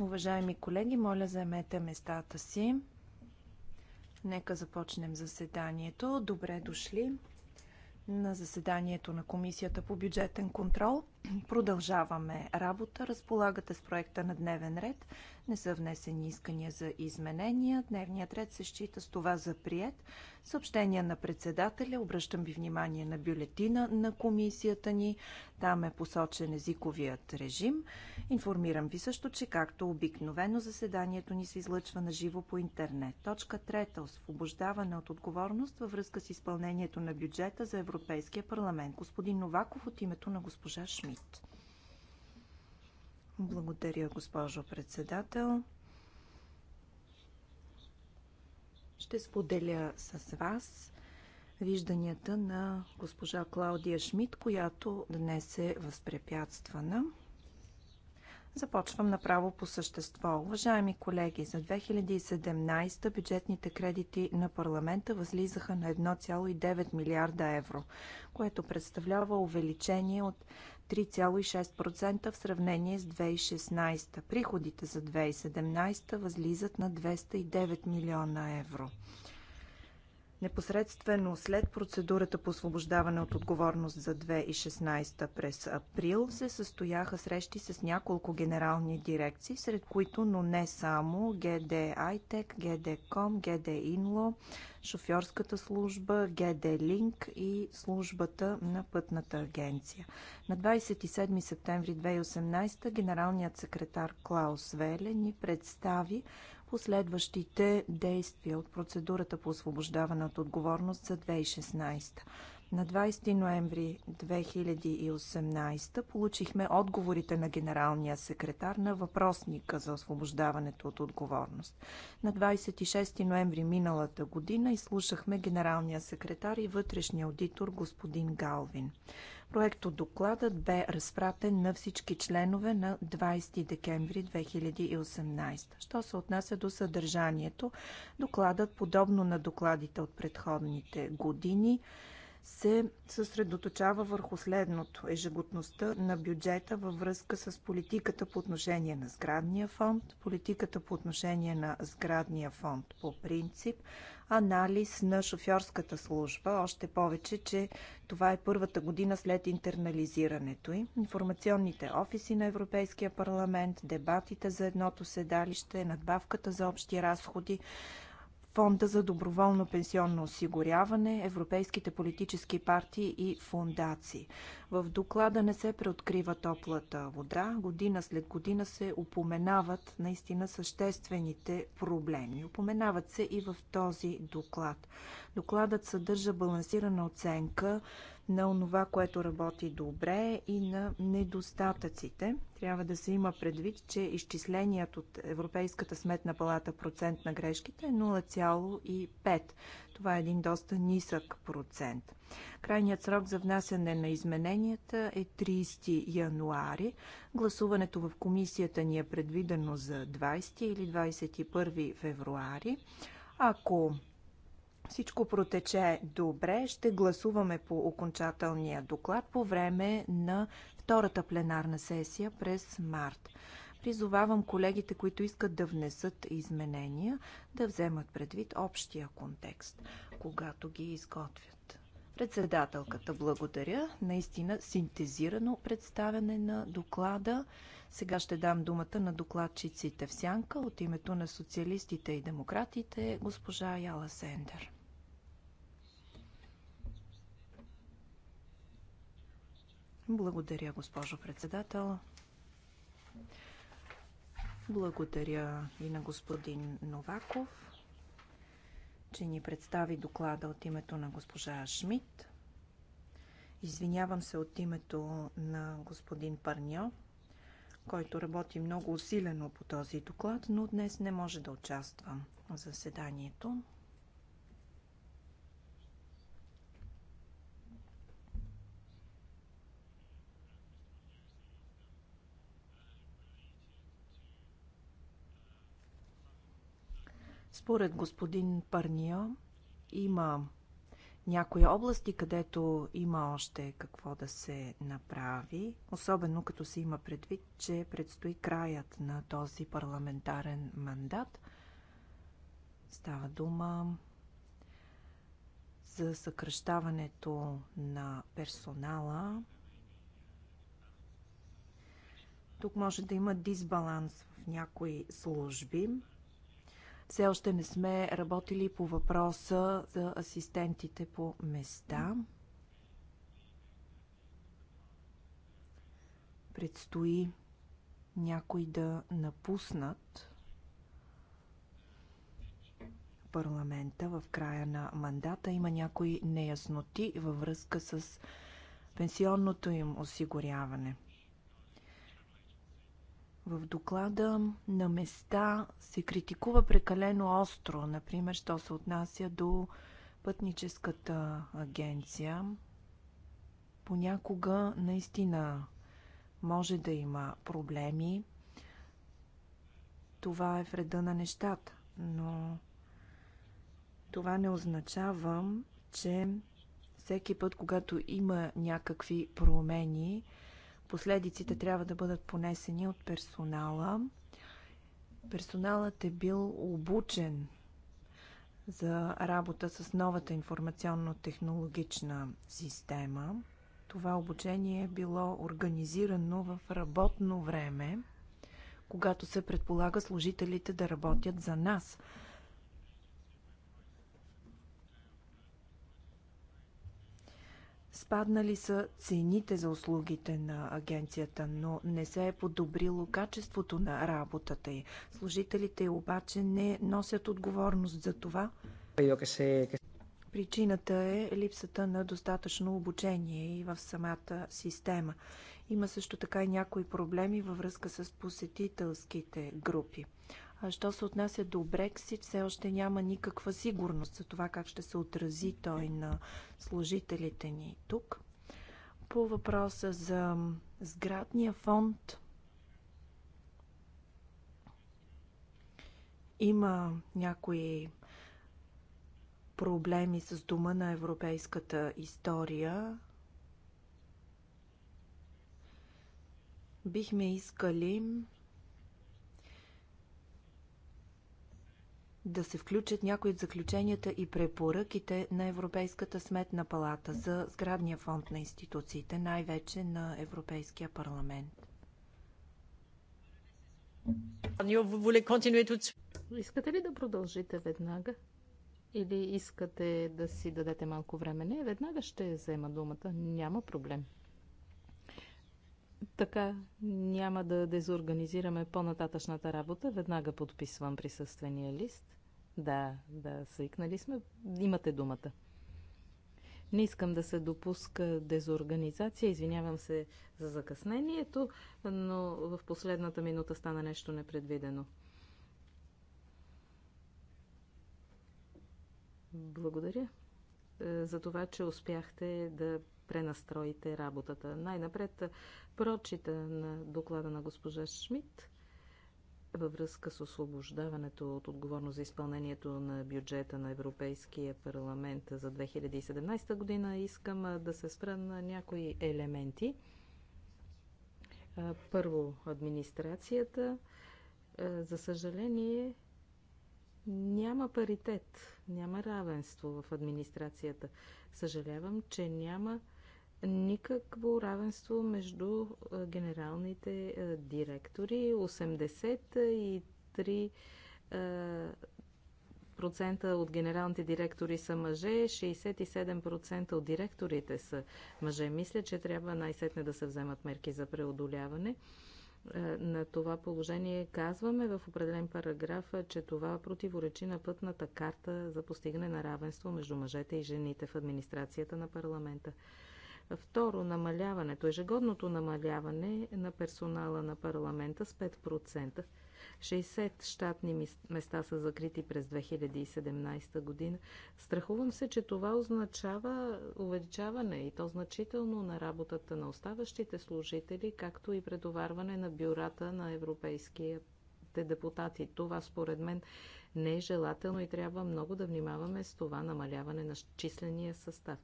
Уважаеми колеги, моля заемете местата си. Нека започнем заседанието. Добре дошли на заседанието на Комисията по бюджетен контрол. Продължаваме работа. Разполагате с проекта на дневен ред. Не са внесени искания за изменения. Дневният ред се счита с това за прият. Съобщения на председателя. Обръщам ви внимание на бюлетина на комисията ни. Там е посочен езиковият режим. Информирам ви също, че както обикновено заседанието ни се излъчва на живо по интернет. Точка трета. Освобождаване от отговорност във връзка с изпълнението на бюджета за Европейския парламент. Господин Новаков от името на госпожа Шмидт дейност. Благодаря, госпожо председател. Ще споделя с вас вижданията на госпожа Клаудия Шмидт, която днес е възпрепятствана. Започвам направо по същество. Уважаеми колеги, за 2017 бюджетните кредити на парламента възлизаха на 1,9 милиарда евро, което представлява увеличение от 3,6% в сравнение с 2016. Приходите за 2017 възлизат на 209 милиона евро. Непосредствено след процедурата по освобождаване от отговорност за 2016 през април се състояха срещи с няколко генерални дирекции, сред които, но не само ГД Айтек, ГД Ком, ГД Инло, шофьорската служба, ГД Линк и службата на пътната агенция. На 27 септември 2018 генералният секретар Клаус Веле ни представи последващите действия от процедурата по освобождаване от отговорност за 2016. На 20 ноември 2018 получихме отговорите на генералния секретар на въпросника за освобождаването от отговорност. На 26 ноември миналата година изслушахме генералния секретар и вътрешния аудитор господин Галвин. Проекто докладът бе разпратен на всички членове на 20 декември 2018. Що се отнася до съдържанието, докладът, подобно на докладите от предходните години, се съсредоточава върху следното – ежегодността на бюджета във връзка с политиката по отношение на сградния фонд, политиката по отношение на сградния фонд по принцип, анализ на шофьорската служба, още повече, че това е първата година след интернализирането й. Информационните офиси на Европейския парламент, дебатите за едното седалище, надбавката за общи разходи, Фонда за доброволно пенсионно осигуряване, европейските политически партии и фундации. В доклада не се преоткрива топлата вода. Година след година се упоменават наистина съществените проблеми. Упоменават се и в този доклад. Докладът съдържа балансирана оценка на онова, което работи добре и на недостатъците. Трябва да се има предвид, че изчисленият от Европейската сметна палата процент на грешките е 0,5. Това е един доста нисък процент. Крайният срок за внасяне на измененията е 30 януари. Гласуването в комисията ни е предвидено за 20 или 21 февруари. Ако всичко протече добре, ще гласуваме по окончателния доклад по време на втората пленарна сесия през март. Призовавам колегите, които искат да внесат изменения, да вземат предвид общия контекст, когато ги изготвят. Председателката благодаря. Наистина синтезирано представяне на доклада. Сега ще дам думата на докладчиците в сянка от името на социалистите и демократите, госпожа Яла Сендер. Благодаря, госпожо председател. Благодаря и на господин Новаков, че ни представи доклада от името на госпожа Шмидт. Извинявам се от името на господин Парньо, който работи много усилено по този доклад, но днес не може да участва в заседанието. Според господин Парния има някои области, където има още какво да се направи, особено като се има предвид, че предстои краят на този парламентарен мандат. Става дума за съкръщаването на персонала. Тук може да има дисбаланс в някои служби. Все още не сме работили по въпроса за асистентите по места. Предстои някои да напуснат парламента в края на мандата. Има някои неясноти във връзка с пенсионното им осигуряване – в доклада на места се критикува прекалено остро, например, що се отнася до пътническата агенция. Понякога наистина може да има проблеми. Това е вреда на нещата, но това не означава, че всеки път, когато има някакви промени, Последиците трябва да бъдат понесени от персонала. Персоналът е бил обучен за работа с новата информационно-технологична система. Това обучение е било организирано в работно време, когато се предполага служителите да работят за нас – Спаднали са цените за услугите на агенцията, но не се е подобрило качеството на работата й. Служителите обаче не носят отговорност за това. Причината е липсата на достатъчно обучение и в самата система. Има също така и някои проблеми във връзка с посетителските групи. А що се отнася до Брексит, все още няма никаква сигурност за това как ще се отрази той на служителите ни тук. По въпроса за сградния фонд, има някои проблеми с Дома на европейската история. Бихме искали да се включат някои от заключенията и препоръките на Европейската сметна палата за сградния фонд на институциите, най-вече на Европейския парламент. Искате ли да продължите веднага? Или искате да си дадете малко време? Не, веднага ще взема думата. Няма проблем. Така няма да дезорганизираме по-нататъчната работа. Веднага подписвам присъствения лист. Да, да, свикнали сме. Имате думата. Не искам да се допуска дезорганизация. Извинявам се за закъснението, но в последната минута стана нещо непредвидено. Благодаря е, за това, че успяхте да пренастроите работата. Най-напред прочита на доклада на госпожа Шмидт във връзка с освобождаването от отговорност за изпълнението на бюджета на Европейския парламент за 2017 година, искам да се спра на някои елементи. Първо, администрацията. За съжаление, няма паритет, няма равенство в администрацията. Съжалявам, че няма никакво равенство между генералните директори. 83 процента от генералните директори са мъже, 67% от директорите са мъже. Мисля, че трябва най-сетне да се вземат мерки за преодоляване на това положение. Казваме в определен параграф, че това противоречи на пътната карта за постигане на равенство между мъжете и жените в администрацията на парламента. Второ, намаляването, ежегодното намаляване на персонала на парламента с 5%. 60 щатни места са закрити през 2017 година. Страхувам се, че това означава увеличаване и то значително на работата на оставащите служители, както и предоварване на бюрата на европейските депутати. Това според мен не е желателно и трябва много да внимаваме с това намаляване на числения състав.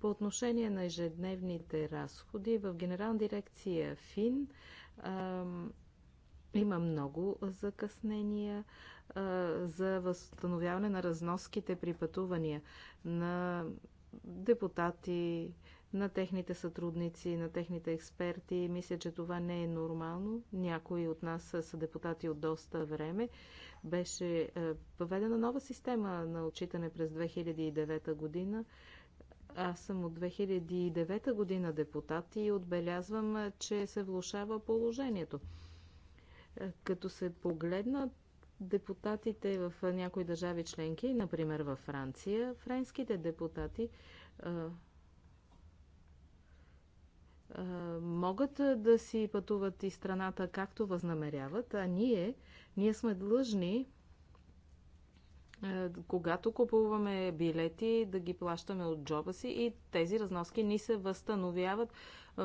По отношение на ежедневните разходи, в Генерална дирекция ФИН има много закъснения а, за възстановяване на разноските при пътувания на депутати, на техните сътрудници, на техните експерти. Мисля, че това не е нормално. Някои от нас са депутати от доста време. Беше е, въведена нова система на отчитане през 2009 година. Аз съм от 2009 година депутат и отбелязвам, е, че се влушава положението. Е, като се погледнат депутатите в някои държави членки, например във Франция, френските депутати могат да си пътуват и страната както възнамеряват, а ние, ние сме длъжни, когато купуваме билети, да ги плащаме от джоба си и тези разноски ни се възстановяват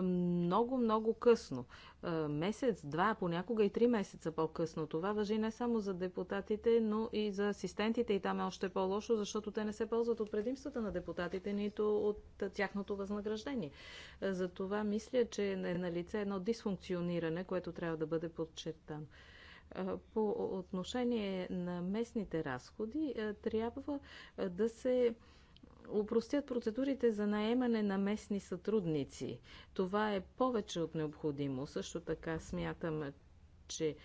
много, много късно. Е, месец, два, понякога и три месеца по-късно. Това въжи не само за депутатите, но и за асистентите. И там е още по-лошо, защото те не се ползват от предимствата на депутатите, нито от тяхното възнаграждение. Е, затова мисля, че е на лице едно дисфункциониране, което трябва да бъде подчертано. Е, по отношение на местните разходи, трябва да се упростят процедурите за наемане на местни сътрудници. Това е повече от необходимо. Също така смятам, че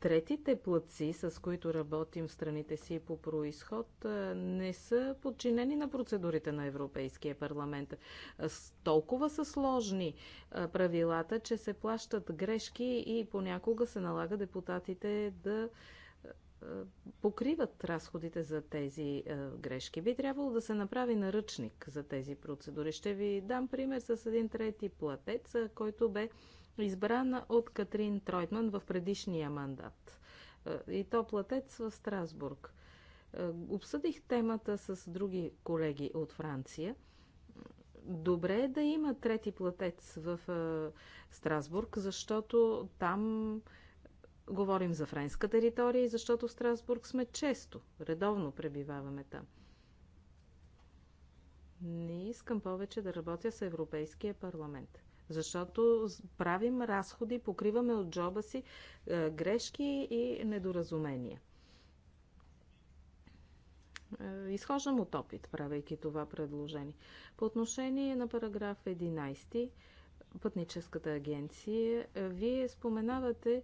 Третите плъци, с които работим в страните си по происход, не са подчинени на процедурите на Европейския парламент. Толкова са сложни правилата, че се плащат грешки и понякога се налага депутатите да покриват разходите за тези е, грешки. Би трябвало да се направи наръчник за тези процедури. Ще ви дам пример с един трети платец, е, който бе избран от Катрин Тройтман в предишния мандат. Е, и то платец в Страсбург. Обсъдих темата с други колеги от Франция. Добре е да има трети платец в Страсбург, защото там Говорим за френска територия, защото в Страсбург сме често, редовно пребиваваме там. Не искам повече да работя с Европейския парламент, защото правим разходи, покриваме от джоба си е, грешки и недоразумения. Е, изхождам от опит, правейки това предложение. По отношение на параграф 11, Пътническата агенция, е, вие споменавате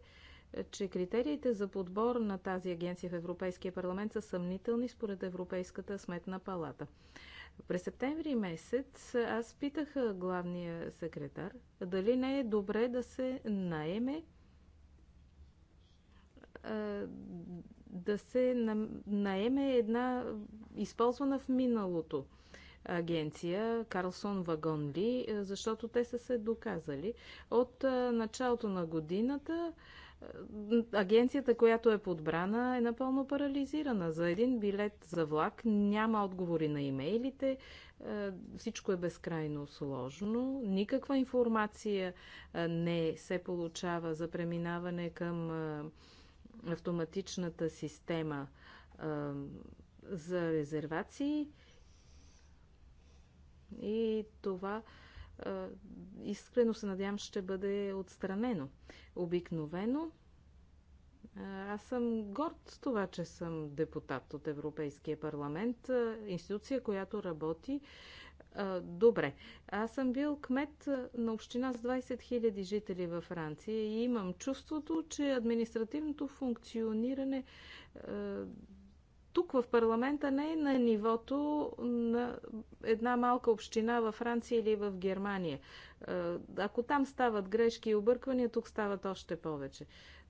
че критериите за подбор на тази агенция в Европейския парламент са съмнителни според Европейската сметна палата. През септември месец аз питах главния секретар дали не е добре да се наеме да се наеме една използвана в миналото агенция Карлсон Вагонли, защото те са се доказали. От началото на годината агенцията, която е подбрана, е напълно парализирана. За един билет за влак няма отговори на имейлите, е, всичко е безкрайно сложно, никаква информация е, не се получава за преминаване към е, автоматичната система за резервации. И това искрено се надявам, ще бъде отстранено. Обикновено аз съм горд с това, че съм депутат от Европейския парламент, институция, която работи добре. Аз съм бил кмет на община с 20 000 жители във Франция и имам чувството, че административното функциониране тук в парламента не е на нивото на една малка община във Франция или в Германия. Ако там стават грешки и обърквания, тук стават още повече.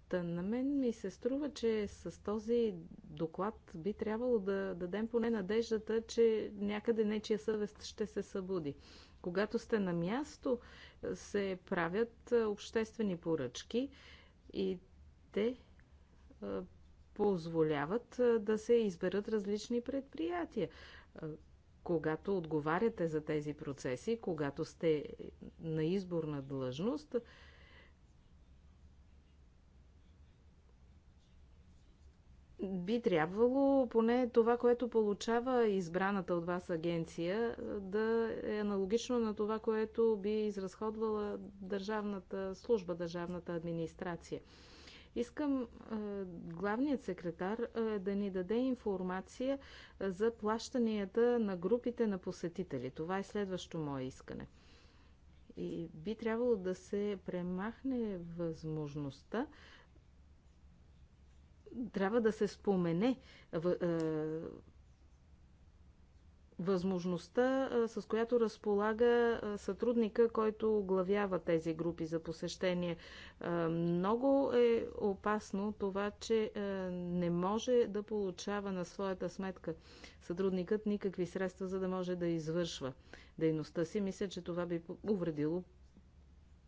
Та на мен ми се струва, че с този доклад би трябвало да дадем поне надеждата, че някъде нечия съвест ще се събуди. Когато сте на място, се правят обществени поръчки и те позволяват да се изберат различни предприятия. Когато отговаряте за тези процеси, когато сте на изборна длъжност, би трябвало поне това, което получава избраната от вас агенция, да е аналогично на това, което би изразходвала държавната служба, държавната администрация. Искам главният секретар да ни даде информация за плащанията на групите на посетители. Това е следващо мое искане. И би трябвало да се премахне възможността трябва да се спомене възможността, с която разполага сътрудника, който оглавява тези групи за посещение. Много е опасно това, че не може да получава на своята сметка сътрудникът никакви средства, за да може да извършва дейността си. Мисля, че това би увредило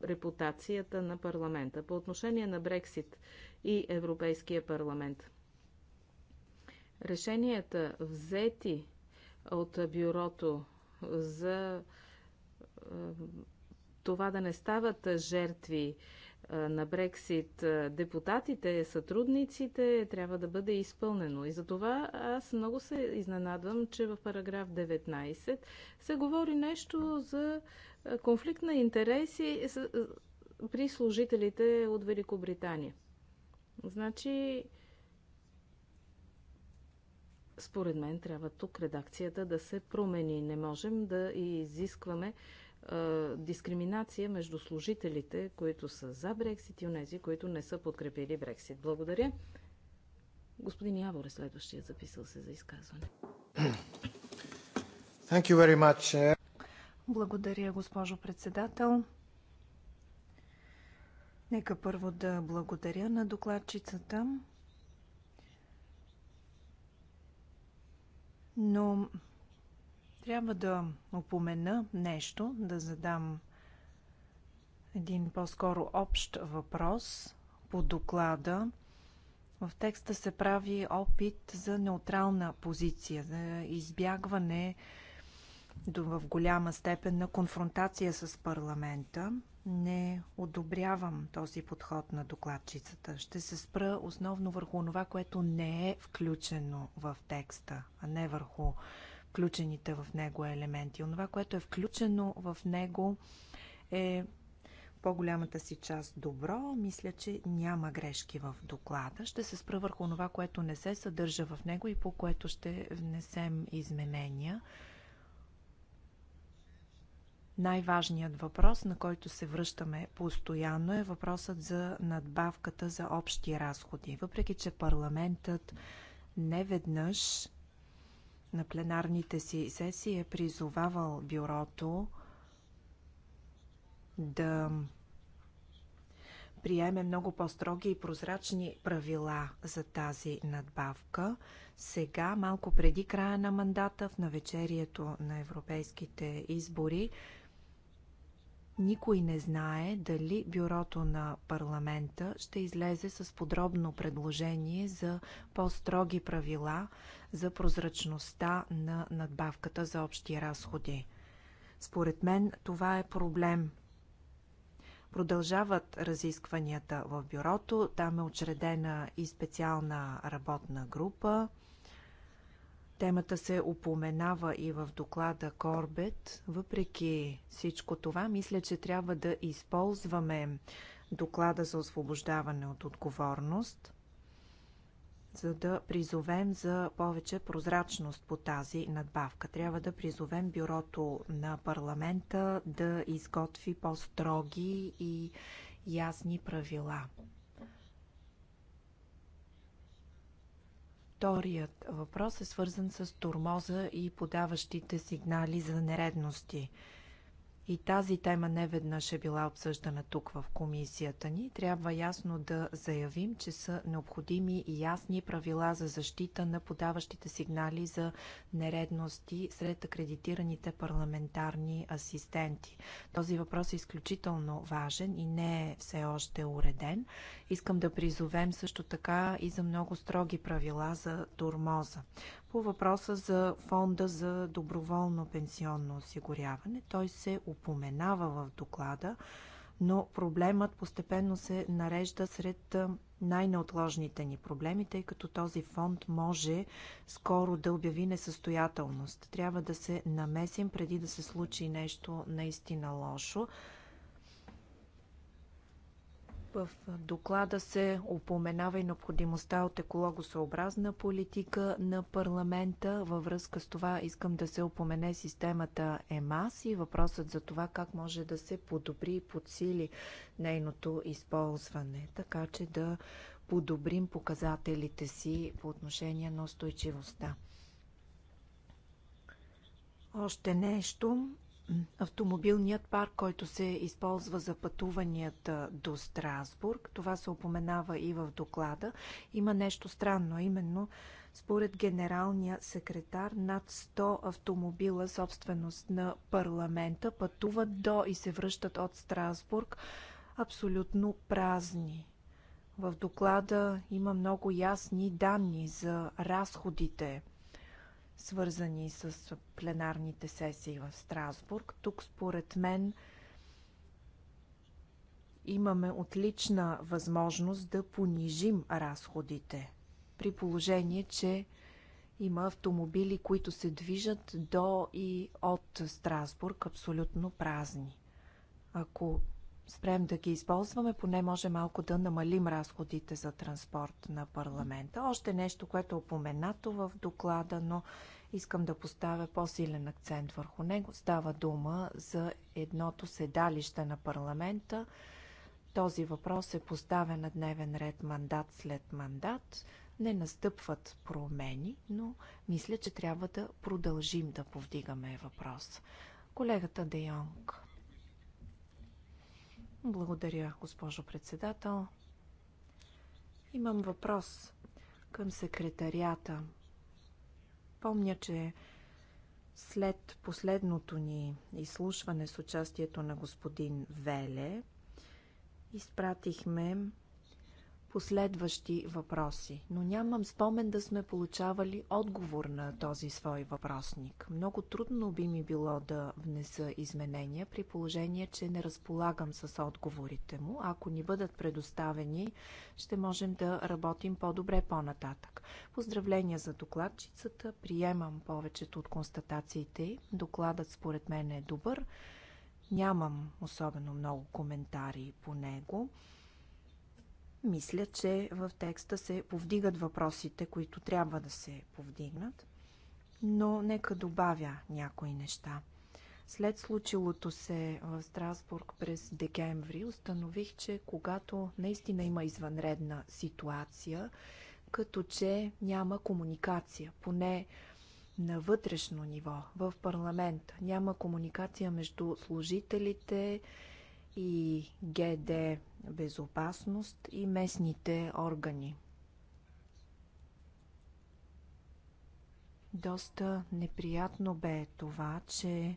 репутацията на парламента. По отношение на Брексит и Европейския парламент. Решенията взети от бюрото за е, това да не стават жертви е, на Брексит е, депутатите, сътрудниците, трябва да бъде изпълнено. И за това аз много се изненадвам, че в параграф 19 се говори нещо за конфликт на интереси при служителите от Великобритания. Значи, според мен трябва тук редакцията да се промени. Не можем да изискваме дискриминация между служителите, които са за Брексит и унези, които не са подкрепили Брексит. Благодаря. Господин Явор е следващия записал се за изказване. Thank you very much. Благодаря, госпожо председател. Нека първо да благодаря на докладчицата. Но трябва да опомена нещо, да задам един по-скоро общ въпрос по доклада. В текста се прави опит за неутрална позиция, за избягване в голяма степен на конфронтация с парламента не одобрявам този подход на докладчицата. Ще се спра основно върху това, което не е включено в текста, а не върху включените в него елементи. Онова, което е включено в него е по-голямата си част добро. Мисля, че няма грешки в доклада. Ще се спра върху това, което не се съдържа в него и по което ще внесем изменения. Най-важният въпрос, на който се връщаме постоянно, е въпросът за надбавката за общи разходи. Въпреки, че парламентът не веднъж на пленарните си сесии е призовавал бюрото да приеме много по-строги и прозрачни правила за тази надбавка. Сега, малко преди края на мандата, в навечерието на европейските избори, никой не знае дали бюрото на парламента ще излезе с подробно предложение за по-строги правила за прозрачността на надбавката за общи разходи. Според мен това е проблем. Продължават разискванията в бюрото. Там е учредена и специална работна група. Темата се упоменава и в доклада Корбет. Въпреки всичко това, мисля, че трябва да използваме доклада за освобождаване от отговорност, за да призовем за повече прозрачност по тази надбавка. Трябва да призовем бюрото на парламента да изготви по-строги и ясни правила. Вторият въпрос е свързан с тормоза и подаващите сигнали за нередности. И тази тема не веднъж е била обсъждана тук в комисията ни. Трябва ясно да заявим, че са необходими и ясни правила за защита на подаващите сигнали за нередности сред акредитираните парламентарни асистенти. Този въпрос е изключително важен и не е все още уреден. Искам да призовем също така и за много строги правила за турмоза. По въпроса за фонда за доброволно пенсионно осигуряване, той се упоменава в доклада, но проблемът постепенно се нарежда сред най-неотложните ни проблеми, тъй като този фонд може скоро да обяви несъстоятелност. Трябва да се намесим преди да се случи нещо наистина лошо. В доклада се упоменава и необходимостта от екологосъобразна политика на парламента. Във връзка с това искам да се упомене системата ЕМАС и въпросът за това как може да се подобри и подсили нейното използване, така че да подобрим показателите си по отношение на устойчивостта. Още нещо автомобилният парк, който се използва за пътуванията до Страсбург, това се упоменава и в доклада, има нещо странно, именно според генералния секретар над 100 автомобила собственост на парламента пътуват до и се връщат от Страсбург абсолютно празни. В доклада има много ясни данни за разходите свързани с пленарните сесии в Страсбург. Тук, според мен, имаме отлична възможност да понижим разходите, при положение, че има автомобили, които се движат до и от Страсбург абсолютно празни. Ако спрем да ги използваме, поне може малко да намалим разходите за транспорт на парламента. Още нещо, което е упоменато в доклада, но искам да поставя по-силен акцент върху него. Става дума за едното седалище на парламента. Този въпрос е поставен на дневен ред мандат след мандат. Не настъпват промени, но мисля, че трябва да продължим да повдигаме въпрос. Колегата Де Йонг. Благодаря, госпожо председател. Имам въпрос към секретарията. Помня, че след последното ни изслушване с участието на господин Веле, изпратихме последващи въпроси, но нямам спомен да сме получавали отговор на този свой въпросник. Много трудно би ми било да внеса изменения при положение, че не разполагам с отговорите му. Ако ни бъдат предоставени, ще можем да работим по-добре по-нататък. Поздравления за докладчицата, приемам повечето от констатациите. Докладът според мен е добър. Нямам особено много коментари по него. Мисля, че в текста се повдигат въпросите, които трябва да се повдигнат, но нека добавя някои неща. След случилото се в Страсбург през декември, установих, че когато наистина има извънредна ситуация, като че няма комуникация, поне на вътрешно ниво в парламента. Няма комуникация между служителите, и ГД Безопасност и местните органи. Доста неприятно бе това, че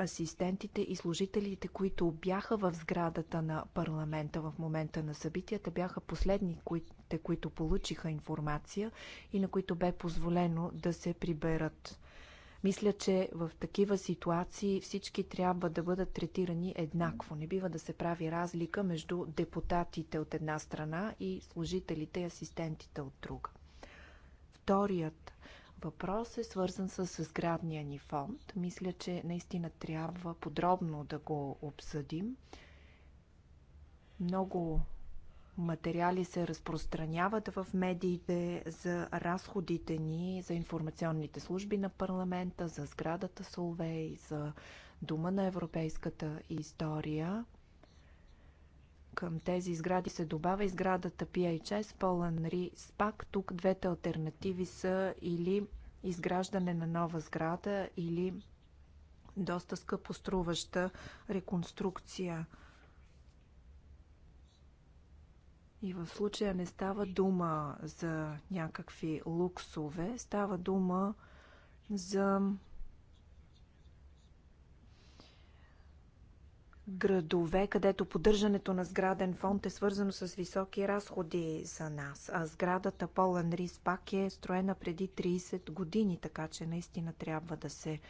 асистентите и служителите, които бяха в сградата на парламента в момента на събитията, бяха последни, които получиха информация и на които бе позволено да се приберат. Мисля, че в такива ситуации всички трябва да бъдат третирани еднакво. Не бива да се прави разлика между депутатите от една страна и служителите и асистентите от друга. Вторият въпрос е свързан с сградния ни фонд. Мисля, че наистина трябва подробно да го обсъдим. Много материали се разпространяват в медиите за разходите ни за информационните служби на парламента, за сградата Солвей, за Дума на европейската история. Към тези сгради се добавя и сградата PHS, Paul Henry Spack. Тук двете альтернативи са или изграждане на нова сграда, или доста скъпоструваща реконструкция – И в случая не става дума за някакви луксове, става дума за градове, където поддържането на сграден фонд е свързано с високи разходи за нас. А сградата Полен Рис пак е строена преди 30 години, така че наистина трябва да се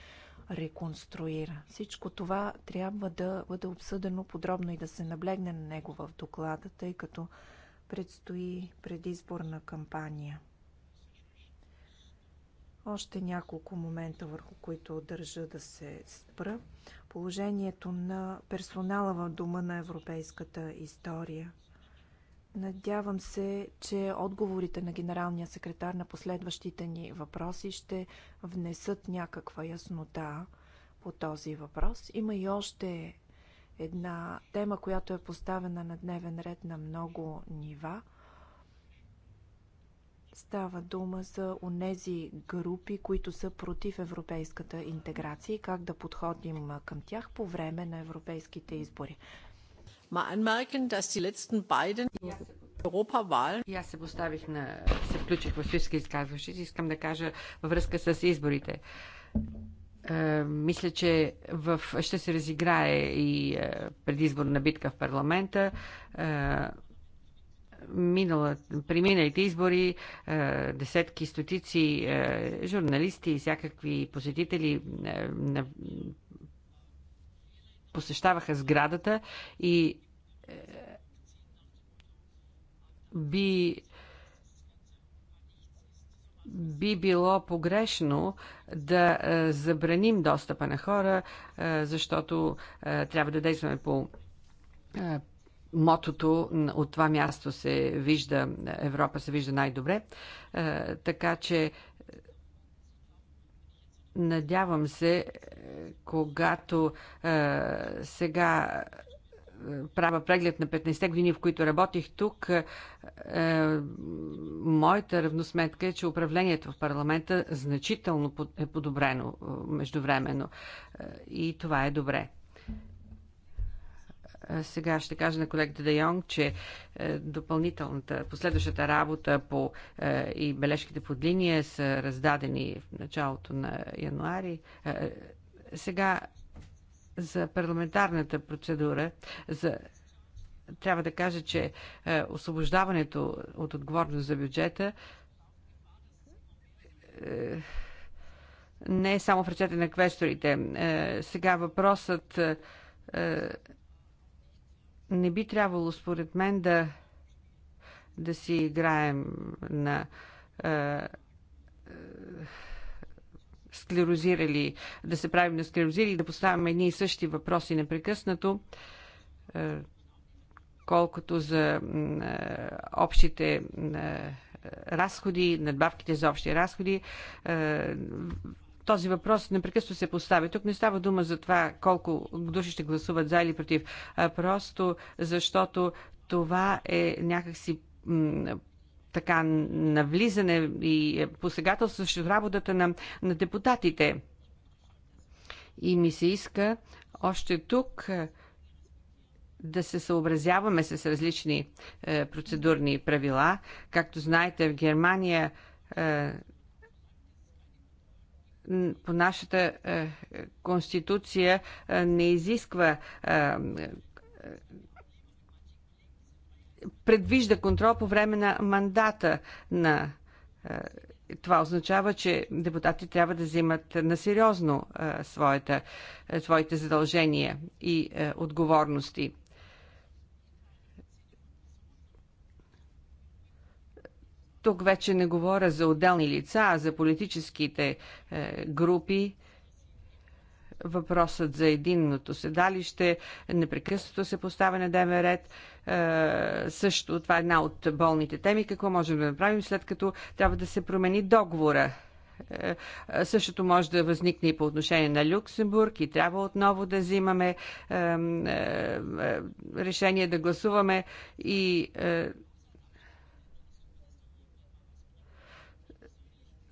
реконструира. Всичко това трябва да бъде обсъдено подробно и да се наблегне на него в доклада, тъй като предстои предизборна кампания. Още няколко момента, върху които държа да се спра. Положението на персонала в Дома на европейската история. Надявам се, че отговорите на генералния секретар на последващите ни въпроси ще внесат някаква яснота по този въпрос. Има и още една тема, която е поставена на дневен ред на много нива. Става дума за онези групи, които са против европейската интеграция и как да подходим към тях по време на европейските избори. И аз се поставих на... се включих в всички изказващи. Искам да кажа във връзка с изборите. Е, мисля, че в, ще се разиграе и е, предизборна битка в парламента. Е, минала, при миналите избори десетки, стотици журналисти и всякакви посетители посещаваха сградата и би би било погрешно да е, забраним достъпа на хора, е, защото е, трябва да действаме по мотото от това място се вижда, Европа се вижда най-добре. Така че надявам се, когато сега правя преглед на 15-те години, в които работих тук, е, е, моята равносметка е, че управлението в парламента значително е подобрено е, междувременно. Е, и това е добре. Сега ще кажа на колегата Де Йонг, че допълнителната, последващата работа по, и бележките под линия са раздадени в началото на януари. сега за парламентарната процедура, за трябва да кажа, че е, освобождаването от отговорност за бюджета е, не е само в ръцете на квесторите. Е, сега въпросът е, е не би трябвало, според мен, да, да си играем на. Е, е склерозирали, да се правим на склерозирали, да поставяме едни и същи въпроси непрекъснато, е, колкото за е, общите е, разходи, надбавките за общи разходи. Този въпрос непрекъснато се поставя. Тук не става дума за това колко души ще гласуват за или против, а просто защото това е някакси така навлизане и посегателство срещу работата на, на депутатите. И ми се иска още тук е, да се съобразяваме с различни е, процедурни правила. Както знаете, в Германия е, по нашата е, конституция е, не изисква е, е предвижда контрол по време на мандата на е, това означава, че депутати трябва да взимат на сериозно е, е, своите задължения и отговорности. Тук вече не говоря за отделни лица, а за политическите групи, въпросът за единното седалище непрекъснато се поставя на дневен ред. Е, също това е една от болните теми. Какво можем да направим след като трябва да се промени договора? Е, същото може да възникне и по отношение на Люксембург и трябва отново да взимаме е, е, решение да гласуваме и е,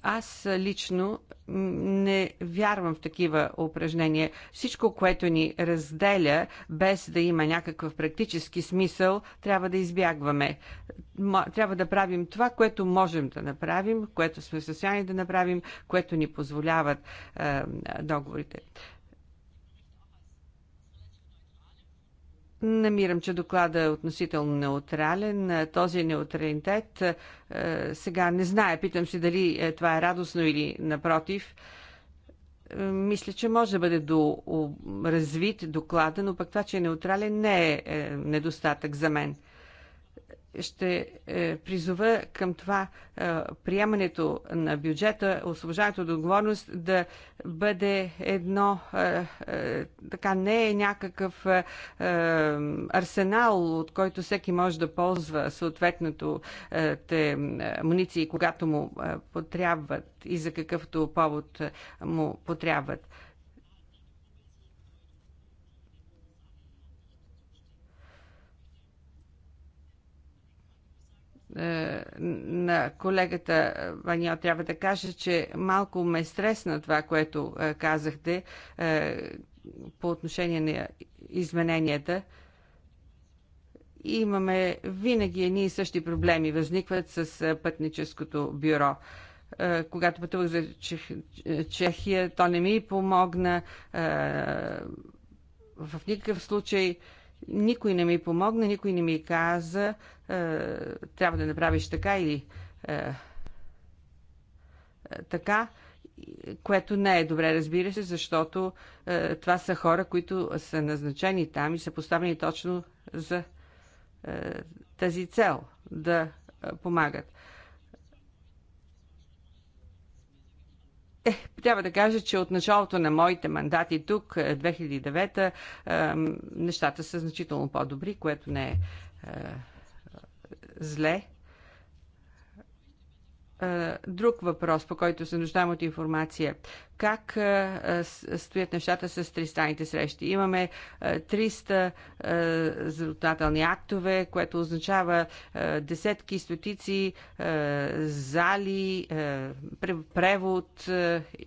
Аз лично не вярвам в такива упражнения. Всичко, което ни разделя, без да има някакъв практически смисъл, трябва да избягваме. Трябва да правим това, което можем да направим, което сме в състояние да направим, което ни позволяват е, договорите. Намирам, че доклада е относително неутрален. Този неутралитет е, сега не знае. Питам се дали е, това е радостно или напротив. Е, мисля, че може да бъде до развит доклада, но пък това, че е неутрален, не е недостатък за мен ще е, призова към това е, приемането на бюджета, освобождането от отговорност да бъде едно, е, така не е някакъв арсенал, от който всеки може да ползва съответното те муниции, когато му потрябват и за какъвто повод му потрябват. Е, на колегата Ваня трябва да кажа, че малко ме стресна това, което е, казахте е, по отношение на измененията. Имаме винаги едни и същи проблеми възникват с пътническото бюро когато пътувах за Чехия, то не ми помогна. В никакъв случай никой не ми помогна, никой не ми каза, е, трябва да направиш така или е, е, така което не е добре, разбира се, защото е, това са хора, които са назначени там и са поставени точно за е, тази цел да е, помагат. Е, трябва да кажа, че от началото на моите мандати тук, 2009, е, е нещата са значително по-добри, което не е, е зле. Е, друг въпрос, по който се нуждаем от информация как стоят нещата с тристранните срещи. Имаме 300 законодателни актове, което означава десетки, стотици зали, превод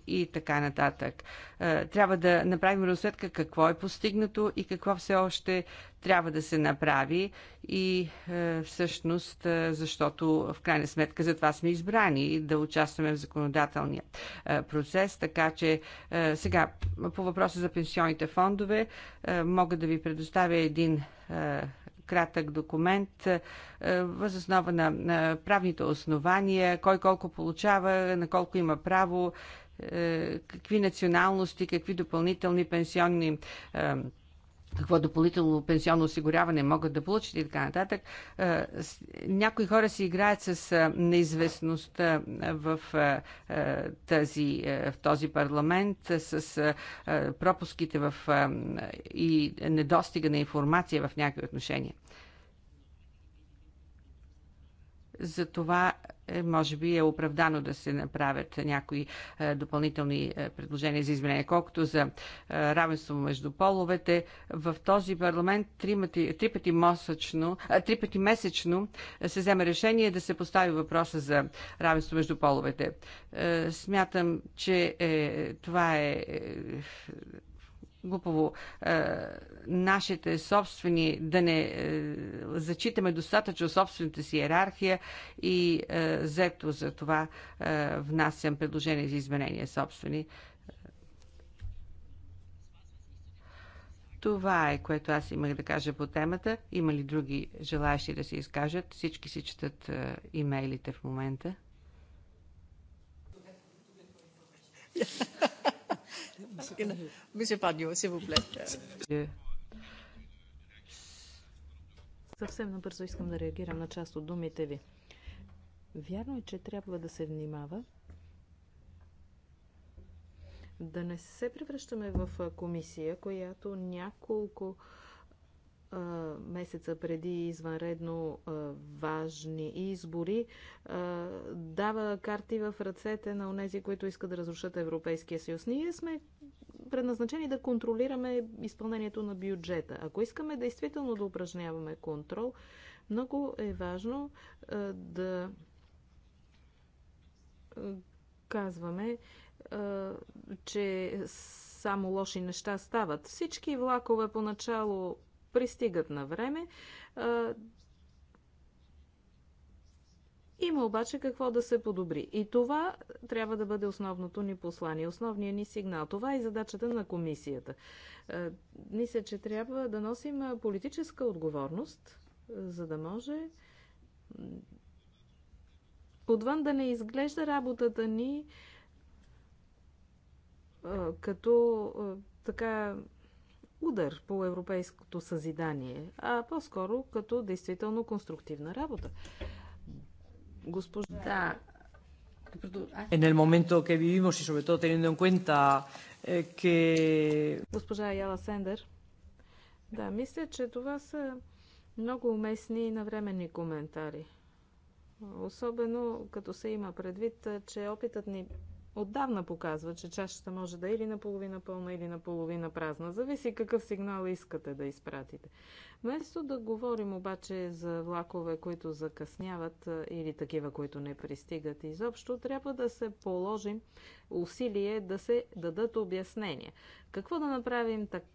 и така нататък. Трябва да направим разсветка какво е постигнато и какво все още трябва да се направи и всъщност, защото в крайна сметка за това сме избрани да участваме в законодателния процес, така така че е, сега по въпроса за пенсионните фондове е, мога да ви предоставя един е, кратък документ основа на, на правните основания, кой колко получава, на колко има право, какви националности, какви допълнителни пенсионни какво допълнително пенсионно осигуряване могат да получат и така нататък. Е, някои хора си играят с е, неизвестността в, е, тази, в този парламент, с пропуските в, и недостига на информация в някои отношения. Затова е, може би е оправдано да се направят някои е, допълнителни е, предложения за изменение. Колкото за равенство между половете, в този парламент три, пъти, три, пъти, мосъчно, три пъти месечно се взема решение да се постави въпроса за равенство между половете. Смятам, че това е глупаво е, нашите собствени, да не е, зачитаме достатъчно собствената си иерархия и е, зето за това е, внасям предложение за изменения собствени. Това е, което аз имах да кажа по темата. Има ли други желаящи да се изкажат? Всички си четат е, имейлите в момента. Yeah. Monsieur Паньо, си vous plaît. Съвсем набързо искам да реагирам на част от думите ви. Вярно е, че трябва да се внимава да не се превръщаме в комисия, която няколко месеца преди извънредно важни избори, дава карти в ръцете на онези, които искат да разрушат Европейския съюз. Ние сме предназначени да контролираме изпълнението на бюджета. Ако искаме действително да упражняваме контрол, много е важно да казваме, че само лоши неща стават. Всички влакове поначало пристигат на време. Има обаче какво да се подобри. И това трябва да бъде основното ни послание, основният ни сигнал. Това е и задачата на комисията. Мисля, че трябва да носим политическа отговорност, за да може отвън да не изглежда работата ни като така удар по европейското съзидание, а по-скоро като действително конструктивна работа. Госпожа... Да. En el momento que vivimos y sobre todo teniendo en cuenta eh, que... Госпожа Яла Сендер. Да, мисля, че това са много уместни и навременни коментари. Особено като се има предвид, че опитът ни отдавна показва, че чашата може да е или наполовина пълна, или наполовина празна. Зависи какъв сигнал искате да изпратите. Вместо да говорим обаче за влакове, които закъсняват или такива, които не пристигат изобщо, трябва да се положим усилие да се дадат обяснения. Какво да направим така?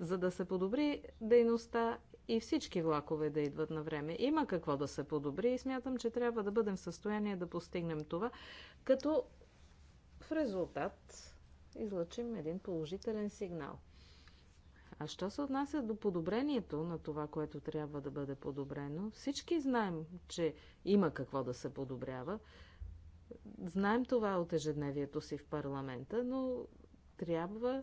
за да се подобри дейността и всички влакове да идват на време. Има какво да се подобри и смятам, че трябва да бъдем в състояние да постигнем това, като в резултат излъчим един положителен сигнал. А що се отнася до подобрението на това, което трябва да бъде подобрено, всички знаем, че има какво да се подобрява. Знаем това от ежедневието си в парламента, но трябва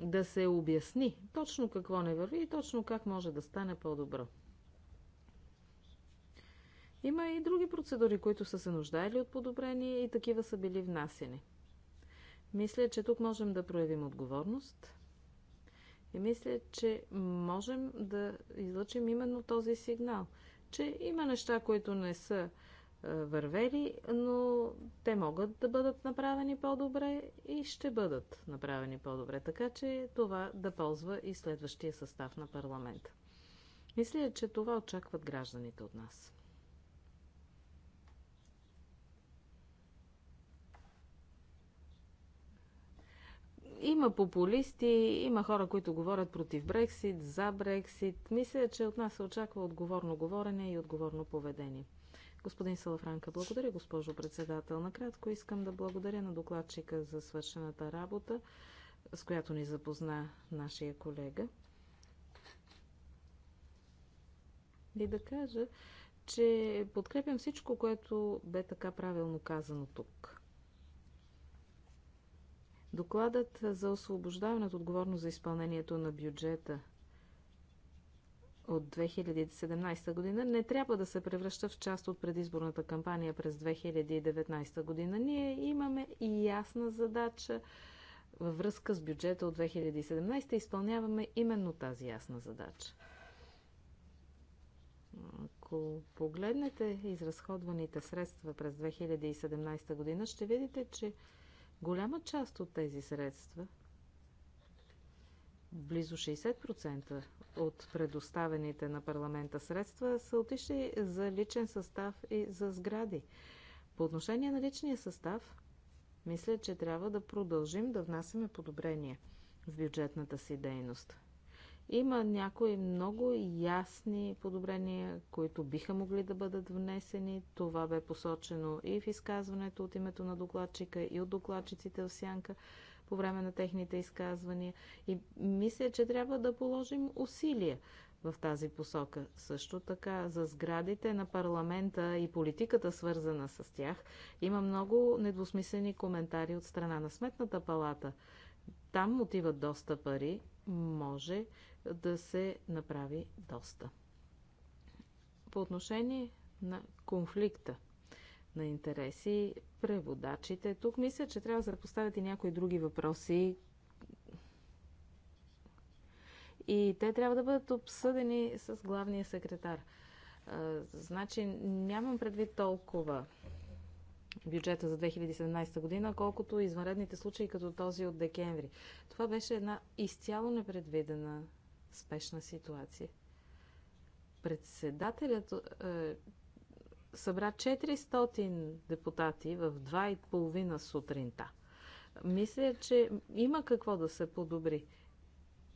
да се обясни точно какво не върви и точно как може да стане по-добро. Има и други процедури, които са се нуждаели от подобрение и такива са били внасени. Мисля, че тук можем да проявим отговорност и мисля, че можем да излъчим именно този сигнал, че има неща, които не са е, вървели, но те могат да бъдат направени по-добре и ще бъдат направени по-добре. Така че това да ползва и следващия състав на парламента. Мисля, че това очакват гражданите от нас. Има популисти, има хора, които говорят против Брексит, за Брексит. Мисля, че от нас се очаква отговорно говорене и отговорно поведение. Господин Салафранка, благодаря, госпожо председател. Накратко искам да благодаря на докладчика за свършената работа, с която ни запозна нашия колега. И да кажа, че подкрепям всичко, което бе така правилно казано тук. Докладът за освобождаване от отговорност за изпълнението на бюджета от 2017 година не трябва да се превръща в част от предизборната кампания през 2019 година. Ние имаме и ясна задача във връзка с бюджета от 2017 изпълняваме именно тази ясна задача. Ако погледнете изразходваните средства през 2017 година, ще видите, че Голяма част от тези средства, близо 60% от предоставените на парламента средства, са отишли за личен състав и за сгради. По отношение на личния състав, мисля, че трябва да продължим да внасяме подобрения в бюджетната си дейност. Има някои много ясни подобрения, които биха могли да бъдат внесени. Това бе посочено и в изказването от името на докладчика, и от докладчиците в Сянка по време на техните изказвания. И мисля, че трябва да положим усилия в тази посока. Също така за сградите на парламента и политиката свързана с тях има много недвусмислени коментари от страна на Сметната палата. Там отиват доста пари, може да се направи доста. По отношение на конфликта на интереси, преводачите, тук мисля, че трябва да поставят и някои други въпроси. И те трябва да бъдат обсъдени с главния секретар. Значи, нямам предвид толкова бюджета за 2017 година, колкото извънредните случаи като този от декември. Това беше една изцяло непредвидена спешна ситуация. Председателят е, събра 400 депутати в и половина сутринта. Мисля, че има какво да се подобри.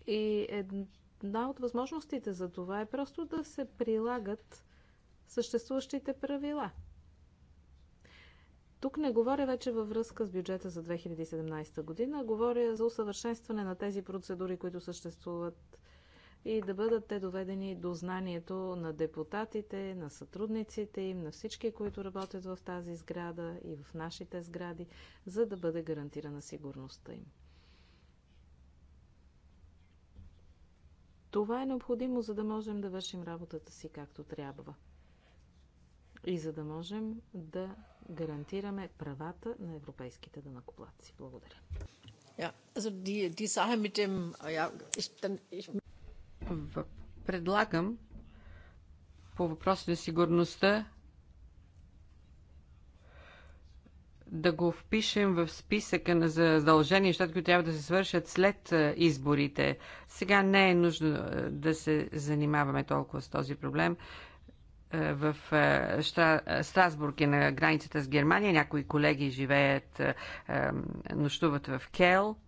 И една от възможностите за това е просто да се прилагат съществуващите правила. Тук не говоря вече във връзка с бюджета за 2017 година, говоря за усъвършенстване на тези процедури, които съществуват и да бъдат те доведени до знанието на депутатите, на сътрудниците им, на всички, които работят в тази сграда и в нашите сгради, за да бъде гарантирана сигурността им. Това е необходимо, за да можем да вършим работата си както трябва. И за да можем да гарантираме правата на европейските данакоплатци. Благодаря. Ja, also die, die Sache mit dem, ja, ich, dann, ich Предлагам по въпроса на сигурността да го впишем в списъка на задължения, защото които трябва да се свършат след изборите. Сега не е нужно да се занимаваме толкова с този проблем. В Страсбург е на границата с Германия. Някои колеги живеят, нощуват в Кел –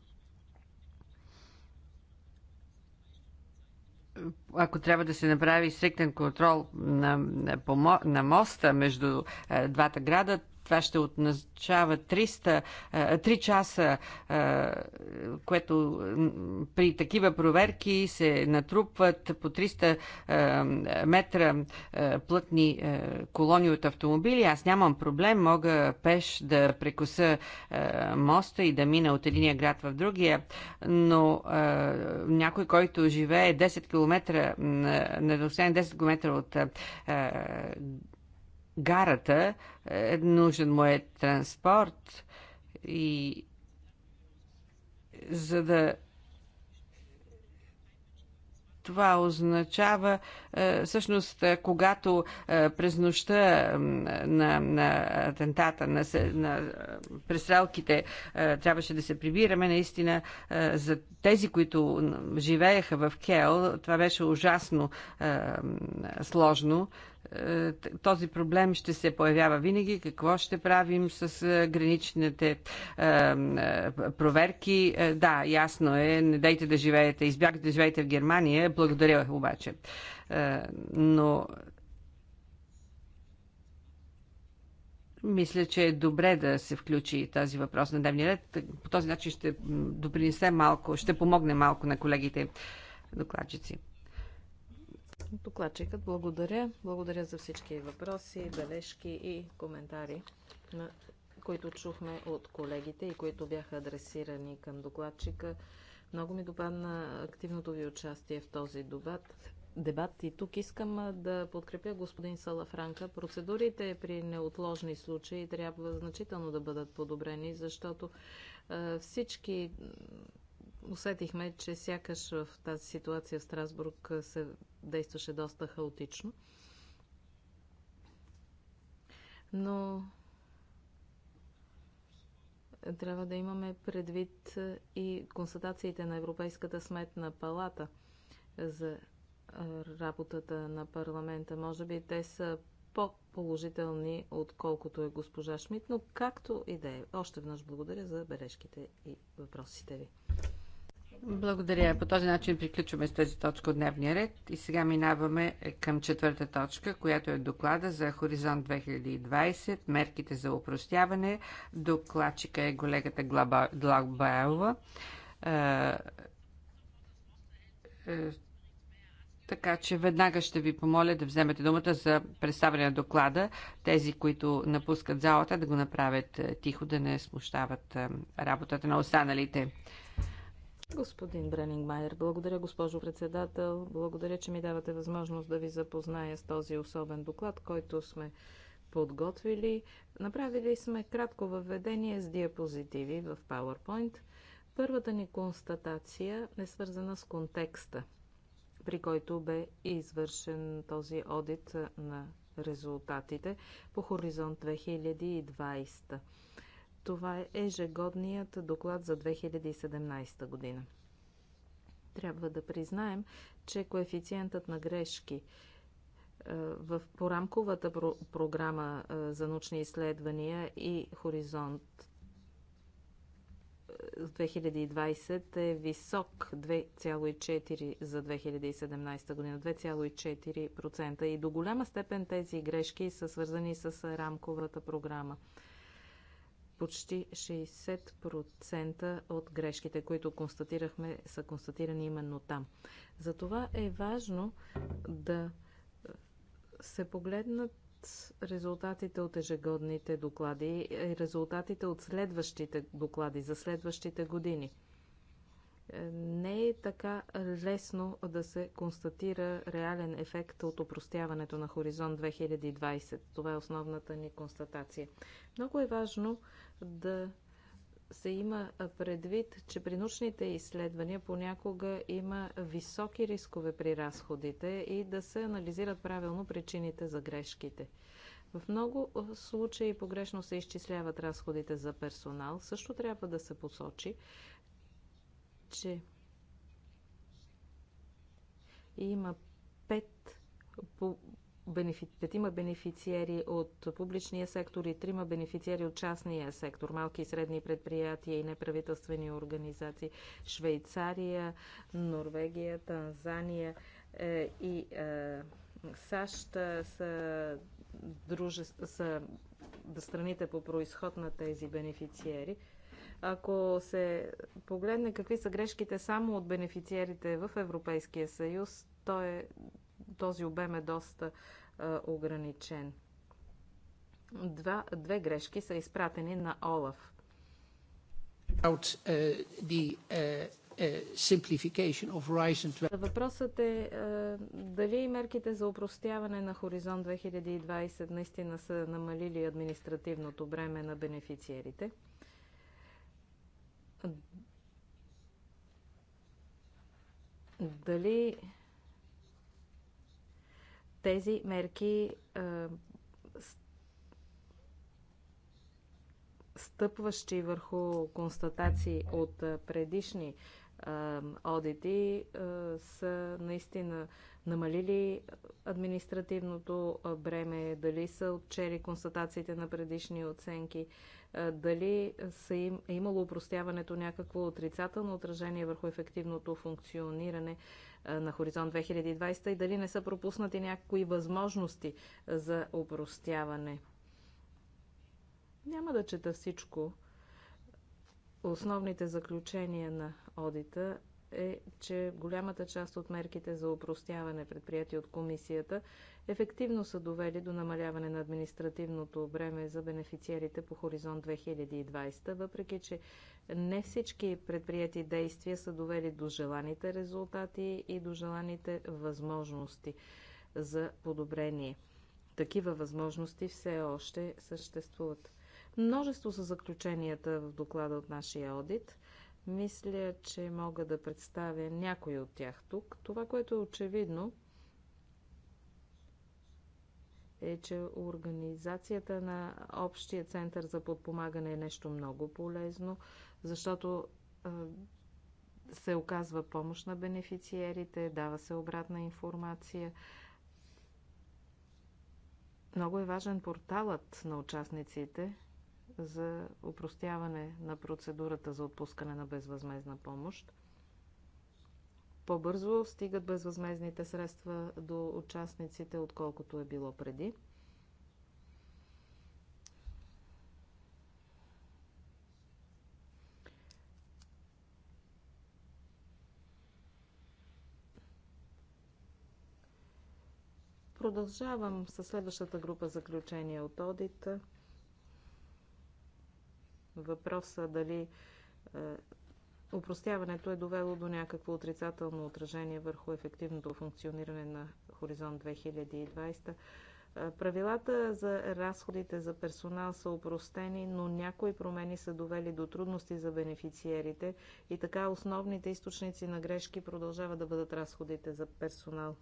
ако трябва да се направи стриктен контрол на, на, на моста между е, двата града, това ще отначава 300, 3 часа, което при такива проверки се натрупват по 300 метра плътни колони от автомобили. Аз нямам проблем, мога пеш да прекоса моста и да мина от единия град в другия, но някой, който живее 10 км, недостатъчно 10 км от гарата, е, е нужен му е транспорт и за да това означава, е, всъщност, когато през нощта на, на атентата, на, на престрелките трябваше да се прибираме, наистина за тези, които живееха в Кел, това беше ужасно сложно, е, този проблем ще се появява винаги. Какво ще правим с е, граничните е, проверки? Да, ясно е. Не дайте да живеете. Избягайте да живеете в Германия. Благодаря обаче. Но мисля, че е добре да се включи тази въпрос на дневния ред. По този начин ще допринесе малко, ще помогне малко на колегите докладчици докладчикът. Благодаря. Благодаря за всички въпроси, бележки и коментари, които чухме от колегите и които бяха адресирани към докладчика. Много ми допадна активното ви участие в този дебат. Дебат и тук искам да подкрепя господин Салафранка. Процедурите при неотложни случаи трябва значително да бъдат подобрени, защото всички усетихме, че сякаш в тази ситуация в Страсбург се действаше доста хаотично. Но трябва да имаме предвид и констатациите на Европейската сметна палата за работата на парламента. Може би те са по-положителни, отколкото е госпожа Шмидт, но както и да е. Още веднъж благодаря за бележките и въпросите ви. Благодаря. По този начин приключваме с тази точка от дневния ред и сега минаваме към четвърта точка, която е доклада за Хоризонт 2020, мерките за упростяване. Докладчика е колегата Глабаева. Е, е, така че веднага ще ви помоля да вземете думата за представяне на доклада. Тези, които напускат залата, да го направят е, тихо, да не смущават работата на останалите. Господин Бренингмайер, благодаря госпожо председател. Благодаря, че ми давате възможност да ви запозная с този особен доклад, който сме подготвили. Направили сме кратко въведение с диапозитиви в PowerPoint. Първата ни констатация е свързана с контекста, при който бе извършен този одит на резултатите по Хоризонт 2020. Това е ежегодният доклад за 2017 година. Трябва да признаем, че коефициентът на грешки е, в, по рамковата про, програма е, за научни изследвания и Хоризонт 2020 е, е висок 2,4 за 2017 година, 2,4% и до голяма степен тези грешки са свързани с рамковата програма почти 60% от грешките, които констатирахме, са констатирани именно там. Затова е важно да се погледнат резултатите от ежегодните доклади и резултатите от следващите доклади за следващите години. Е, не е така лесно да се констатира реален ефект от опростяването на Хоризонт 2020. Това е основната ни констатация. Много е важно да се има предвид, че при научните изследвания понякога има високи рискове при разходите и да се анализират правилно причините за грешките. В много случаи погрешно се изчисляват разходите за персонал. Също трябва да се посочи, че има пет петима бенефициери от публичния сектор и трима бенефициери от частния сектор, малки и средни предприятия и неправителствени организации, Швейцария, Норвегия, Танзания е, и е, САЩ са, друже, са страните по происход на тези бенефициери. Ако се погледне какви са грешките само от бенефициерите в Европейския съюз, то е, този обем е доста а, ограничен. Два, две грешки са изпратени на Олаф. Out, uh, the, uh... uh Въпросът е дали мерките за упростяване на Хоризонт 2020 наистина са намалили административното бреме на бенефициерите дали тези мерки стъпващи върху констатации от предишни одити са наистина намалили административното бреме, дали са отчели констатациите на предишни оценки, дали са им, е имало упростяването някакво отрицателно отражение върху ефективното функциониране на Хоризонт 2020 и дали не са пропуснати някои възможности за упростяване. Няма да чета всичко. Основните заключения на одита е, че голямата част от мерките за упростяване, предприяти от комисията, ефективно са довели до намаляване на административното бреме за бенефициерите по Хоризонт 2020, въпреки че не всички предприяти действия са довели до желаните резултати и до желаните възможности за подобрение. Такива възможности все още съществуват. Множество са заключенията в доклада от нашия одит – мисля, че мога да представя някои от тях тук. Това, което е очевидно, е, че организацията на Общия център за подпомагане е нещо много полезно, защото се оказва помощ на бенефициерите, дава се обратна информация. Много е важен порталът на участниците – за упростяване на процедурата за отпускане на безвъзмезна помощ. По-бързо стигат безвъзмезните средства до участниците, отколкото е било преди. Продължавам със следващата група заключения от одита – въпроса дали е, упростяването е довело до някакво отрицателно отражение върху ефективното функциониране на Хоризонт 2020. Е, правилата за разходите за персонал са опростени, но някои промени са довели до трудности за бенефициерите и така основните източници на грешки продължават да бъдат разходите за персонал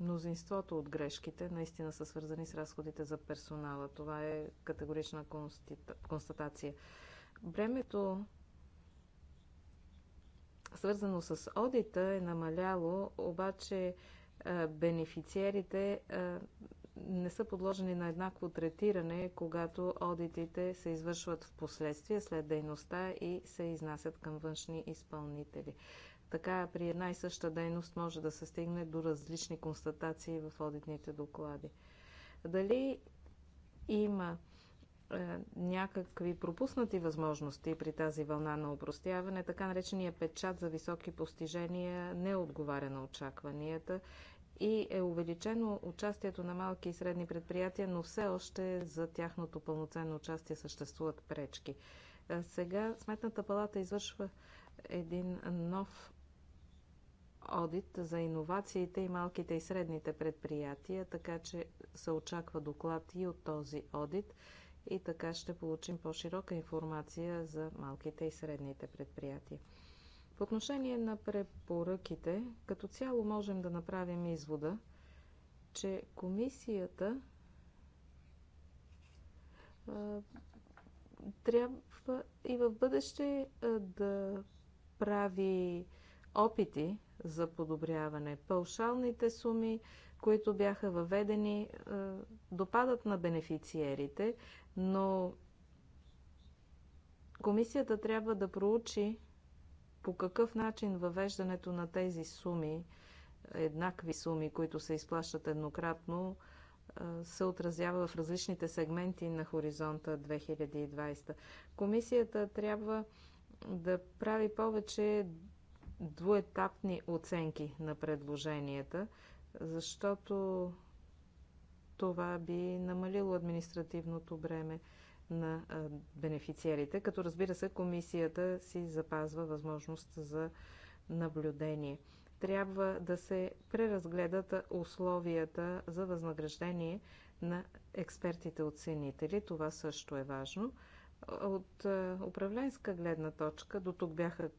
Мнозинството от грешките наистина са свързани с разходите за персонала. Това е категорична констатация. Бремето, свързано с одита, е намаляло, обаче е, бенефициерите е, не са подложени на еднакво третиране, когато одитите се извършват в последствие след дейността и се изнасят към външни изпълнители. Така при една и съща дейност може да се стигне до различни констатации в одитните доклади. Дали има е, някакви пропуснати възможности при тази вълна на упростяване, така наречения печат за високи постижения не отговаря на очакванията и е увеличено участието на малки и средни предприятия, но все още за тяхното пълноценно участие съществуват пречки. Е, сега Сметната палата извършва един нов одит за иновациите и малките и средните предприятия, така че се очаква доклад и от този одит и така ще получим по-широка информация за малките и средните предприятия. По отношение на препоръките, като цяло можем да направим извода, че комисията а, трябва и в бъдеще а, да прави опити за подобряване. Паушалните суми, които бяха въведени, е, допадат на бенефициерите, но комисията трябва да проучи по какъв начин въвеждането на тези суми, еднакви суми, които се изплащат еднократно, е, се отразява в различните сегменти на хоризонта 2020. Комисията трябва да прави повече двуетапни оценки на предложенията, защото това би намалило административното бреме на бенефициерите, като разбира се комисията си запазва възможност за наблюдение. Трябва да се преразгледат условията за възнаграждение на експертите оценители. Това също е важно. От управленска гледна точка, до тук бяха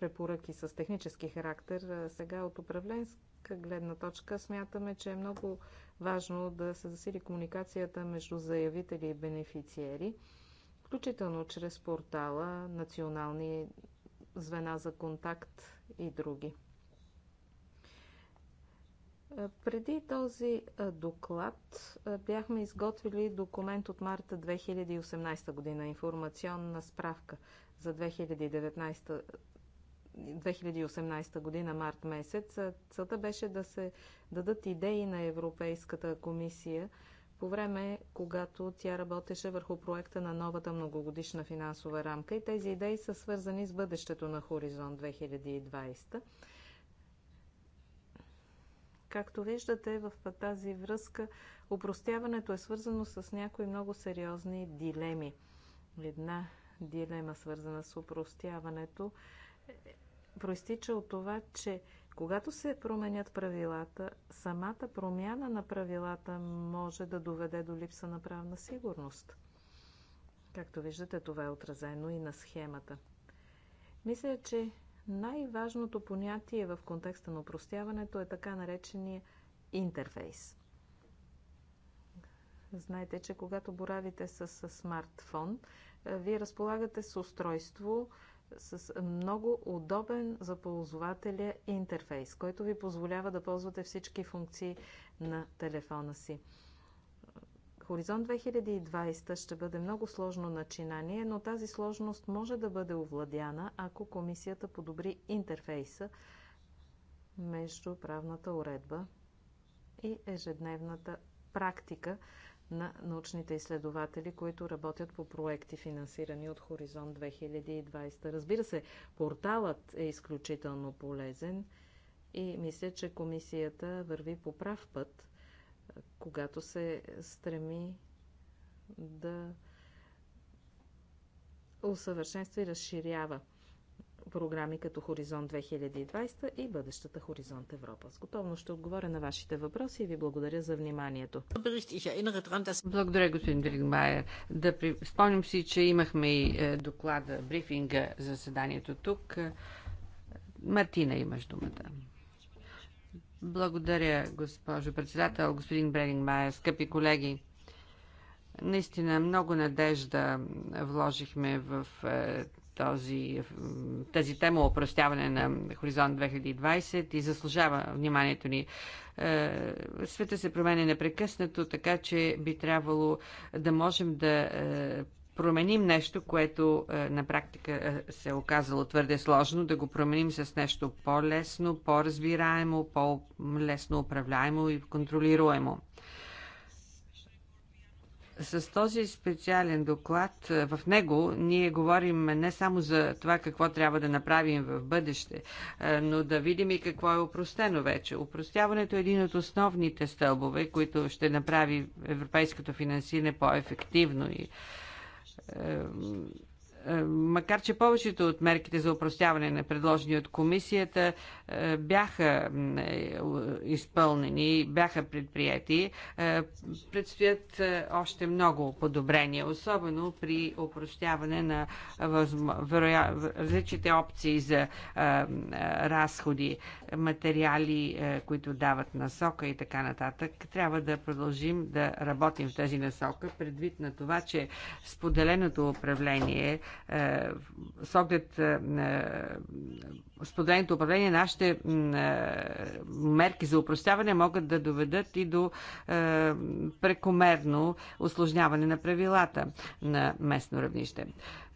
препоръки с технически характер. Сега от управленска гледна точка смятаме, че е много важно да се засили комуникацията между заявители и бенефициери, включително чрез портала, национални звена за контакт и други. Преди този доклад бяхме изготвили документ от марта 2018 година, информационна справка за 2019 2018 година, март месец. Целта беше да се дадат идеи на Европейската комисия по време, когато тя работеше върху проекта на новата многогодишна финансова рамка и тези идеи са свързани с бъдещето на Хоризонт 2020. Както виждате, в тази връзка упростяването е свързано с някои много сериозни дилеми. Една дилема, свързана с упростяването, проистича от това, че когато се променят правилата, самата промяна на правилата може да доведе до липса на правна сигурност. Както виждате, това е отразено и на схемата. Мисля, че най-важното понятие в контекста на упростяването е така наречения интерфейс. Знаете, че когато боравите с смартфон, вие разполагате с устройство, с много удобен за ползвателя интерфейс, който ви позволява да ползвате всички функции на телефона си. Хоризонт 2020 ще бъде много сложно начинание, но тази сложност може да бъде овладяна, ако комисията подобри интерфейса между правната уредба и ежедневната практика на научните изследователи, които работят по проекти, финансирани от Хоризонт 2020. Разбира се, порталът е изключително полезен и мисля, че комисията върви по прав път, когато се стреми да усъвършенства и разширява програми като Хоризонт 2020 и бъдещата Хоризонт Европа. С готовност ще отговоря на вашите въпроси и ви благодаря за вниманието. Благодаря, господин Бригмайер. Да при... си, че имахме и е, доклада, брифинга за заседанието тук. Мартина, имаш думата. Благодаря, госпожо председател, господин Бренингмайер, скъпи колеги. Наистина много надежда вложихме в е, този, тази тема е опростяване на Хоризонт 2020 и заслужава вниманието ни. Е, света се променя непрекъснато, така че би трябвало да можем да е, променим нещо, което на практика се е оказало твърде сложно, да го променим с нещо по-лесно, по-разбираемо, по-лесно управляемо и контролируемо. С този специален доклад, е, в него ние говорим не само за това какво трябва да направим в бъдеще, е, но да видим и какво е упростено вече. Упростяването е един от основните стълбове, които ще направи европейското финансиране по-ефективно и е, макар че повечето от мерките за упростяване на предложени от комисията е, бяха е, изпълнени, бяха предприяти. Е, предстоят още много подобрения, особено при упрощаване на различните опции за разходи, материали, които дават насока и така нататък. Трябва да продължим да работим в тази насока, предвид на това, че споделеното управление с оглед споделеното управление наш нашите е, мерки за упростяване могат да доведат и до е, прекомерно осложняване на правилата на местно равнище.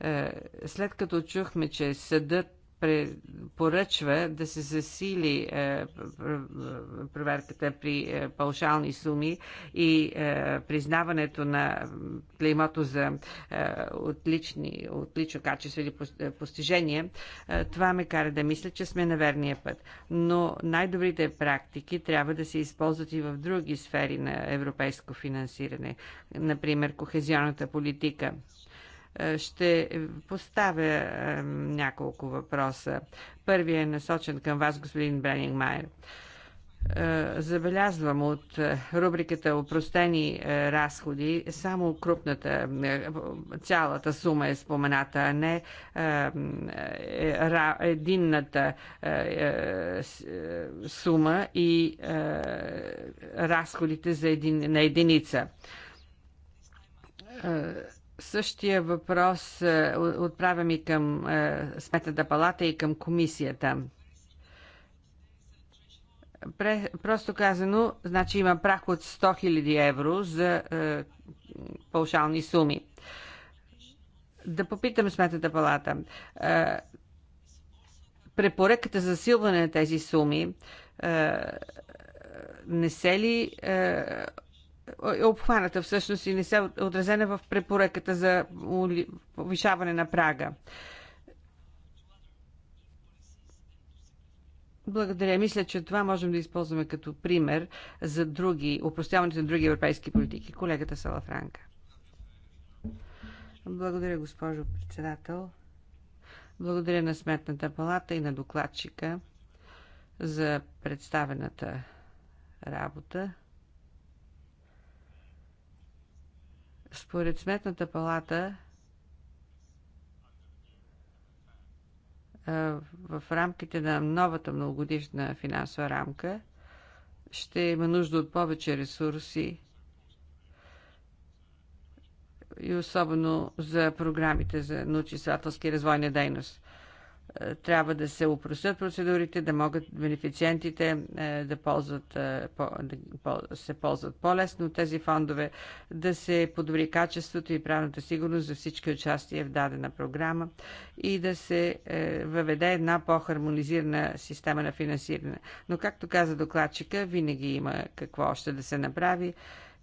Е, след като чухме, че съдът препоръчва да се засили е, проверката при е, паушални суми и е, признаването на клеймото за отлични, отлично качество или постижение, това ме кара да мисля, че сме на верния път. Но най-добрите практики трябва да се използват и в други сфери на европейско финансиране, например кохезионната политика – е, ще поставя е, няколко въпроса. Първият е насочен към вас, господин Бренингмайер. Е, забелязвам от рубриката Опростени разходи, само крупната, цялата сума е спомената, а не единната сума и разходите за един, на единица Същия въпрос е, отправям и към е, Сметната палата и към комисията. Просто казано, значи има прах от 100 000 евро за е, паушални суми. Да попитам Сметната палата. Е, препоръката за засилване на тези суми е, не се ли е, е обхваната всъщност и не се отразена в препоръката за повишаване на прага. Благодаря. Мисля, че това можем да използваме като пример за други, упростяването на други европейски политики. Колегата Салафранка. Благодаря, госпожо председател. Благодаря на Сметната палата и на докладчика за представената работа. Според Сметната палата, в рамките на новата многогодишна финансова рамка ще има нужда от повече ресурси и особено за програмите за научно изследователски и развойна дейност. Е, трябва да се упростят процедурите, да могат бенефициентите е, да, ползват, е, да се ползват по-лесно от тези фондове, да се подобри качеството и правната сигурност за всички участия в дадена програма и да се въведе една по-хармонизирана система на финансиране. Но, както каза докладчика, винаги има какво още да се направи.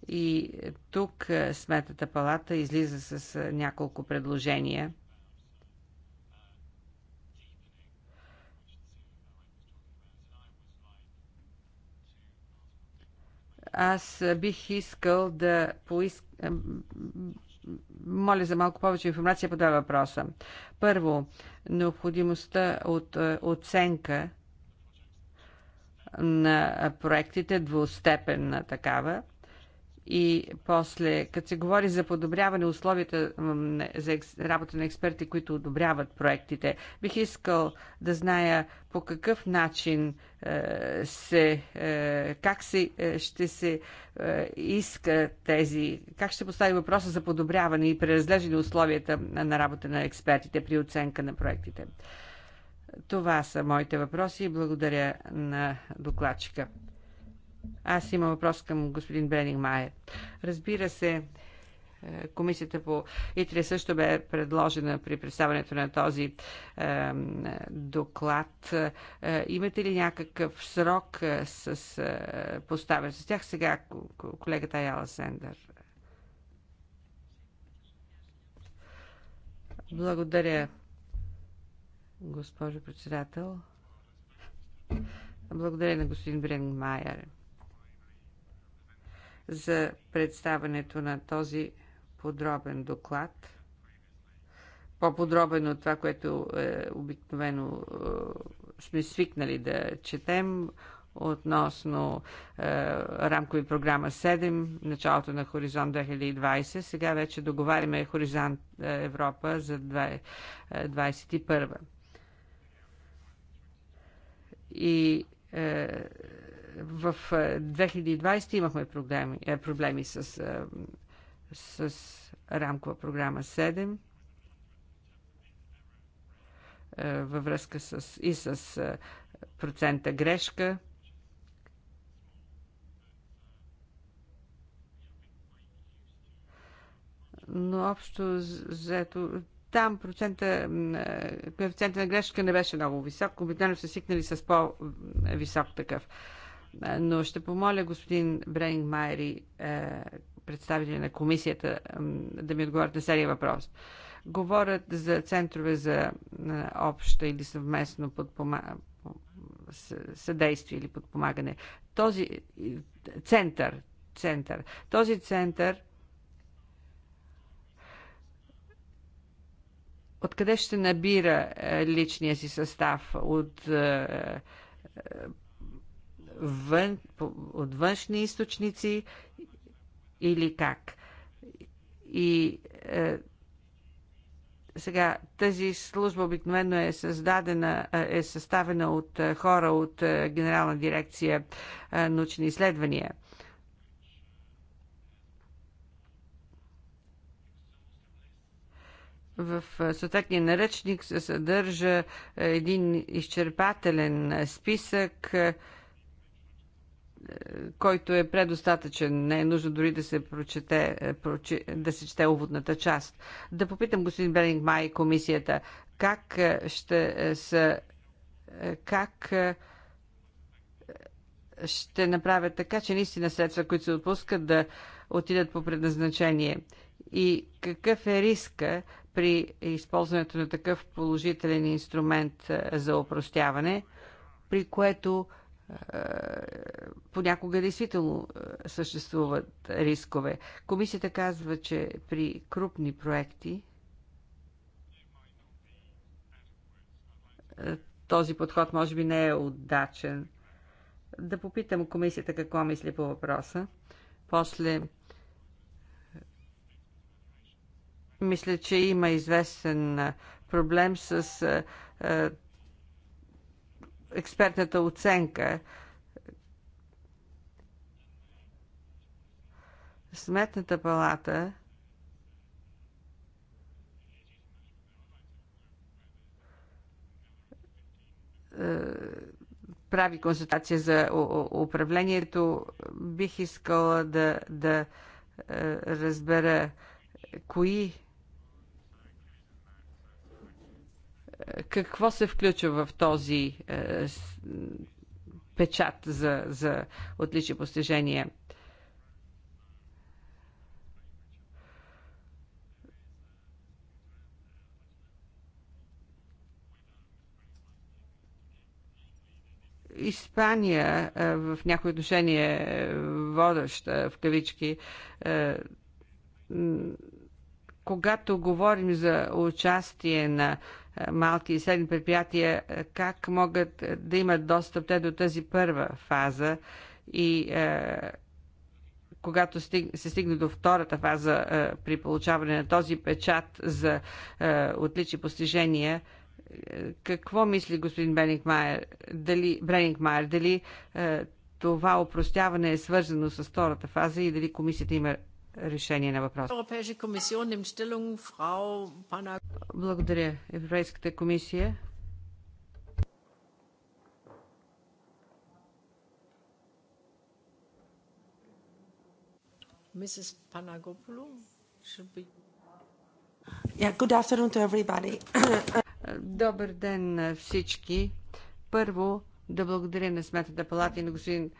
И тук Сметната палата излиза с няколко предложения – Аз бих искал да поиск... Моля за малко повече информация по два въпроса. Първо, необходимостта от е, оценка на проектите, двустепенна такава – и после, като се говори за подобряване условията за работа на експерти, които одобряват проектите, бих искал да зная по какъв начин е, се, е, как се, е, ще се иска тези, как ще постави въпроса за подобряване и преразглеждане условията на работа на експертите при оценка на проектите. Това са моите въпроси и благодаря на докладчика. Аз имам въпрос към господин Бренинг Майер. Разбира се, е, Комисията по ИТРИ също бе предложена при представането на този е, доклад. Е, имате ли някакъв срок е, с, е, поставен с тях? Сега колегата Яла Сендър. Благодаря, госпожо председател. Благодаря на господин Бренинг Майер за представането на този подробен доклад. По-подробен от това, което е, обикновено е, сме свикнали да четем относно е, рамкови програма 7, началото на Хоризонт 2020. Сега вече договаряме Хоризонт е, Европа за 2021. Е, и е, в 2020 е, имахме проблеми, е, проблеми с, е, с рамкова програма 7 е, във връзка с, и с е, процента грешка. Но общо заето там процента, коефициента на грешка не беше много висок. Обикновено са свикнали с по-висок такъв но ще помоля господин Бренинг Майери, е, представители на комисията, да ми отговорят на серия въпрос. Говорят за центрове за е, обща или съвместно подпомагане съдействие или подпомагане. Този е, център, център, този център откъде ще набира личния си състав? От вън, от външни източници или как. И е, сега тази служба обикновено е създадена, е, е съставена от е, хора от е, Генерална дирекция научни изследвания. В съответния наръчник се съдържа един изчерпателен списък който е предостатъчен. Не е нужно дори да се прочете, е, да се чете уводната част. Да попитам господин Белинг Май комисията, как е, ще е, са, как ще направят така, че наистина средства, които се отпускат, да отидат по предназначение. И какъв е риска при използването на такъв положителен инструмент за опростяване, при което понякога действително е, съществуват рискове. Комисията казва, че при крупни проекти е, този подход може би не е удачен. Да попитам комисията какво мисли по въпроса. После е, мисля, че има известен проблем с експертната оценка. Сметната палата е, прави консултация за управлението. Бих искала да, да е, разбера кои какво се включва в този е, печат за, за отличие постижение? Испания е, в някои отношения е, водеща в кавички е, когато говорим за участие на е, малки и средни предприятия, е, как могат е, да имат достъп те до тази първа фаза и е, когато стиг, се стигне до втората фаза е, при получаване на този печат за е, отлични постижения, какво мисли господин Бренингмайер? Дали, Бренингмайер, Майер, дали това опростяване е свързано с втората фаза и дали комисията има решение на въпроса. Благодаря. Европейската комисия. Mrs. Panagopoulou should be... Yeah, good afternoon to everybody. Добър ден на всички. Първо, да благодаря на Сметната палата и на господин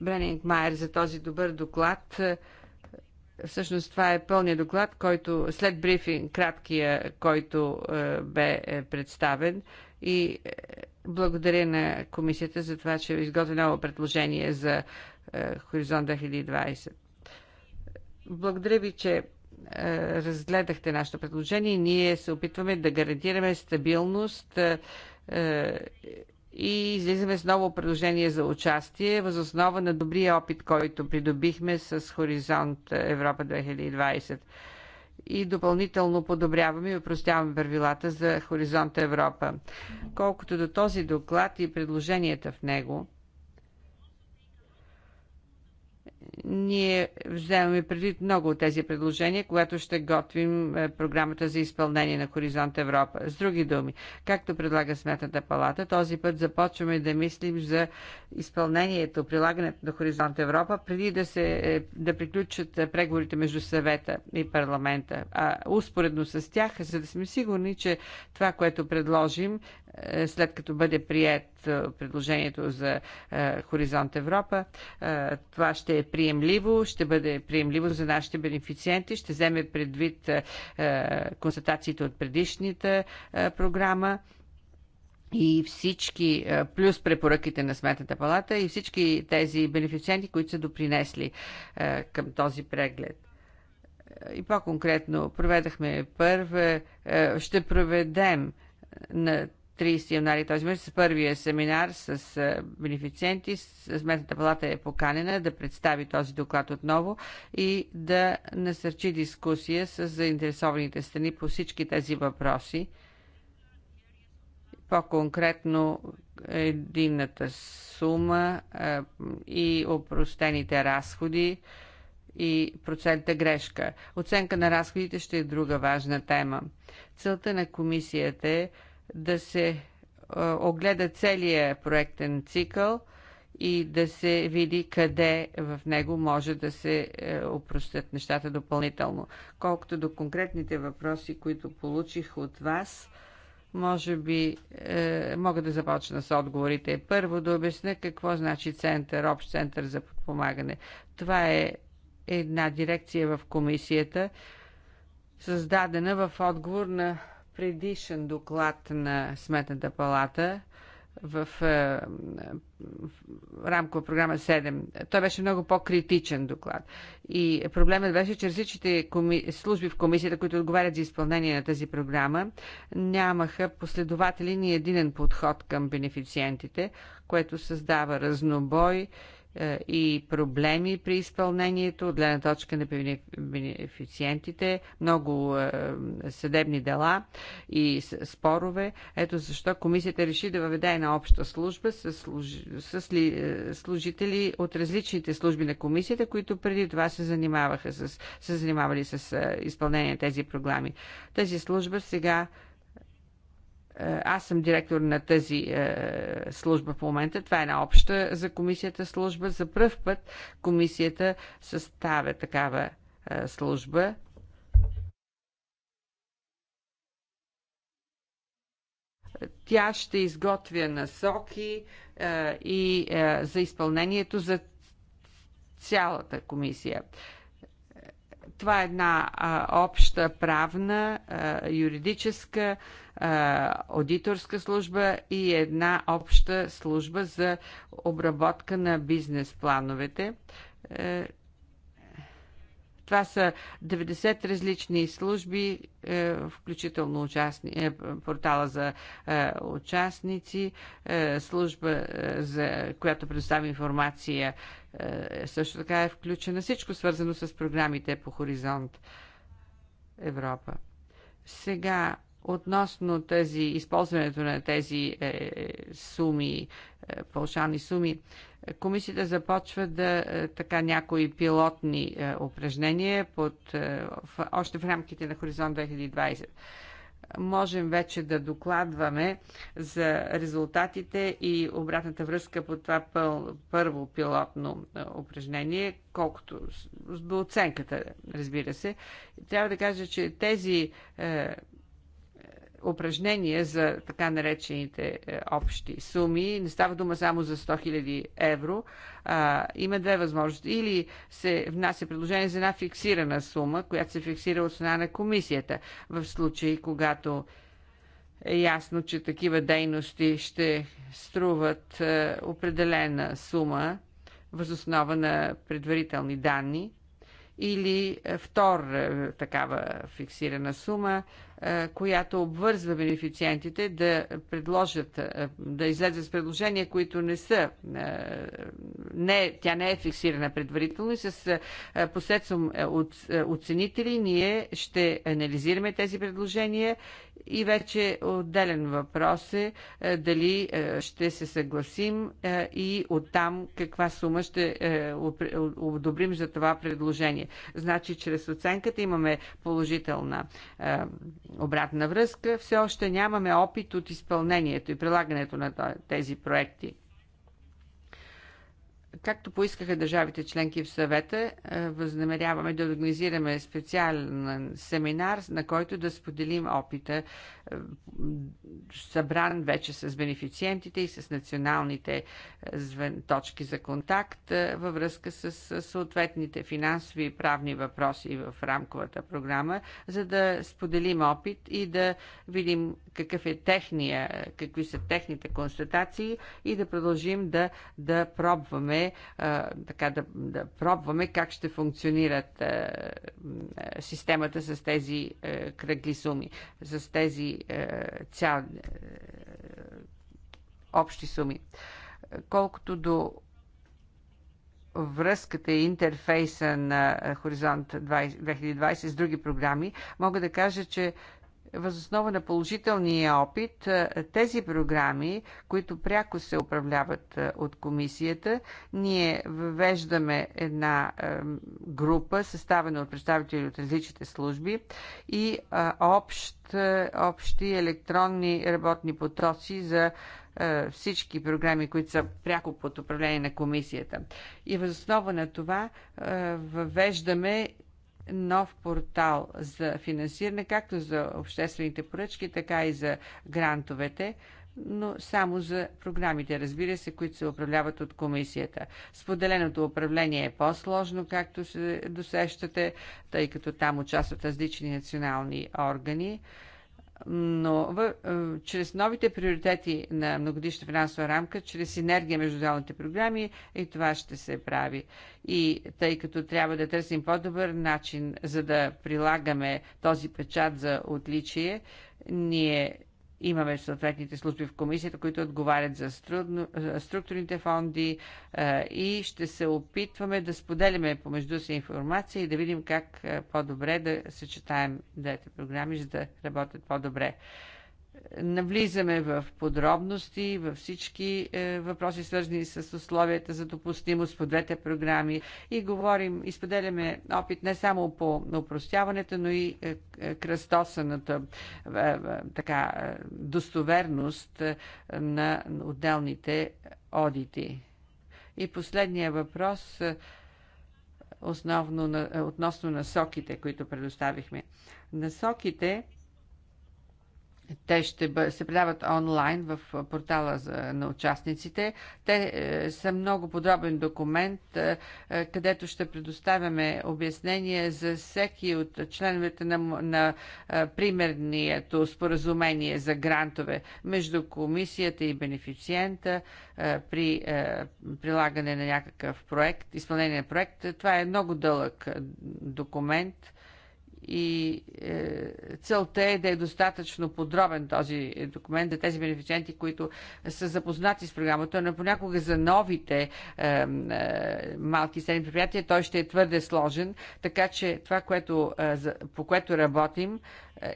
Бренинг Майер за този добър доклад. Е, всъщност това е пълният доклад, който след брифинг, краткия, който е, бе е, представен. И благодаря на комисията за това, че изготви ново предложение за Хоризон Хоризонт 2020. Благодаря ви, че разгледахте нашето предложение. Ние се опитваме да гарантираме стабилност и излизаме с ново предложение за участие, възоснова на добрия опит, който придобихме с Хоризонт Европа 2020. И допълнително подобряваме и упростяваме правилата за Хоризонт Европа. Колкото до този доклад и предложенията в него, ние вземаме предвид много от тези предложения, когато ще готвим е, програмата за изпълнение на Хоризонт Европа. С други думи, както предлага Сметната палата, този път започваме да мислим за изпълнението, прилагането на Хоризонт Европа, преди да, се, е, да приключат е, преговорите между съвета и парламента. А успоредно с тях, за да сме сигурни, че това, което предложим, след като бъде прият предложението за Хоризонт Европа. Това ще е приемливо, ще бъде приемливо за нашите бенефициенти, ще вземе предвид констатациите от предишната програма и всички, плюс препоръките на Сметната палата и всички тези бенефициенти, които са допринесли към този преглед и по-конкретно проведахме първа, ще проведем на 30 януари този месец, първия семинар с бенефициенти. Сметната палата е поканена да представи този доклад отново и да насърчи дискусия с заинтересованите страни по всички тези въпроси. По-конкретно единната сума и опростените разходи и процента грешка. Оценка на разходите ще е друга важна тема. Целта на комисията е да се огледа целия проектен цикъл и да се види къде в него може да се е, опростят нещата допълнително. Колкото до конкретните въпроси, които получих от вас, може би е, мога да започна с отговорите. Първо да обясня какво значи център, общ център за подпомагане. Това е една дирекция в комисията, създадена в отговор на предишен доклад на Сметната палата в, е, в рамкова програма 7. Той беше много по-критичен доклад. И проблемът беше, че различните коми... служби в комисията, които отговарят за изпълнение на тази програма, нямаха последователен и единен подход към бенефициентите, което създава разнобой е, и проблеми при изпълнението от гледна точка на бенефициентите, много е, съдебни дела и спорове. Ето защо комисията реши да въведе една обща служба с, е, служители от различните служби на комисията, които преди това се занимаваха с... се занимавали с изпълнение на тези програми. Тази служба сега е, аз съм директор на тази е, служба в момента. Това е наобща обща за комисията служба. За пръв път комисията съставя такава е, служба. Тя ще изготвя насоки е, и е, за изпълнението за цялата комисия. Това е една обща правна, юридическа а, аудиторска служба и една обща служба за обработка на бизнес плановете. Е, това са 90 различни служби, е, включително участни, е, портала за участници, служба, за която предоставя информация, също така е включена. Всичко свързано с програмите по Хоризонт Европа. Сега Относно тези, използването на тези е, суми, е, пълшани суми, комисията започва да е, така някои пилотни е, упражнения под, е, в, още в рамките на Хоризонт 2020 можем вече да докладваме за резултатите и обратната връзка по това пъл, първо пилотно е, упражнение, колкото до оценката, разбира се. Трябва да кажа, че тези е, Упражнения за така наречените е, общи суми. Не става дума само за 100 000 евро. А, има две възможности. Или се внася предложение за една фиксирана сума, която се фиксира от страна на комисията. В случай, когато е ясно, че такива дейности ще струват е, определена сума възоснова на предварителни данни или е, втора такава фиксирана сума е, която обвързва бенефициентите да предложат, е, да излезат с предложения, които не са, е, не, тя не е фиксирана предварително и с посредством от, оценители ние ще анализираме тези предложения и вече отделен въпрос е дали ще се съгласим и оттам каква сума ще одобрим за това предложение. Значи, чрез оценката имаме положителна обратна връзка. Все още нямаме опит от изпълнението и прилагането на тези проекти. Както поискаха държавите членки в съвета, е, възнамеряваме да организираме специален семинар, на който да споделим опита, е, събран вече с бенефициентите и с националните е, точки за контакт във връзка с съответните финансови и правни въпроси в рамковата програма, за да споделим опит и да видим какъв е техния, какви са техните констатации и да продължим да, да пробваме а, така да, да пробваме как ще функционират а, системата с тези а, кръгли суми, с тези а, цял, а, общи суми. Колкото до връзката и интерфейса на Хоризонт 2020 с други програми, мога да кажа, че Възоснова на положителния опит, е, тези програми, които пряко се управляват е, от комисията, ние въвеждаме една е, група, съставена от представители от различните служби и общ, общи електронни работни потоци за всички програми, които са пряко под управление на комисията. И възоснова на това въвеждаме нов портал за финансиране, както за обществените поръчки, така и за грантовете но само за програмите, разбира се, които се управляват от комисията. Споделеното управление е по-сложно, както се досещате, тъй като там участват различни национални органи но в, е, чрез новите приоритети на многодишна финансова рамка, чрез синергия между отделните програми и това ще се прави. И тъй като трябва да търсим по-добър начин, за да прилагаме този печат за отличие, ние Имаме съответните служби в комисията, които отговарят за е, структурните фонди е, и ще се опитваме да споделяме помежду си информация и да видим как е, по-добре да съчетаем двете програми, за да работят по-добре. Навлизаме в подробности, във всички е, въпроси, свързани с условията за допустимост по двете програми и говорим, изподеляме опит не само по упростяването, но и е, е, кръстосаната е, е, така е, достоверност на отделните одити. И последния въпрос основно на, относно насоките, които предоставихме. Насоките те ще бъ... се предават онлайн в портала за... на участниците. Те е, са много подробен документ, е, е, където ще предоставяме обяснение за всеки от членовете на, на е, примернието споразумение за грантове между комисията и бенефициента е, при е, прилагане на някакъв проект, изпълнение на проект. Това е много дълъг е, документ и е, целта е да е достатъчно подробен този документ за тези бенефициенти, които са запознати с програмата, но понякога за новите е, е, малки и средни предприятия той ще е твърде сложен, така че това, което, е, по което работим,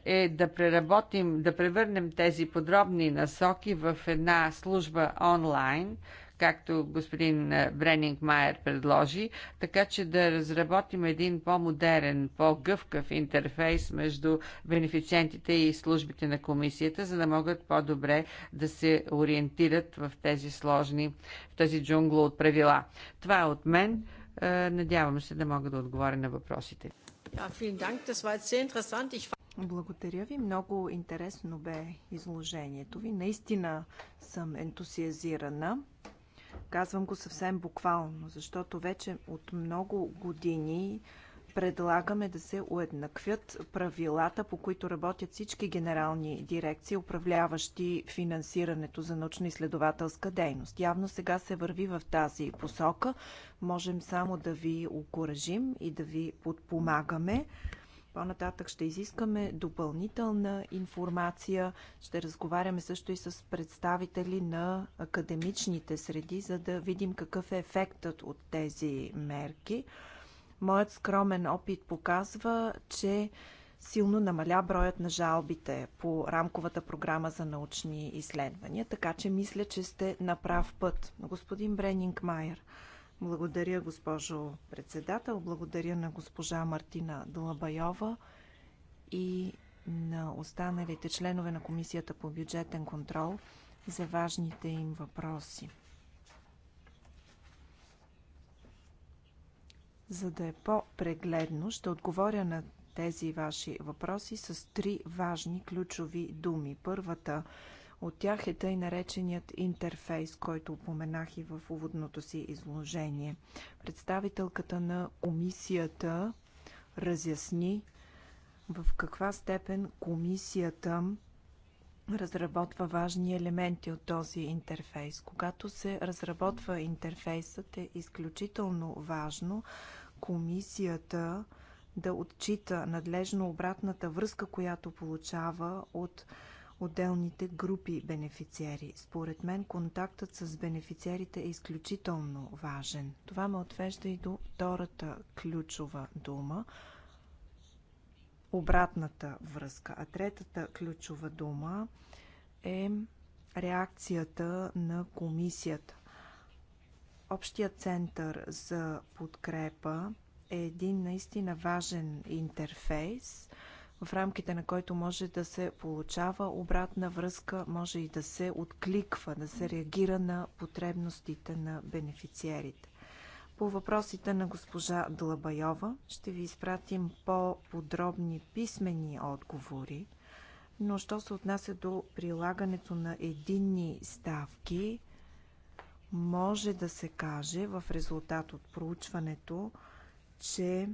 е, е да преработим, да превърнем тези подробни насоки в една служба онлайн, както господин е, Бренинг Майер предложи, така че да разработим един по-модерен, по-гъвкав интерфейс между бенефициентите и службите на комисията, за да могат по-добре да се ориентират в тези сложни, в тази джунгла от правила. Това е от мен. Е, надявам се да мога да отговоря на въпросите. Благодаря ви. Много интересно бе изложението ви. Наистина съм ентусиазирана. Казвам го съвсем буквално, защото вече от много години предлагаме да се уеднаквят правилата, по които работят всички генерални дирекции, управляващи финансирането за научно-изследователска дейност. Явно сега се върви в тази посока. Можем само да ви окоръжим и да ви подпомагаме. По-нататък ще изискаме допълнителна информация. Ще разговаряме също и с представители на академичните среди, за да видим какъв е ефектът от тези мерки. Моят скромен опит показва, че силно намаля броят на жалбите по рамковата програма за научни изследвания, така че мисля, че сте на прав път. Господин Бренинг Майер, благодаря, госпожо председател. Благодаря на госпожа Мартина Длабайова и на останалите членове на Комисията по бюджетен контрол за важните им въпроси. За да е по-прегледно, ще отговоря на тези ваши въпроси с три важни ключови думи. Първата от тях е тъй нареченият интерфейс, който упоменах и в уводното си изложение. Представителката на комисията разясни в каква степен комисията разработва важни елементи от този интерфейс. Когато се разработва интерфейсът е изключително важно комисията да отчита надлежно обратната връзка, която получава от отделните групи бенефициери. Според мен контактът с бенефициерите е изключително важен. Това ме отвежда и до втората ключова дума обратната връзка. А третата ключова дума е реакцията на комисията. Общият център за подкрепа е един наистина важен интерфейс в рамките на който може да се получава обратна връзка, може и да се откликва, да се реагира на потребностите на бенефициерите. По въпросите на госпожа Длабайова ще ви изпратим по-подробни писмени отговори, но що се отнася до прилагането на единни ставки, може да се каже в резултат от проучването, че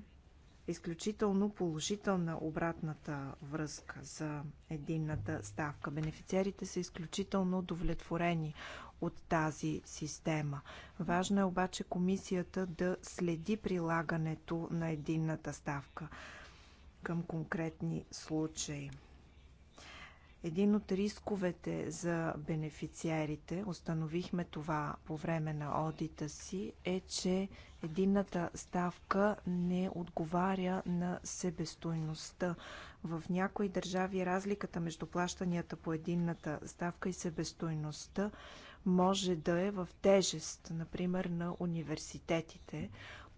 изключително положителна обратната връзка за единната ставка. Бенефициерите са изключително удовлетворени от тази система. Важно е обаче комисията да следи прилагането на единната ставка към конкретни случаи. Един от рисковете за бенефициарите, установихме това по време на одита си, е, че единната ставка не отговаря на себестойността. В някои държави разликата между плащанията по единната ставка и себестойността може да е в тежест, например на университетите,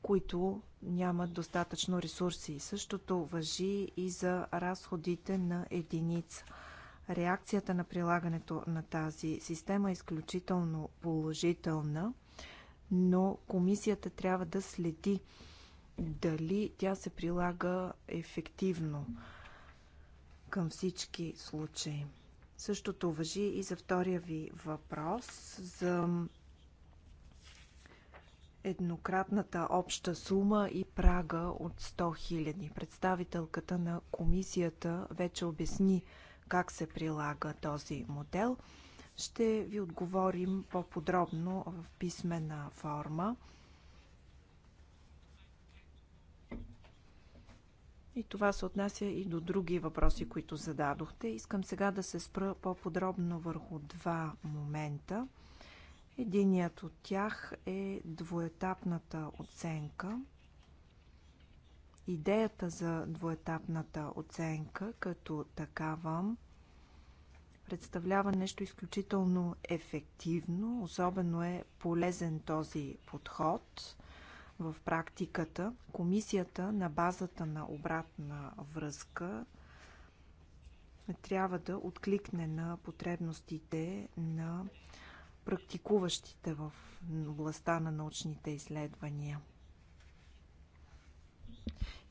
които нямат достатъчно ресурси. Същото въжи и за разходите на единица. Реакцията на прилагането на тази система е изключително положителна – но комисията трябва да следи дали тя се прилага ефективно към всички случаи. Същото въжи и за втория ви въпрос за еднократната обща сума и прага от 100 000. Представителката на комисията вече обясни как се прилага този модел. Ще ви отговорим по-подробно в писмена форма. И това се отнася и до други въпроси, които зададохте. Искам сега да се спра по-подробно върху два момента. Единият от тях е двоетапната оценка. Идеята за двоетапната оценка като такава представлява нещо изключително ефективно. Особено е полезен този подход в практиката. Комисията на базата на обратна връзка трябва да откликне на потребностите на практикуващите в областта на научните изследвания.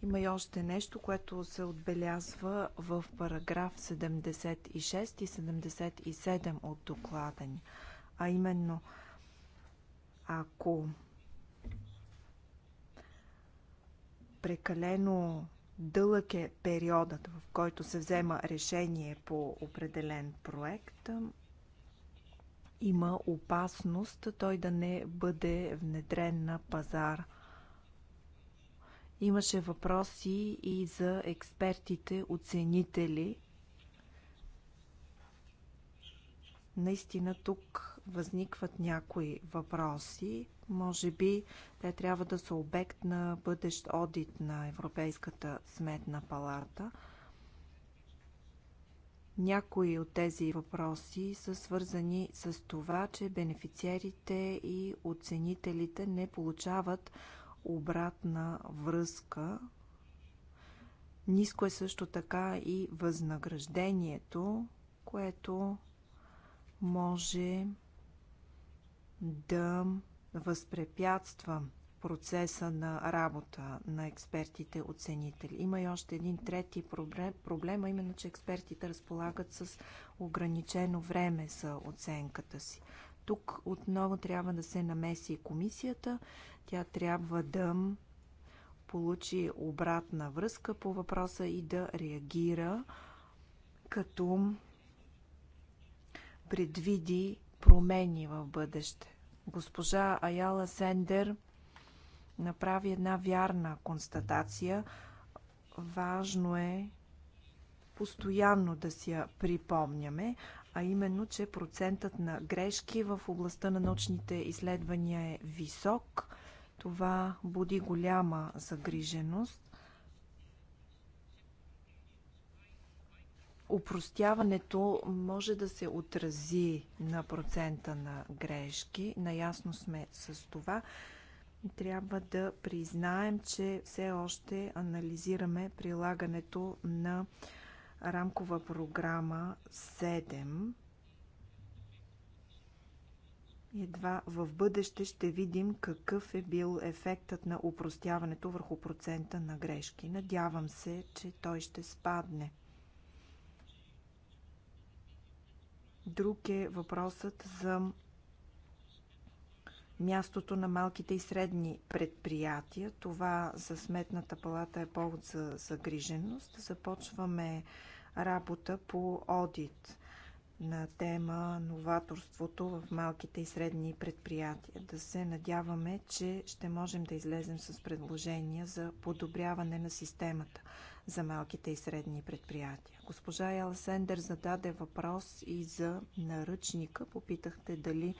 Има и още нещо, което се отбелязва в параграф 76 и 77 от доклада ни. А именно, ако прекалено дълъг е периодът, в който се взема решение по определен проект, има опасност той да не бъде внедрен на пазара Имаше въпроси и за експертите, оценители. Наистина тук възникват някои въпроси. Може би те трябва да са обект на бъдещ одит на Европейската сметна палата. Някои от тези въпроси са свързани с това, че бенефициерите и оценителите не получават обратна връзка. Ниско е също така и възнаграждението, което може да възпрепятства процеса на работа на експертите оценители. Има и още един трети проблем, проблема, именно, че експертите разполагат с ограничено време за оценката си. Тук отново трябва да се намеси комисията. Тя трябва да получи обратна връзка по въпроса и да реагира, като предвиди промени в бъдеще. Госпожа Аяла Сендер направи една вярна констатация. Важно е постоянно да си я припомняме а именно, че процентът на грешки в областта на научните изследвания е висок. Това буди голяма загриженост. Упростяването може да се отрази на процента на грешки. Наясно сме с това. Трябва да признаем, че все още анализираме прилагането на рамкова програма 7 едва в бъдеще ще видим какъв е бил ефектът на упростяването върху процента на грешки. Надявам се, че той ще спадне. Друг е въпросът за мястото на малките и средни предприятия. Това за Сметната палата е повод за загриженост. Започваме работа по одит на тема новаторството в малките и средни предприятия. Да се надяваме, че ще можем да излезем с предложения за подобряване на системата за малките и средни предприятия. Госпожа Ялсендер зададе въпрос и за наръчника. Попитахте дали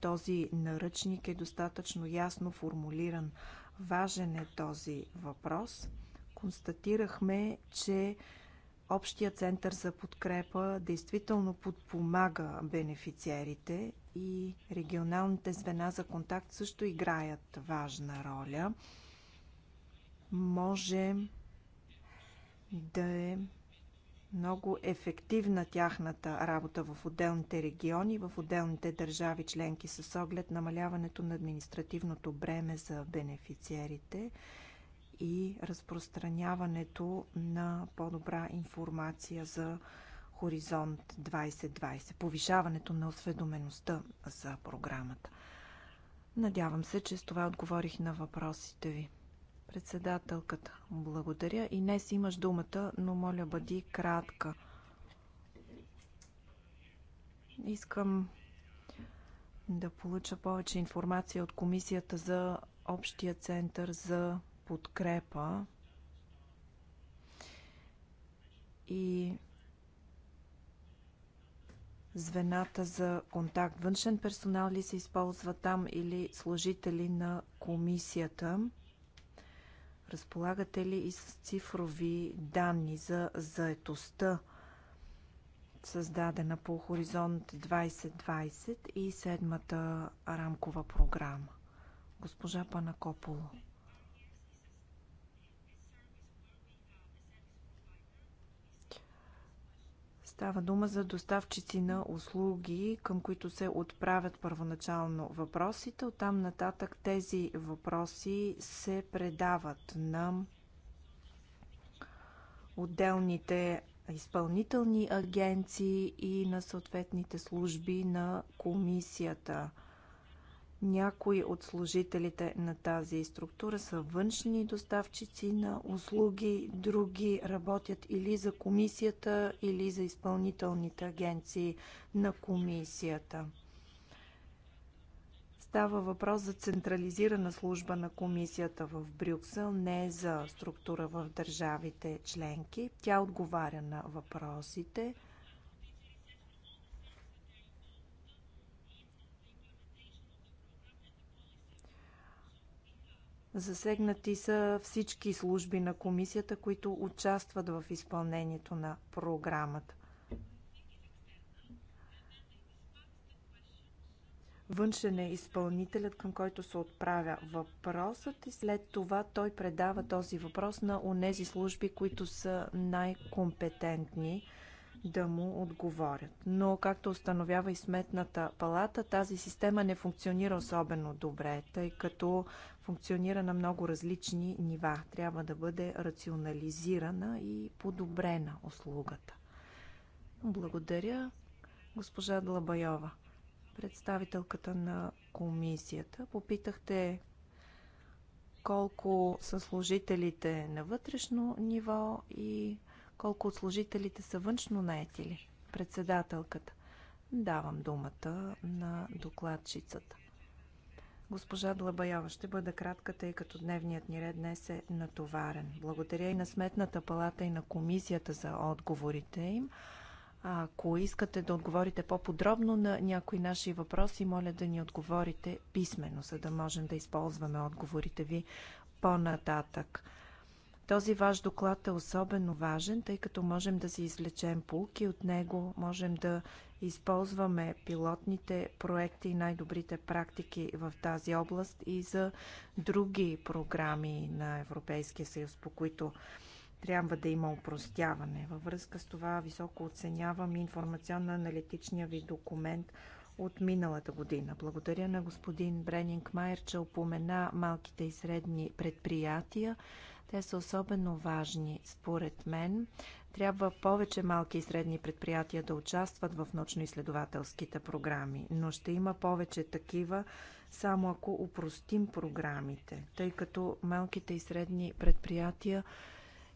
този наръчник е достатъчно ясно формулиран. Важен е този въпрос. Констатирахме, че Общия център за подкрепа действително подпомага бенефициерите и регионалните звена за контакт също играят важна роля. Може да е много ефективна тяхната работа в отделните региони, в отделните държави членки с оглед намаляването на административното бреме за бенефициерите и разпространяването на по-добра информация за Хоризонт 2020, повишаването на осведомеността за програмата. Надявам се, че с това отговорих на въпросите ви. Председателката, благодаря. И днес имаш думата, но моля бъди кратка. Искам да получа повече информация от комисията за общия център за подкрепа и звената за контакт. Външен персонал ли се използва там или служители на комисията? Разполагате ли и с цифрови данни за заетостта, създадена по Хоризонт 2020 и седмата рамкова програма? Госпожа Панакополо. Става дума за доставчици на услуги, към които се отправят първоначално въпросите. Оттам нататък тези въпроси се предават на отделните изпълнителни агенции и на съответните служби на комисията – някои от служителите на тази структура са външни доставчици на услуги, други работят или за комисията, или за изпълнителните агенции на комисията. Става въпрос за централизирана служба на комисията в Брюксел, не за структура в държавите членки. Тя отговаря на въпросите Засегнати са всички служби на комисията, които участват в изпълнението на програмата. Външен е изпълнителят, към който се отправя въпросът и след това той предава този въпрос на онези служби, които са най-компетентни да му отговорят. Но, както установява и сметната палата, тази система не функционира особено добре, тъй като функционира на много различни нива. Трябва да бъде рационализирана и подобрена услугата. Благодаря, госпожа Длабайова, представителката на комисията. Попитахте колко са служителите на вътрешно ниво и колко от служителите са външно наети ли? Председателката. Давам думата на докладчицата. Госпожа Длабаява ще бъда кратка, тъй като дневният ни ред днес е натоварен. Благодаря и на Сметната палата и на комисията за отговорите им. Ако искате да отговорите по-подробно на някои наши въпроси, моля да ни отговорите писменно, за да можем да използваме отговорите ви по-нататък. Този ваш доклад е особено важен, тъй като можем да си излечем полки от него, можем да използваме пилотните проекти и най-добрите практики в тази област и за други програми на Европейския съюз, по които трябва да има упростяване. Във връзка с това високо оценявам информационно-аналитичния ви документ от миналата година. Благодаря на господин Бренинг Майер, че опомена малките и средни предприятия. Те са особено важни, според мен. Трябва повече малки и средни предприятия да участват в научно-изследователските програми, но ще има повече такива, само ако упростим програмите, тъй като малките и средни предприятия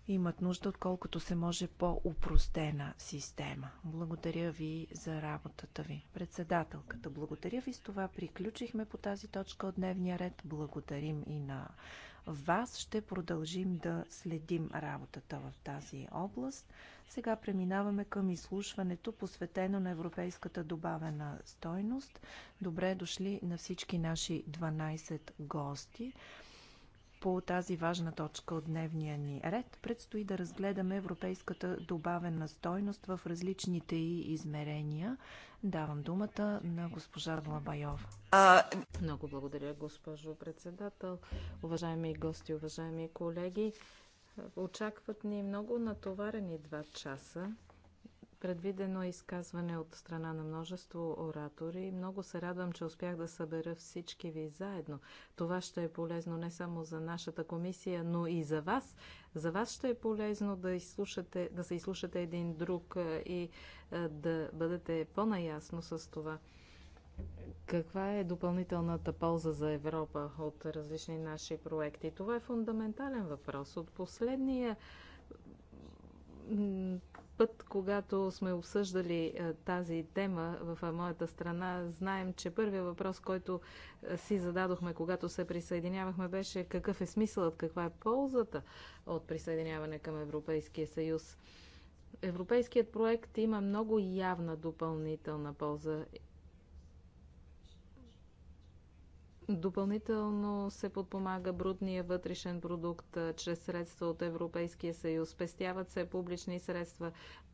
имат нужда от колкото се може по-упростена система. Благодаря ви за работата ви. Председателката, благодаря ви. С това приключихме по тази точка от дневния ред. Благодарим и на вас. Ще продължим да следим работата в тази област. Сега преминаваме към изслушването, посветено на европейската добавена стойност. Добре дошли на всички наши 12 гости по тази важна точка от дневния ни ред. Предстои да разгледаме европейската добавена стойност в различните й измерения. Давам думата на госпожа Длабайова. А... Много благодаря, госпожо председател. Уважаеми гости, уважаеми колеги, очакват ни много натоварени два часа. Предвидено изказване от страна на множество оратори. Много се радвам, че успях да събера всички ви заедно. Това ще е полезно не само за нашата комисия, но и за вас. За вас ще е полезно да, изслушате, да се изслушате един друг и да бъдете по-наясно с това. Каква е допълнителната полза за Европа от различни наши проекти? Това е фундаментален въпрос. От последния път, когато сме обсъждали е, тази тема в е, моята страна, знаем, че първият въпрос, който е, си зададохме, когато се присъединявахме, беше какъв е смисълът, каква е ползата от присъединяване към Европейския съюз. Европейският проект има много явна допълнителна полза Допълнително се подпомага брутния вътрешен продукт чрез средства от Европейския съюз. Спестяват се публични средства.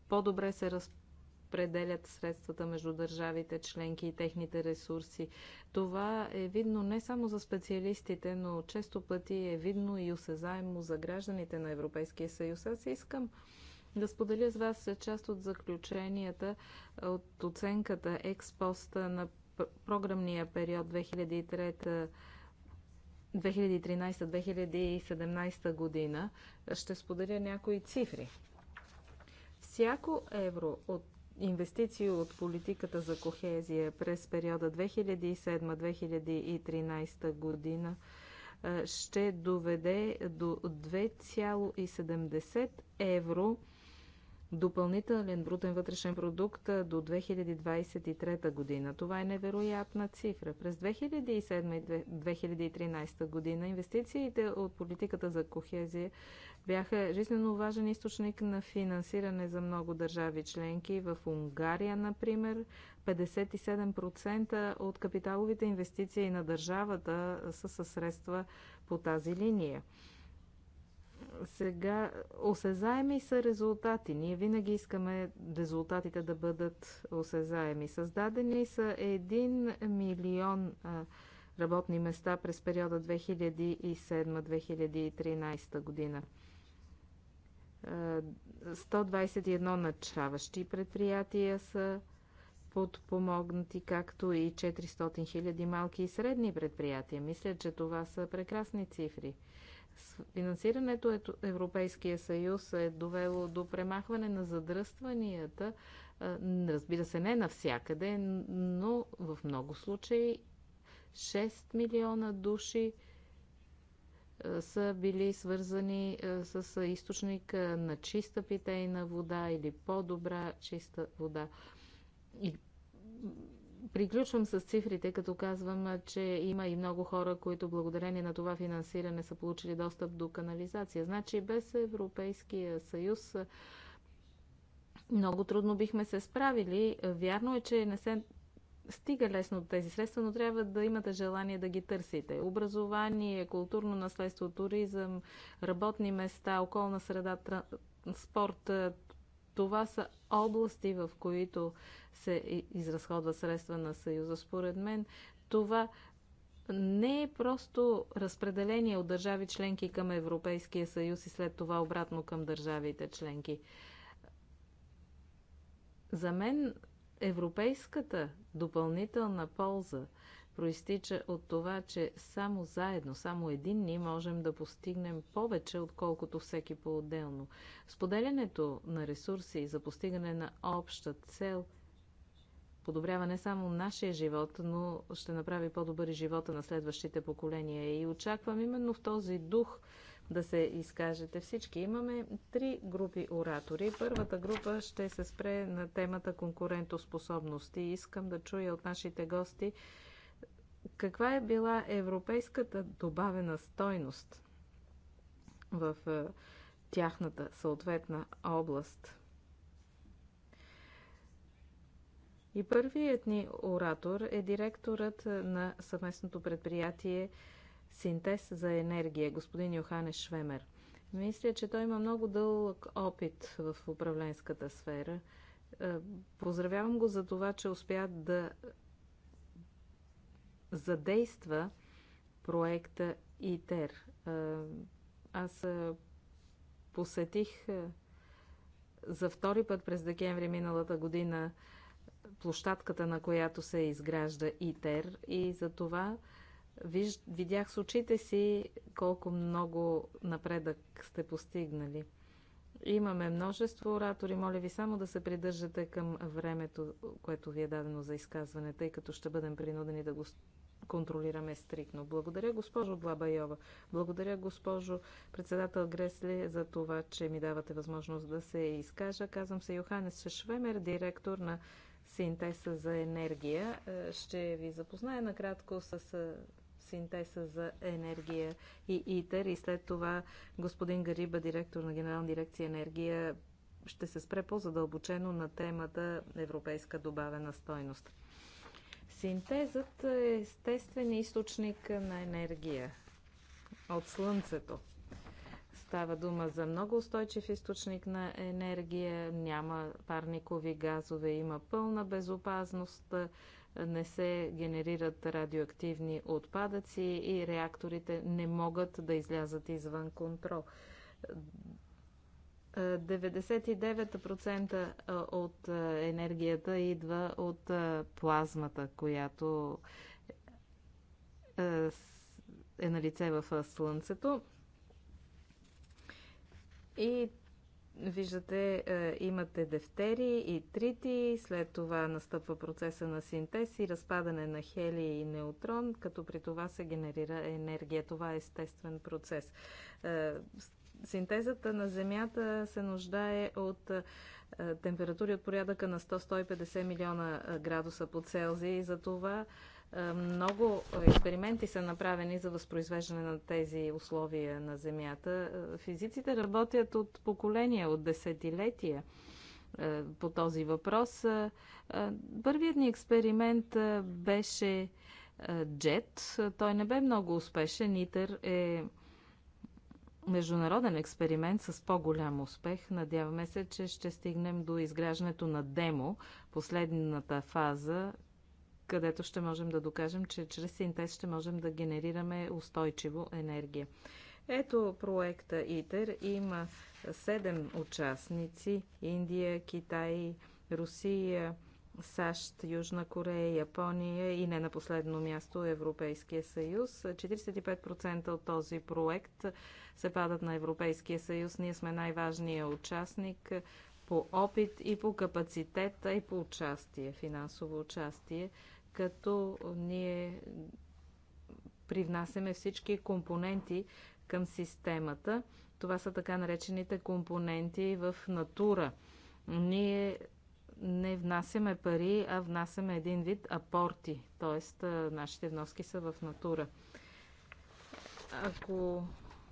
По-добре се разпределят средствата между държавите членки и техните ресурси. Това е видно не само за специалистите, но често пъти е видно и осезаемо за гражданите на Европейския съюз. Аз искам да споделя с вас част от заключенията от оценката експоста на програмния период 2003 2013-2017 година ще споделя някои цифри. Всяко евро от инвестиции от политиката за кохезия през периода 2007-2013 година е, ще доведе до 2,70 евро допълнителен брутен вътрешен продукт до 2023 година. Това е невероятна цифра. През 2007 и 2013 година инвестициите от политиката за кохезия бяха жизненно важен източник на финансиране за много държави членки. В Унгария, например, 57% от капиталовите инвестиции на държавата са със средства по тази линия. Сега, осезаеми са резултати. Ние винаги искаме резултатите да бъдат осезаеми. Създадени са 1 милион а, работни места през периода 2007-2013 година. 121 начаващи предприятия са подпомогнати, както и 400 000 малки и средни предприятия. Мисля, че това са прекрасни цифри. Финансирането от Европейския съюз е довело до премахване на задръстванията, разбира се, не навсякъде, но в много случаи 6 милиона души са били свързани с източник на чиста питейна вода или по-добра чиста вода. И Приключвам с цифрите, като казвам, че има и много хора, които благодарение на това финансиране са получили достъп до канализация. Значи без Европейския съюз много трудно бихме се справили. Вярно е, че не се стига лесно до тези средства, но трябва да имате желание да ги търсите. Образование, културно наследство, туризъм, работни места, околна среда, спорт, това са области, в които се изразходват средства на Съюза. Според мен това не е просто разпределение от държави членки към Европейския съюз и след това обратно към държавите членки. За мен европейската допълнителна полза проистича от това, че само заедно, само един ни можем да постигнем повече, отколкото всеки по-отделно. Споделянето на ресурси за постигане на обща цел подобрява не само нашия живот, но ще направи по-добър и живота на следващите поколения. И очаквам именно в този дух да се изкажете всички. Имаме три групи оратори. Първата група ще се спре на темата конкурентоспособности и искам да чуя от нашите гости каква е била европейската добавена стойност в е, тяхната съответна област. И първият ни оратор е директорът на съвместното предприятие Синтез за енергия, господин Йохане Швемер. Мисля, че той има много дълъг опит в управленската сфера. Е, поздравявам го за това, че успя да задейства проекта ИТЕР. Аз посетих за втори път през декември миналата година площадката, на която се изгражда ИТЕР и за това видях с очите си колко много напредък сте постигнали. Имаме множество оратори. Моля ви само да се придържате към времето, което ви е дадено за изказване, тъй като ще бъдем принудени да го контролираме стрикно. Благодаря, госпожо Блабайова. Благодаря, госпожо председател Гресли, за това, че ми давате възможност да се изкажа. Казвам се Йоханес Швемер, директор на синтеса за енергия. Е, ще ви запозная накратко с е, синтеса за енергия и ИТЕР и след това господин Гариба, директор на Генерална дирекция енергия, ще се спре по-задълбочено на темата Европейска добавена стойност. Синтезът е естествен източник на енергия от Слънцето. Става дума за много устойчив източник на енергия, няма парникови газове, има пълна безопасност, не се генерират радиоактивни отпадъци и реакторите не могат да излязат извън контрол. 99% от енергията идва от плазмата, която е на лице в Слънцето. И виждате, имате дефтери и трити, след това настъпва процеса на синтез и разпадане на хели и неутрон, като при това се генерира енергия. Това е естествен процес синтезата на Земята се нуждае от е, температури от порядъка на 100-150 милиона е, градуса по Целзия. и за това е, много експерименти са направени за възпроизвеждане на тези условия на Земята. Физиците работят от поколения, от десетилетия по този въпрос. Първият ни експеримент беше джет. Той не бе много успешен. Нитър е международен експеримент с по-голям успех. Надяваме се, че ще стигнем до изграждането на демо, последната фаза, където ще можем да докажем, че чрез синтез ще можем да генерираме устойчиво енергия. Ето проекта ИТЕР. Има 7 участници. Индия, Китай, Русия, САЩ, Южна Корея, Япония и не на последно място Европейския съюз. 45% от този проект се падат на Европейския съюз. Ние сме най-важният участник по опит и по капацитет, а и по участие, финансово участие, като ние привнасяме всички компоненти към системата. Това са така наречените компоненти в натура. Ние не внасяме пари, а внасяме един вид апорти, т.е. нашите вноски са в натура. Ако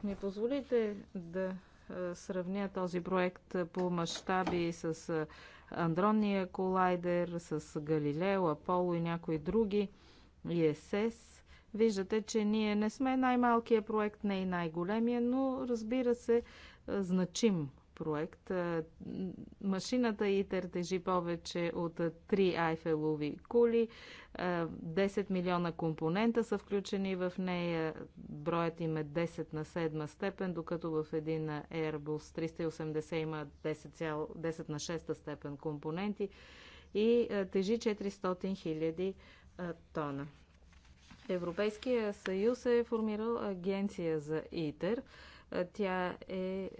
ми позволите да сравня този проект по мащаби с Андронния колайдер, с Галилео, Аполо и някои други, и виждате, че ние не сме най-малкият проект, не и най-големия, но разбира се, значим проект. Машината ИТЕР тежи повече от 3 айфелови кули. 10 милиона компонента са включени в нея. Броят им е 10 на 7 степен, докато в един Airbus 380 има 10, 10 на 6 степен компоненти и тежи 400 хиляди тона. Европейския съюз е формирал агенция за ИТЕР. Тя е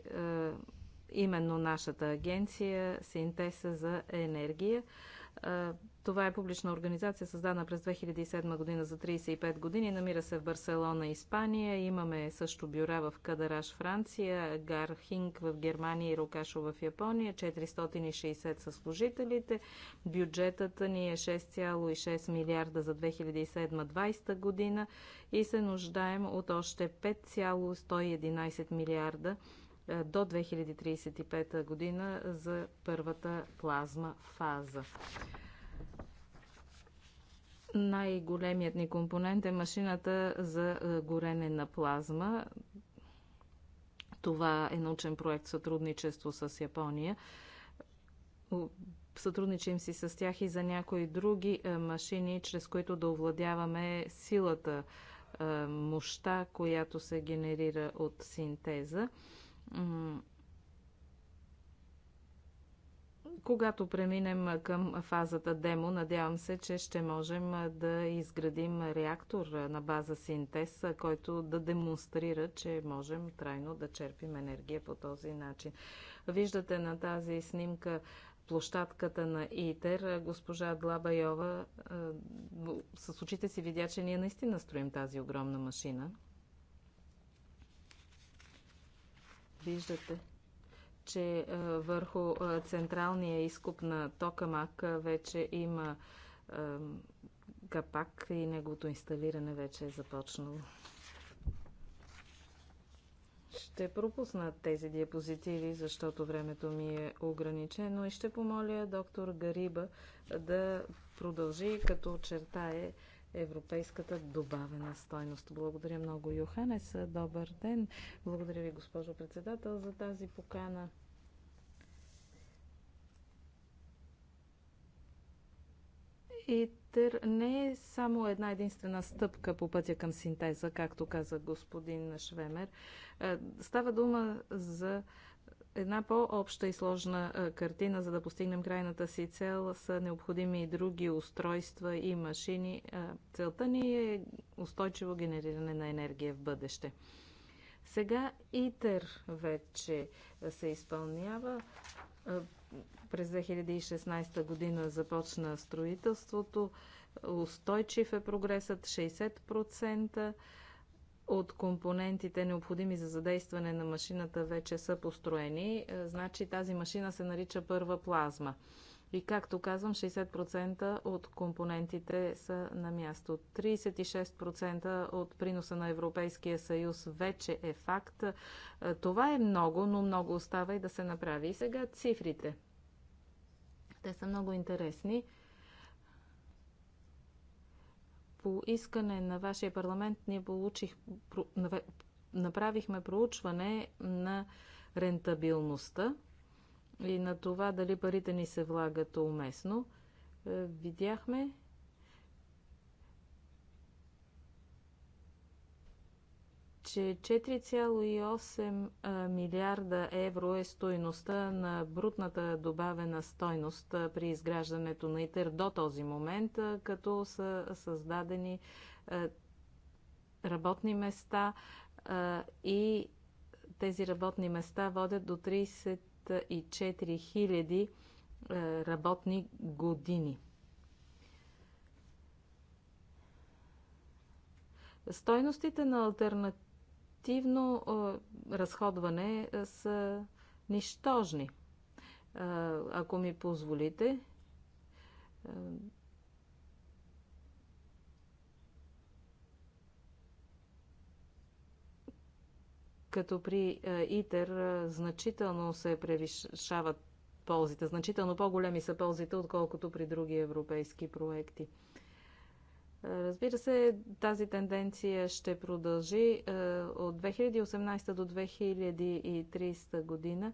именно нашата агенция Синтеса за енергия. Това е публична организация, създана през 2007 година за 35 години. Намира се в Барселона, Испания. Имаме също бюра в Кадараш, Франция, Гархинг в Германия и Рокашо в Япония. 460 са служителите. Бюджетът ни е 6,6 милиарда за 2007-2020 година и се нуждаем от още 5,111 милиарда е, до 2035 година за първата плазма фаза. Най-големият ни компонент е машината за е, горене на плазма. Това е научен проект сътрудничество с Япония. Сътрудничим си с тях и за някои други е, машини, чрез които да овладяваме силата, мощта, която се генерира от синтеза. Когато преминем към фазата демо, надявам се, че ще можем да изградим реактор на база синтез, който да демонстрира, че можем трайно да черпим енергия по този начин. Виждате на тази снимка площадката на ИТЕР, госпожа Длабайова е, с очите си видя, че ние наистина строим тази огромна машина. Виждате, че върху централния изкуп на Токамак вече има капак и неговото инсталиране вече е започнало. Ще пропусна тези диапозитиви, защото времето ми е ограничено и ще помоля доктор Гариба да продължи като очертае европейската добавена стойност. Благодаря много, Йоханес. Добър ден. Благодаря ви, госпожо председател, за тази покана. тър... не е само една единствена стъпка по пътя към синтеза, както каза господин Швемер. Е, става дума за една по-обща и сложна картина, за да постигнем крайната си цел, са необходими и други устройства и машини. Целта ни е устойчиво генериране на енергия в бъдеще. Сега ИТЕР вече се изпълнява. През 2016 година започна строителството. Устойчив е прогресът 60% от компонентите, необходими за задействане на машината, вече са построени. Е, значи тази машина се нарича първа плазма. И както казвам, 60% от компонентите са на място. 36% от приноса на Европейския съюз вече е факт. Е, това е много, но много остава и да се направи. И сега цифрите. Те са много интересни. по искане на вашия парламент ние получих, направихме проучване на рентабилността и на това дали парите ни се влагат уместно. Е, видяхме, че 4,8 милиарда евро е стойността на брутната добавена стойност при изграждането на ИТЕР до този момент, като са създадени работни места и тези работни места водят до 34 000 работни години. Стойностите на альтернатива ефективно разходване са нищожни. Ако ми позволите, като при ИТЕР значително се превишават ползите, значително по-големи са ползите, отколкото при други европейски проекти. Разбира се, тази тенденция ще продължи е, от 2018 до 2030 година.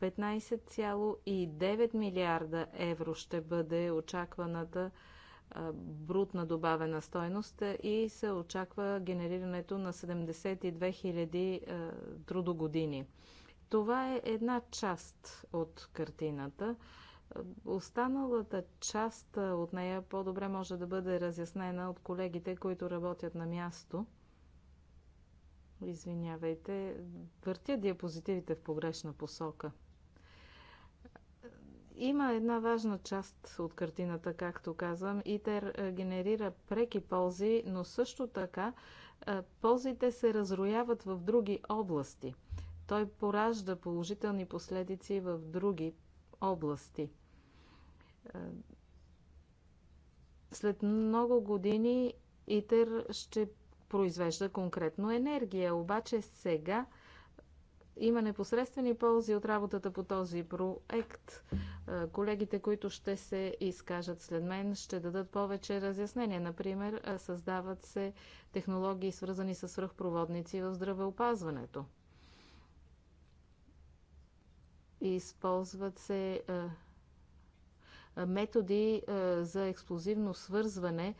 15,9 милиарда евро ще бъде очакваната е, брутна добавена стойност е, и се очаква генерирането на 72 хиляди трудогодини. Това е една част от картината. Останалата част от нея по-добре може да бъде разяснена от колегите, които работят на място. Извинявайте, въртя диапозитивите в погрешна посока. Има една важна част от картината, както казвам. ИТЕР генерира преки ползи, но също така ползите се разрояват в други области. Той поражда положителни последици в други области – е, след много години ИТЕР ще произвежда конкретно енергия, обаче сега има непосредствени ползи от работата по този проект. Е, колегите, които ще се изкажат след мен, ще дадат повече разяснения. Например, е, създават се технологии, свързани с свръхпроводници в здравеопазването. Използват се методи за експлозивно свързване,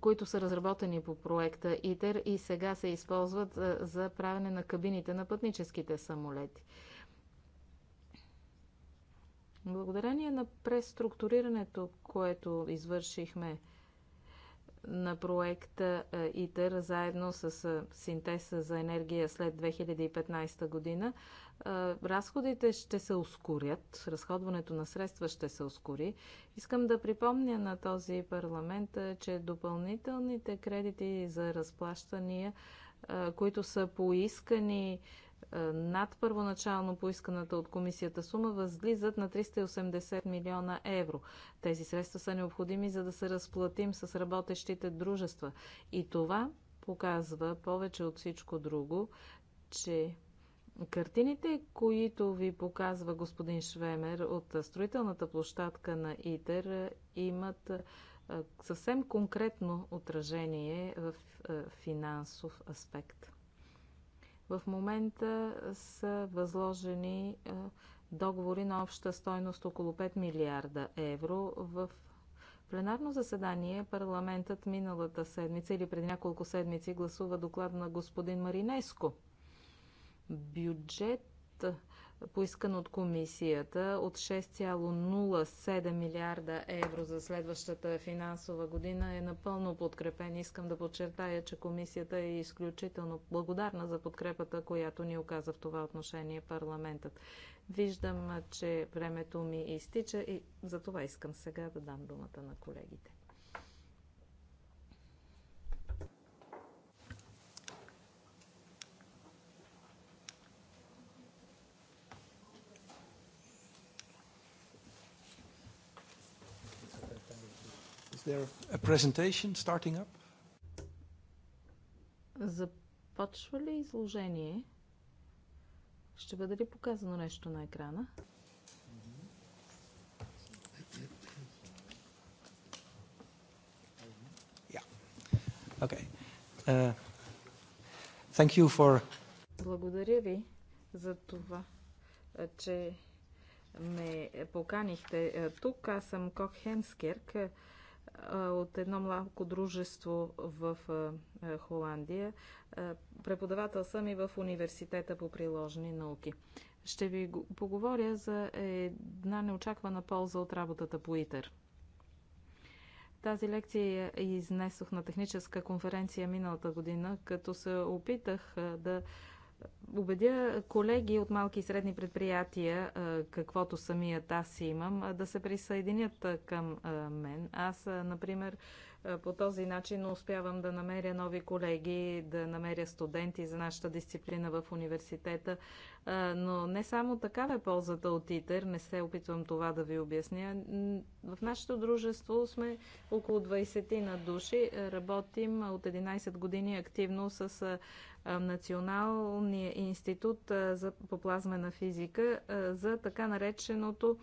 които са разработени по проекта ИТЕР и сега се използват за правене на кабините на пътническите самолети. Благодарение на преструктурирането, което извършихме на проекта ИТЕР заедно с синтеза за енергия след 2015 година, разходите ще се ускорят, разходването на средства ще се ускори. Искам да припомня на този парламент, че допълнителните кредити за разплащания, които са поискани над първоначално поисканата от комисията сума възлизат на 380 милиона евро. Тези средства са необходими за да се разплатим с работещите дружества. И това показва повече от всичко друго, че Картините, които ви показва господин Швемер от строителната площадка на ИТЕР, имат съвсем конкретно отражение в финансов аспект. В момента са възложени договори на обща стойност около 5 милиарда евро. В пленарно заседание парламентът миналата седмица или преди няколко седмици гласува доклад на господин Маринеско – бюджет поискан от комисията от 6,07 милиарда евро за следващата финансова година е напълно подкрепен. Искам да подчертая, че комисията е изключително благодарна за подкрепата, която ни оказа в това отношение парламентът. Виждам, че времето ми изтича и за това искам сега да дам думата на колегите. Is there a presentation starting up? Започва ли изложение? Ще бъде ли показано нещо на екрана? Yeah. Okay. Uh, thank you for... Благодаря ви за това, че ме поканихте тук. Аз съм Кок Хемскерк от едно малко дружество в Холандия. Преподавател съм и в Университета по приложни науки. Ще ви поговоря за една неочаквана полза от работата по ИТЕР. Тази лекция я изнесох на техническа конференция миналата година, като се опитах да убедя колеги от малки и средни предприятия, каквото самият аз имам, да се присъединят към мен. Аз, например, е, по този начин успявам да намеря нови колеги, да намеря студенти за нашата дисциплина в университета. Е, но не само такава е ползата от ИТЕР, не се опитвам това да ви обясня. В нашето дружество сме около 20 на души. Е, работим от 11 години активно с Националния институт за, по плазмена физика за така нареченото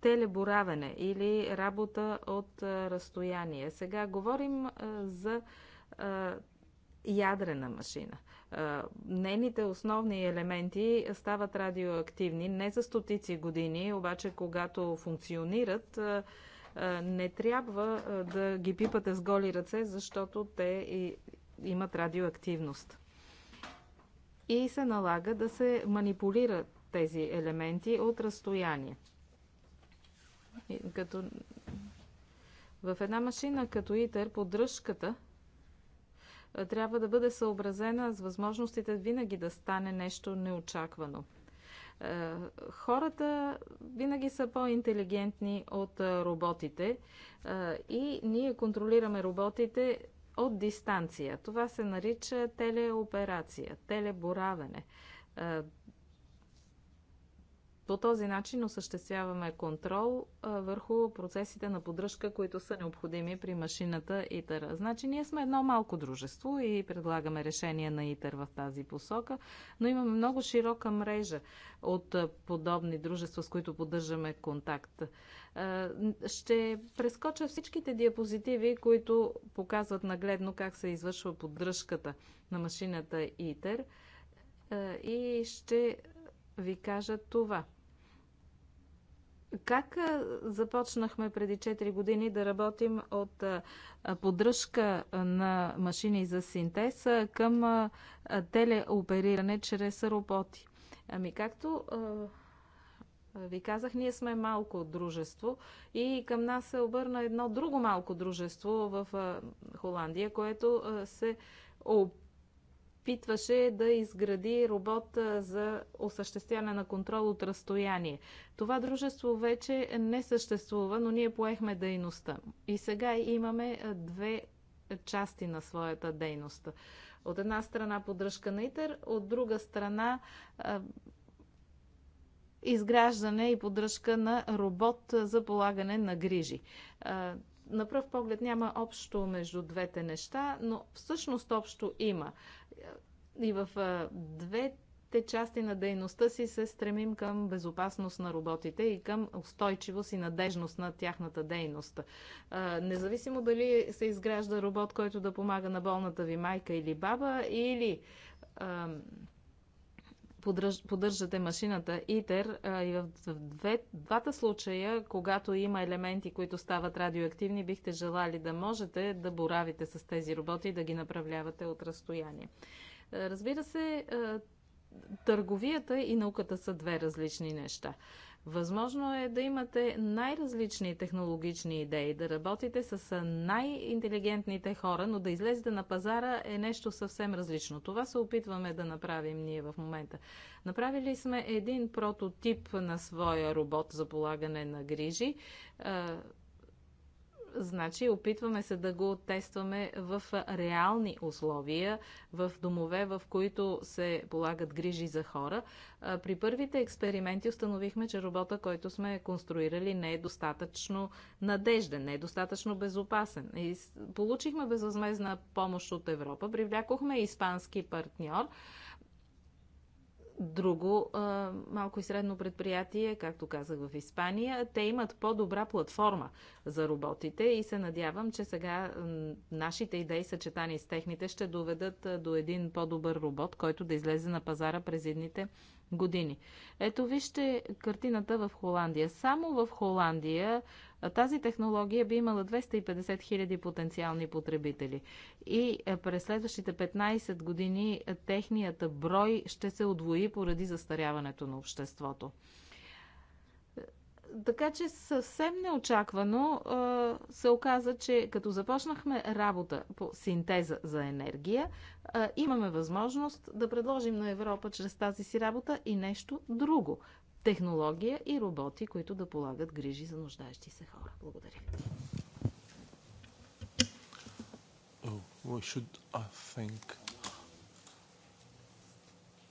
телеборавене или работа от разстояние. Сега говорим за ядрена машина. Нейните основни елементи стават радиоактивни не за стотици години, обаче когато функционират, не трябва да ги пипате с голи ръце, защото те имат радиоактивност. И се налага да се манипулират тези елементи от разстояние. Като в една машина като ИТЕР поддръжката трябва да бъде съобразена с възможностите винаги да стане нещо неочаквано. Хората винаги са по-интелигентни от роботите и ние контролираме роботите от дистанция. Това се нарича телеоперация, телеборавене. По този начин осъществяваме контрол а, върху процесите на поддръжка, които са необходими при машината ИТЕР. Значи ние сме едно малко дружество и предлагаме решение на ИТЕР в тази посока, но имаме много широка мрежа от подобни дружества, с които поддържаме контакт. Ще прескоча всичките диапозитиви, които показват нагледно как се извършва поддръжката на машината ИТЕР и ще ви кажа това. Как започнахме преди 4 години да работим от поддръжка на машини за синтез към телеопериране чрез роботи? Ами както ви казах, ние сме малко дружество и към нас се обърна едно друго малко дружество в Холандия, което се опитва опитваше да изгради робот за осъществяване на контрол от разстояние. Това дружество вече не съществува, но ние поехме дейността. И сега имаме две части на своята дейност. От една страна поддръжка на ИТЕР, от друга страна изграждане и поддръжка на робот за полагане на грижи на пръв поглед няма общо между двете неща, но всъщност общо има и в двете части на дейността си се стремим към безопасност на роботите и към устойчивост и надежност на тяхната дейност. Независимо дали се изгражда робот, който да помага на болната ви майка или баба, или подръж, поддържате машината ИТЕР и в две, двата случая, когато има елементи, които стават радиоактивни, бихте желали да можете да боравите с тези роботи и да ги направлявате от разстояние. Разбира се, търговията и науката са две различни неща. Възможно е да имате най-различни технологични идеи, да работите с най-интелигентните хора, но да излезете на пазара е нещо съвсем различно. Това се опитваме да направим ние в момента. Направили сме един прототип на своя робот за полагане на грижи. Значи опитваме се да го тестваме в реални условия, в домове, в които се полагат грижи за хора. При първите експерименти установихме, че робота, който сме конструирали, не е достатъчно надежден, не е достатъчно безопасен. И получихме безвъзмезна помощ от Европа, привлякохме испански партньор, друго малко и средно предприятие, както казах в Испания, те имат по-добра платформа за роботите и се надявам, че сега нашите идеи, съчетани с техните, ще доведат до един по-добър робот, който да излезе на пазара през едните години. Ето вижте картината в Холандия. Само в Холандия тази технология би имала 250 000 потенциални потребители. И е, през следващите 15 години е, техният брой ще се удвои поради застаряването на обществото. Така че съвсем неочаквано се оказа, че като започнахме работа по синтеза за енергия, имаме възможност да предложим на Европа чрез тази си работа и нещо друго. Технология и роботи, които да полагат грижи за нуждаещи се хора. Благодаря. Oh, we should, I think,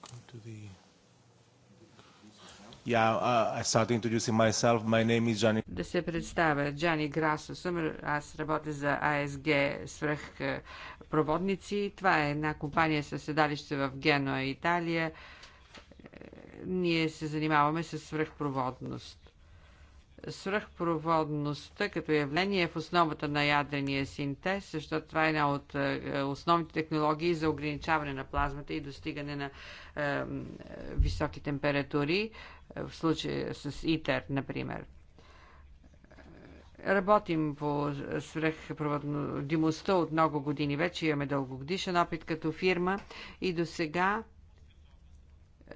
go to the... Uh, да се представя. Джани Грасо съм. Аз работя за АСГ свръхпроводници. Е, Това е една компания със седалище в Генуа, Италия. Е, ние се занимаваме с свръхпроводност Свръхпроводността като явление е в основата на ядрения синтез, защото това е една от е, основните технологии за ограничаване на плазмата и достигане на е, високи температури, е, в случая с ИТЕР, например. Работим по свръхпроводността от много години. Вече имаме дългогодишен опит като фирма и до сега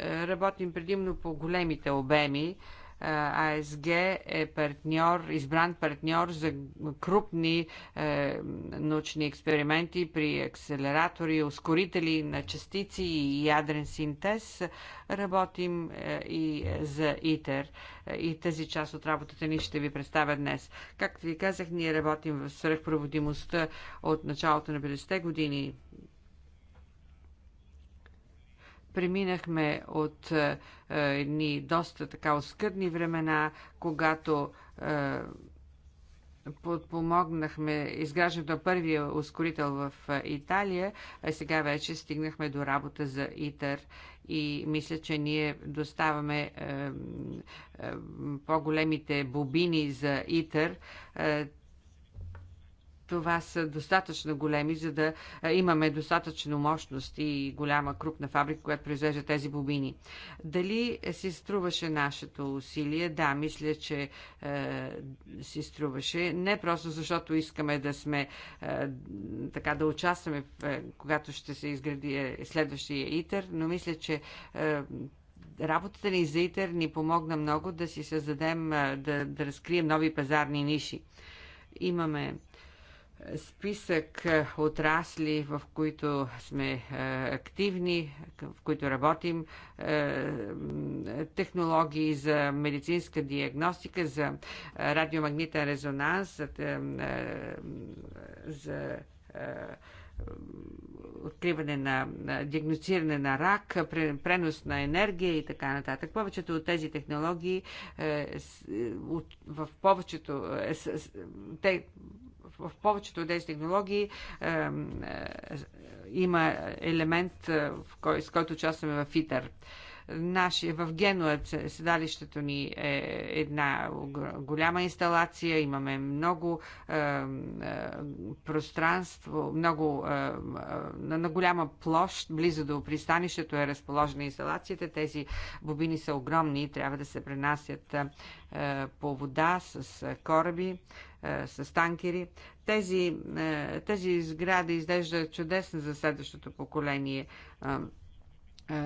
работим предимно по големите обеми, АСГ е партньор, избран партньор за крупни е, научни експерименти при акселератори, ускорители на частици и ядрен синтез. Работим е, и за ИТЕР. Е, и тази част от работата ни ще ви представя днес. Както ви казах, ние работим в свръхпроводимостта от началото на 50-те години Преминахме от е, е, едни доста така оскъдни времена, когато е, подпомогнахме изграждането на първия ускорител в Италия, а сега вече стигнахме до работа за ИТЕР и мисля, че ние доставаме е, е, по-големите бобини за ИТЕР. Е, това са достатъчно големи, за да имаме достатъчно мощност и голяма крупна фабрика, която произвежда тези бобини. Дали си струваше нашето усилие? Да, мисля, че е, си струваше. Не просто защото искаме да сме е, така да участваме, е, когато ще се изгради е, следващия ИТЕР, но мисля, че е, работата ни за ИТЕР ни помогна много да си създадем, да, да разкрием нови пазарни ниши. Имаме списък е, отрасли, в които сме е, активни, в които работим, е, технологии за медицинска диагностика, за радиомагнитен резонанс, за, за откриване на, диагностиране на рак, пренос на енергия и така нататък. Повечето от тези технологии в повечето те в повечето от тези технологии е, е, има елемент, е, с който участваме в ИТЕР наши, в Генуа седалището ни е една голяма инсталация, имаме много е, е, пространство, много е, на, на голяма площ, близо до пристанището е разположена инсталацията. Тези бобини са огромни, трябва да се пренасят е, по вода с кораби. Е, с танкери. Тези, е, тези сгради изглежда чудесна за следващото поколение е,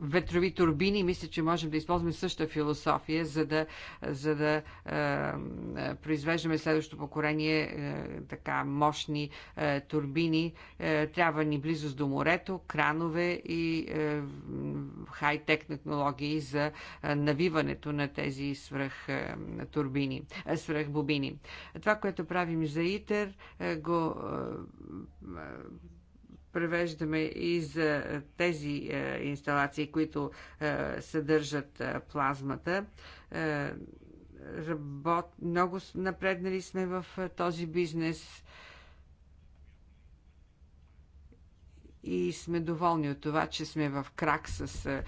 ветрови турбини, мисля, че можем да използваме същата философия, за да, за да е, е, произвеждаме следващото поколение е, така мощни е, турбини. Е, трябва ни близост до морето, кранове и е, хай-тек технологии за е, навиването на тези свръх е, турбини, е, свръх бобини. Това, което правим за ИТЕР, е, го е, е превеждаме и за тези е, инсталации, които е, съдържат е, плазмата. Работ... Много напреднали сме в този бизнес и сме доволни от това, че сме в крак с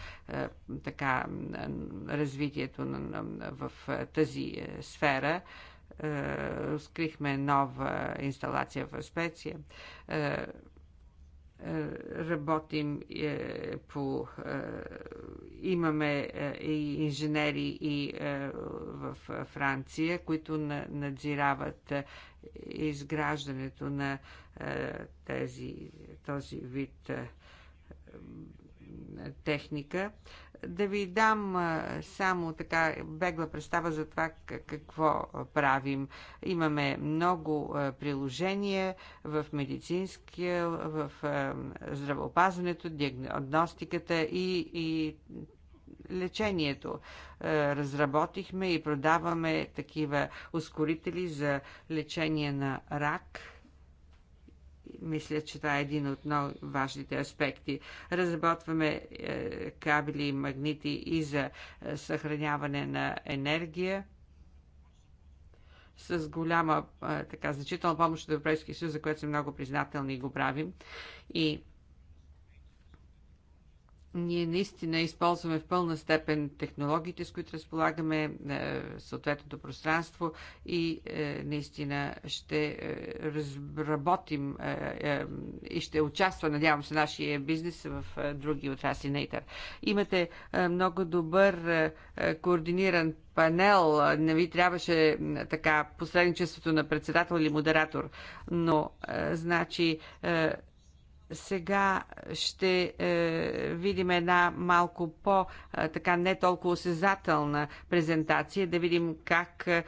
така развитието в тази сфера скрихме нова инсталация в Специя работим е, по... Е, имаме е, и инженери и в Франция, които надзирават изграждането на тези, този вид техника. Да ви дам само така бегла представа за това какво правим. Имаме много приложения в медицинския, в здравеопазването, диагностиката и, и лечението. Разработихме и продаваме такива ускорители за лечение на рак – мисля, че това е един от много важните аспекти. Разработваме е, кабели и магнити и за е, съхраняване на енергия с голяма, е, така, значителна помощ от Европейския съюз, за което съм много признателни и го правим. И ние наистина използваме в пълна степен технологиите, с които разполагаме, е, съответното пространство и е, наистина ще е, разработим и ще участва, надявам се, нашия бизнес в други отрасли на ИТАР. Имате много добър координиран панел. Не ви трябваше така посредничеството на председател или модератор, но значи сега ще е, видим една малко по, е, така не толкова осезателна презентация, да видим как е,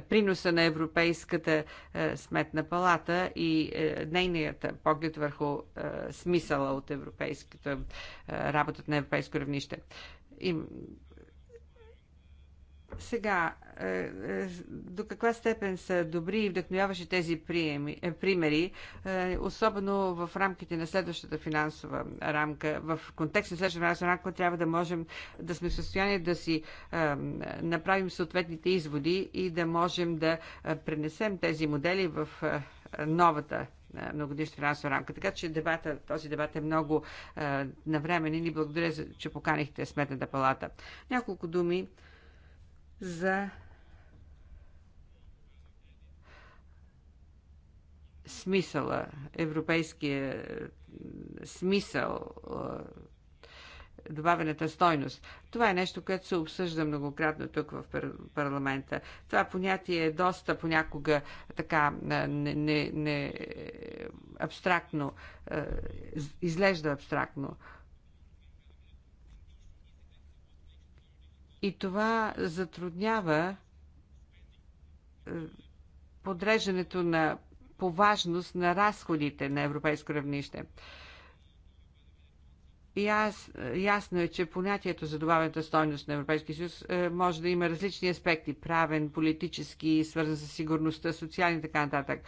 приноса на Европейската е, сметна палата и е, нейният поглед върху е, смисъла от европейската е, работата на европейско равнище. И, сега, е, е, до каква степен са добри и вдъхновяващи тези приеми, е, примери, особено в рамките на следващата финансова рамка, в контекст на следващата финансова рамка, трябва да можем да сме в състояние да си направим съответните изводи и да можем да пренесем тези модели в новата многодишна финансова рамка. Така че дебата, този дебат е много навременен и благодаря, че поканихте Сметната палата. Няколко думи за смисъла, европейския е, смисъл, е, добавената стойност. Това е нещо, което се обсъжда многократно тук в парламента. Това понятие е доста понякога така е, не, не, не абстрактно, изглежда абстрактно. И това затруднява е, подреждането на поважност на разходите на европейско равнище. Яс, ясно е, че понятието за добавената стойност на Европейския съюз е, може да има различни аспекти правен, политически, свързан с сигурността, социални и така нататък.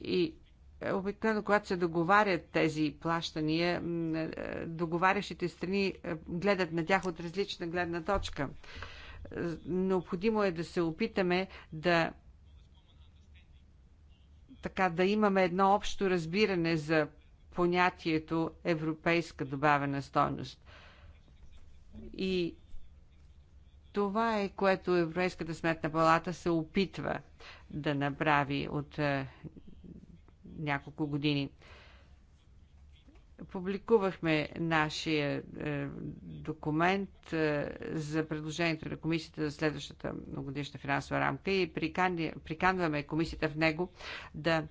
И е, обикновено, когато се договарят тези плащания, е, договарящите страни е, гледат на тях от различна гледна точка. Необходимо е да се опитаме да така да имаме едно общо разбиране за понятието европейска добавена стойност. И това е което Европейската сметна палата се опитва да направи от няколко години. Публикувахме нашия е, документ е, за предложението на комисията за следващата многодишна финансова рамка и приканваме комисията в него да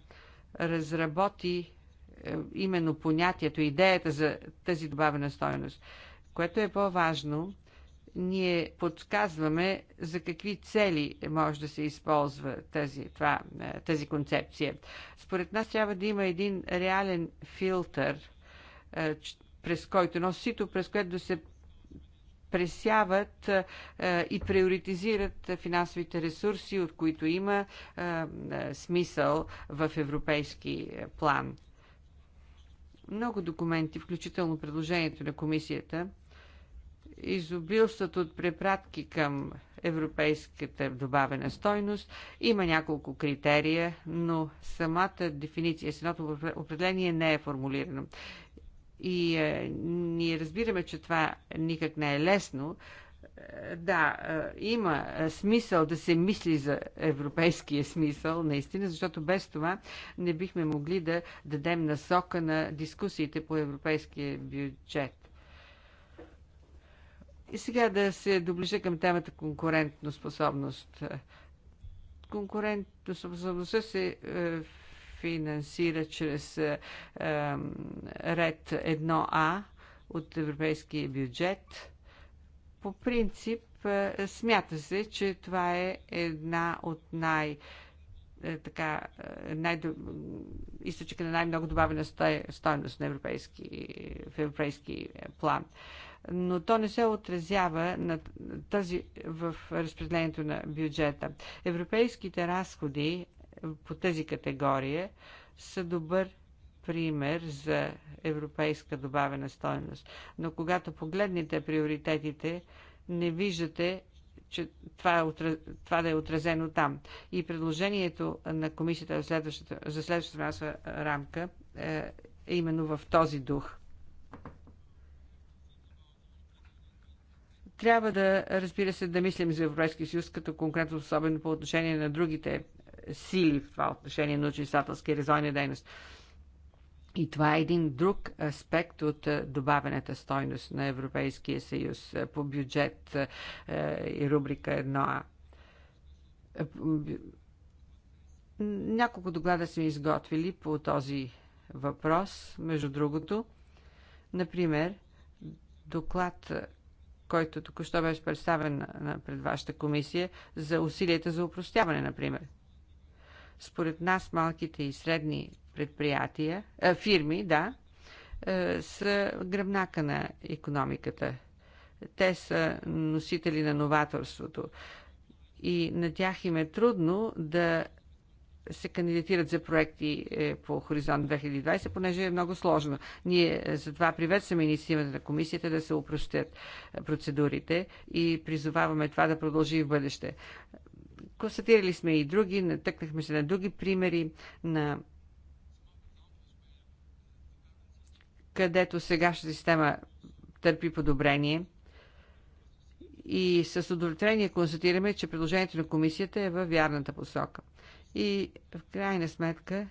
разработи е, именно понятието, идеята за тази добавена стоеност. Което е по-важно, ние подсказваме за какви цели може да се използва тази, това, е, тази концепция. Според нас трябва да има един реален филтър, е, през който, но сито, през което да се пресяват е, и приоритизират финансовите ресурси, от които има смисъл в европейски план. Много документи, включително предложението на комисията, изобилстват от препратки към европейската добавена стойност. Има няколко критерия, но самата дефиниция, самото определение не е формулирано. И е, ние разбираме, че това никак не е лесно. Е, да, е, има смисъл да се мисли за европейския смисъл, наистина, защото без това не бихме могли да дадем насока на дискусиите по европейския бюджет и сега да се доближа към темата конкурентно способност. Конкурентно способността се е, финансира чрез е, ред 1А от европейския бюджет. По принцип е, смята се, че това е една от най- така, най- източника на най-много добавена стойност на европейски, в европейски план но то не се отразява на тази в разпределението на бюджета. Европейските разходи по тази категория са добър пример за европейска добавена стойност. Но когато погледнете приоритетите, не виждате, че това, е, отраз... това да е отразено там. И предложението на комисията за следващата, за следващата рамка е, е именно в този дух. Трябва да, разбира се, да мислим за Европейския съюз като конкретно особено по отношение на другите сили в това отношение на ученичествателска и дейност. И това е един друг аспект от добавената стойност на Европейския съюз по бюджет и рубрика 1А. Няколко доклада сме изготвили по този въпрос, между другото. Например, доклад който току-що беше представен пред вашата комисия, за усилията за упростяване, например. Според нас малките и средни предприятия, а, фирми, да, са гръбнака на економиката. Те са носители на новаторството и на тях им е трудно да се кандидатират за проекти е, по Хоризонт 2020, понеже е много сложно. Ние е, затова приветстваме инициативата на комисията да се упростят е, процедурите и призоваваме това да продължи в бъдеще. Констатирали сме и други, натъкнахме се на други примери на където сегашната система търпи подобрение – и с удовлетворение констатираме, че предложението на комисията е във вярната посока. И в крайна сметка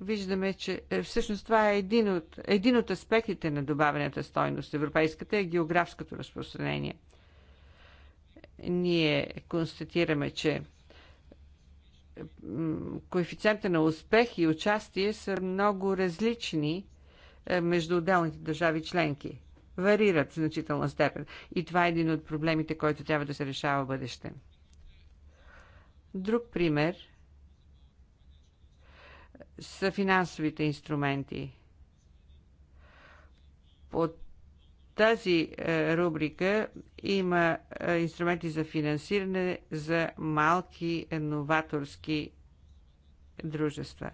виждаме, че е, всъщност това е един от, един от аспектите на добавената стойност. Европейската е географското разпространение. Ние констатираме, че коефициента на успех и участие са много различни е, между отделните държави членки. Варират в значителна степен. И това е един от проблемите, който трябва да се решава в бъдеще. Друг пример – са финансовите инструменти. Под тази е, рубрика има е, инструменти за финансиране за малки е, новаторски дружества.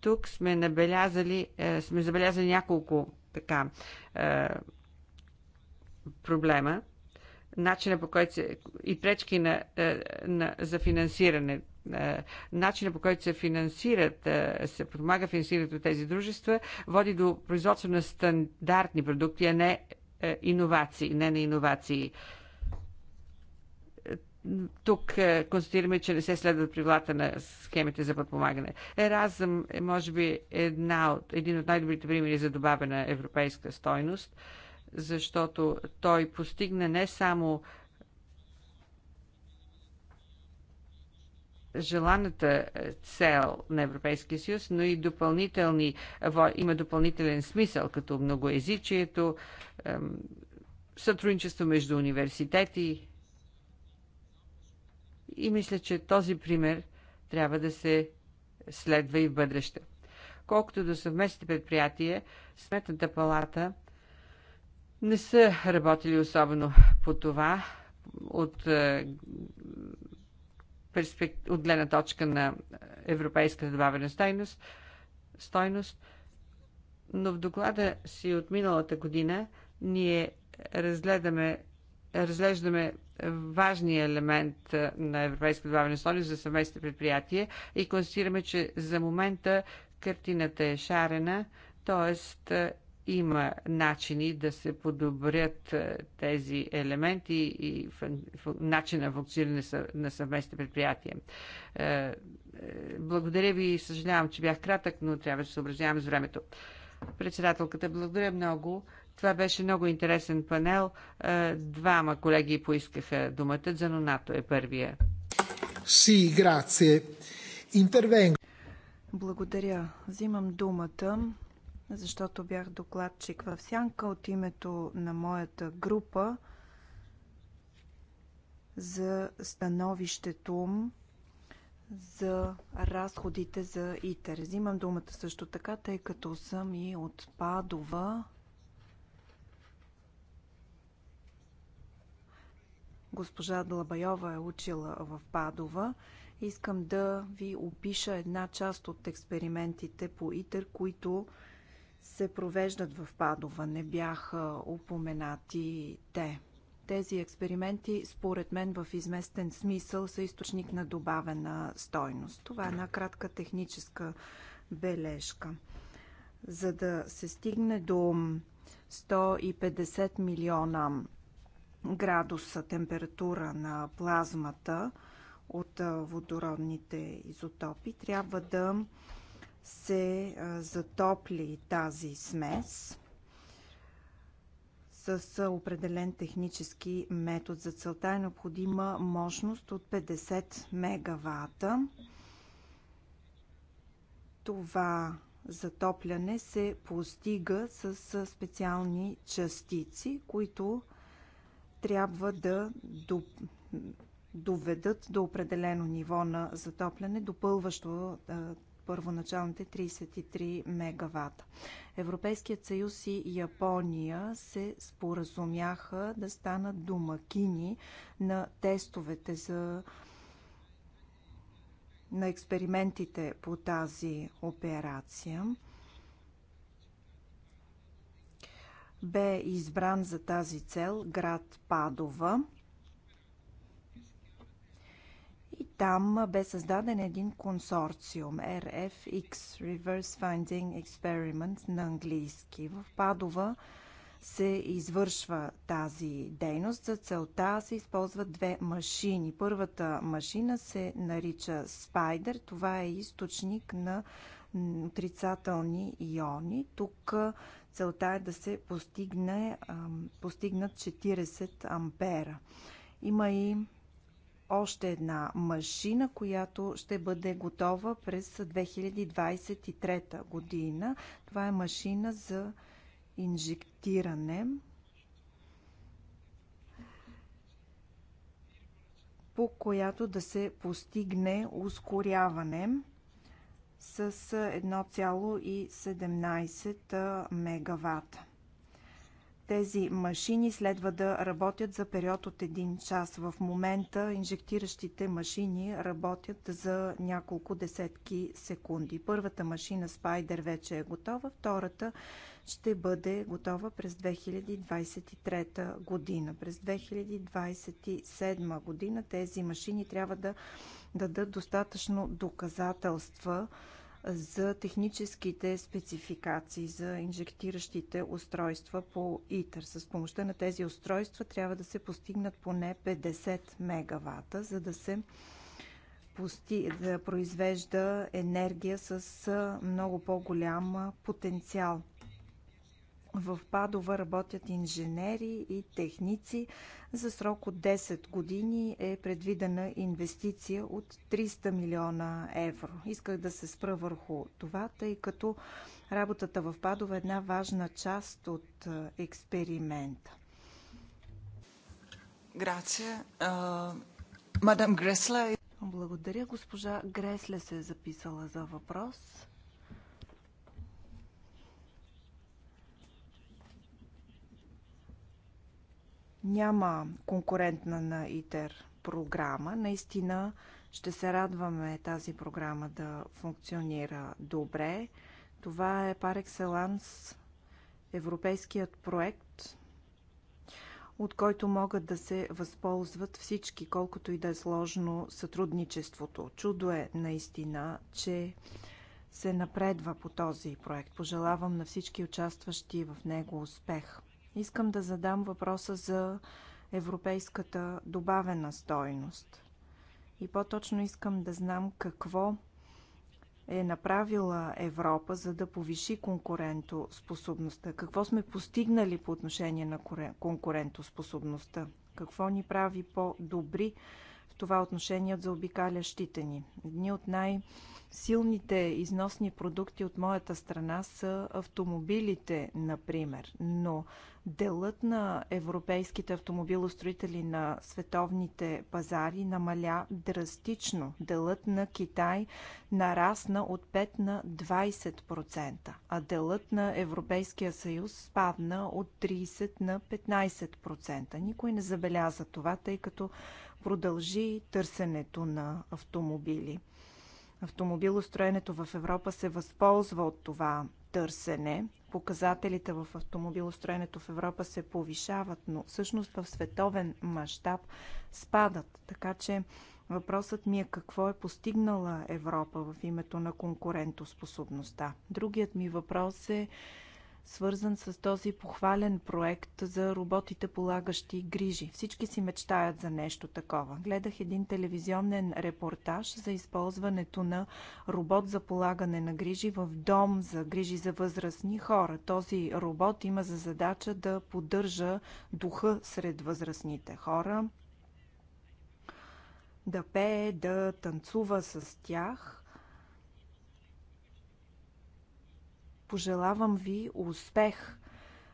Тук сме набелязали, сме забелязали няколко така проблема, начина по който се, и пречки на, на, за финансиране е, начина по който се финансират, е, се подмага финансирането тези дружества, води до производство на стандартни продукти, а не е, иновации, не на иновации. Тук констатираме, че не се следват правилата на схемите за подпомагане. Еразъм е, може би, една от, един от най-добрите примери за добавена европейска стойност, защото той постигна не само желаната е, цел на Европейския съюз, но и допълнителни, има допълнителен смисъл, като многоезичието, сътрудничество между университети. И мисля, че този пример трябва да се следва и в бъдеще. Колкото до съвместните предприятия, Сметната палата не са работили особено по това, от е, от гледна точка на европейската добавена стойност, стойност. Но в доклада си от миналата година ние разгледаме, разглеждаме важния елемент на европейска добавена стойност за съвместните предприятия и констатираме, че за момента картината е шарена, т.е. Има начини да се подобрят е, тези елементи и начин на функциониране на съвместните предприятия. Е, е, благодаря ви и съжалявам, че бях кратък, но трябва да се съобразявам с времето. Председателката, благодаря много. Това беше много интересен панел. Двама колеги поискаха думата. Нонато е първия. Си, грация. Интервен. Благодаря. Взимам думата, защото бях докладчик в сянка от името на моята група за становището за разходите за ИТЕР. Взимам думата също така, тъй като съм и от Падова. Госпожа Длабайова е учила в Падова. Искам да ви опиша една част от експериментите по ИТЕР, които се провеждат в Падова. Не бяха упоменати те. Тези експерименти, според мен, в изместен смисъл са източник на добавена стойност. Това е една кратка техническа бележка. За да се стигне до 150 милиона градуса температура на плазмата от водородните изотопи, трябва да се затопли тази смес с определен технически метод. За целта е необходима мощност от 50 мегавата. Това затопляне се постига с специални частици, които трябва да доведат до определено ниво на затопляне, допълващо първоначалните 33 мегавата. Европейският съюз и Япония се споразумяха да станат домакини на тестовете за на експериментите по тази операция. Бе избран за тази цел град Падова – и там бе създаден един консорциум RFX Reverse Finding Experiment на английски. В Падова се извършва тази дейност. За целта се използват две машини. Първата машина се нарича Spider. Това е източник на отрицателни иони. Тук целта е да се постигне, постигнат 40 ампера. Има и още една машина, която ще бъде готова през 2023 година. Това е машина за инжектиране. по която да се постигне ускоряване с 1,17 мегаватта. Тези машини следва да работят за период от един час. В момента инжектиращите машини работят за няколко десетки секунди. Първата машина Spider вече е готова, втората ще бъде готова през 2023 година. През 2027 година тези машини трябва да дадат достатъчно доказателства за техническите спецификации за инжектиращите устройства по ИТЕР. С помощта на тези устройства трябва да се постигнат поне 50 мегавата, за да се пусти, да произвежда енергия с много по-голям потенциал. В Падова работят инженери и техници. За срок от 10 години е предвидена инвестиция от 300 милиона евро. Исках да се спра върху това, тъй като работата в Падова е една важна част от е, експеримента. Грация. Мадам Гресле. Благодаря. Госпожа Гресле се е записала за въпрос. няма конкурентна на ИТЕР програма. Наистина ще се радваме тази програма да функционира добре. Това е пар excellence европейският проект, от който могат да се възползват всички, колкото и да е сложно сътрудничеството. Чудо е наистина, че се напредва по този проект. Пожелавам на всички участващи в него успех – Искам да задам въпроса за европейската добавена стойност. И по-точно искам да знам какво е направила Европа, за да повиши конкурентоспособността? Какво сме постигнали по отношение на конкурентоспособността? Какво ни прави по-добри това отношение от заобикалящите ни. Дни от най-силните износни продукти от моята страна са автомобилите, например. Но делът на европейските автомобилостроители на световните пазари намаля драстично. Делът на Китай нарасна от 5 на 20%, а делът на Европейския съюз спадна от 30 на 15%. Никой не забеляза това, тъй като продължи търсенето на автомобили. Автомобилостроенето в Европа се възползва от това търсене. Показателите в автомобилостроенето в Европа се повишават, но всъщност в световен мащаб спадат. Така че въпросът ми е какво е постигнала Европа в името на конкурентоспособността. Другият ми въпрос е свързан с този похвален проект за роботите полагащи грижи. Всички си мечтаят за нещо такова. Гледах един телевизионен репортаж за използването на робот за полагане на грижи в дом за грижи за възрастни хора. Този робот има за задача да поддържа духа сред възрастните хора, да пее, да танцува с тях – Пожелавам ви успех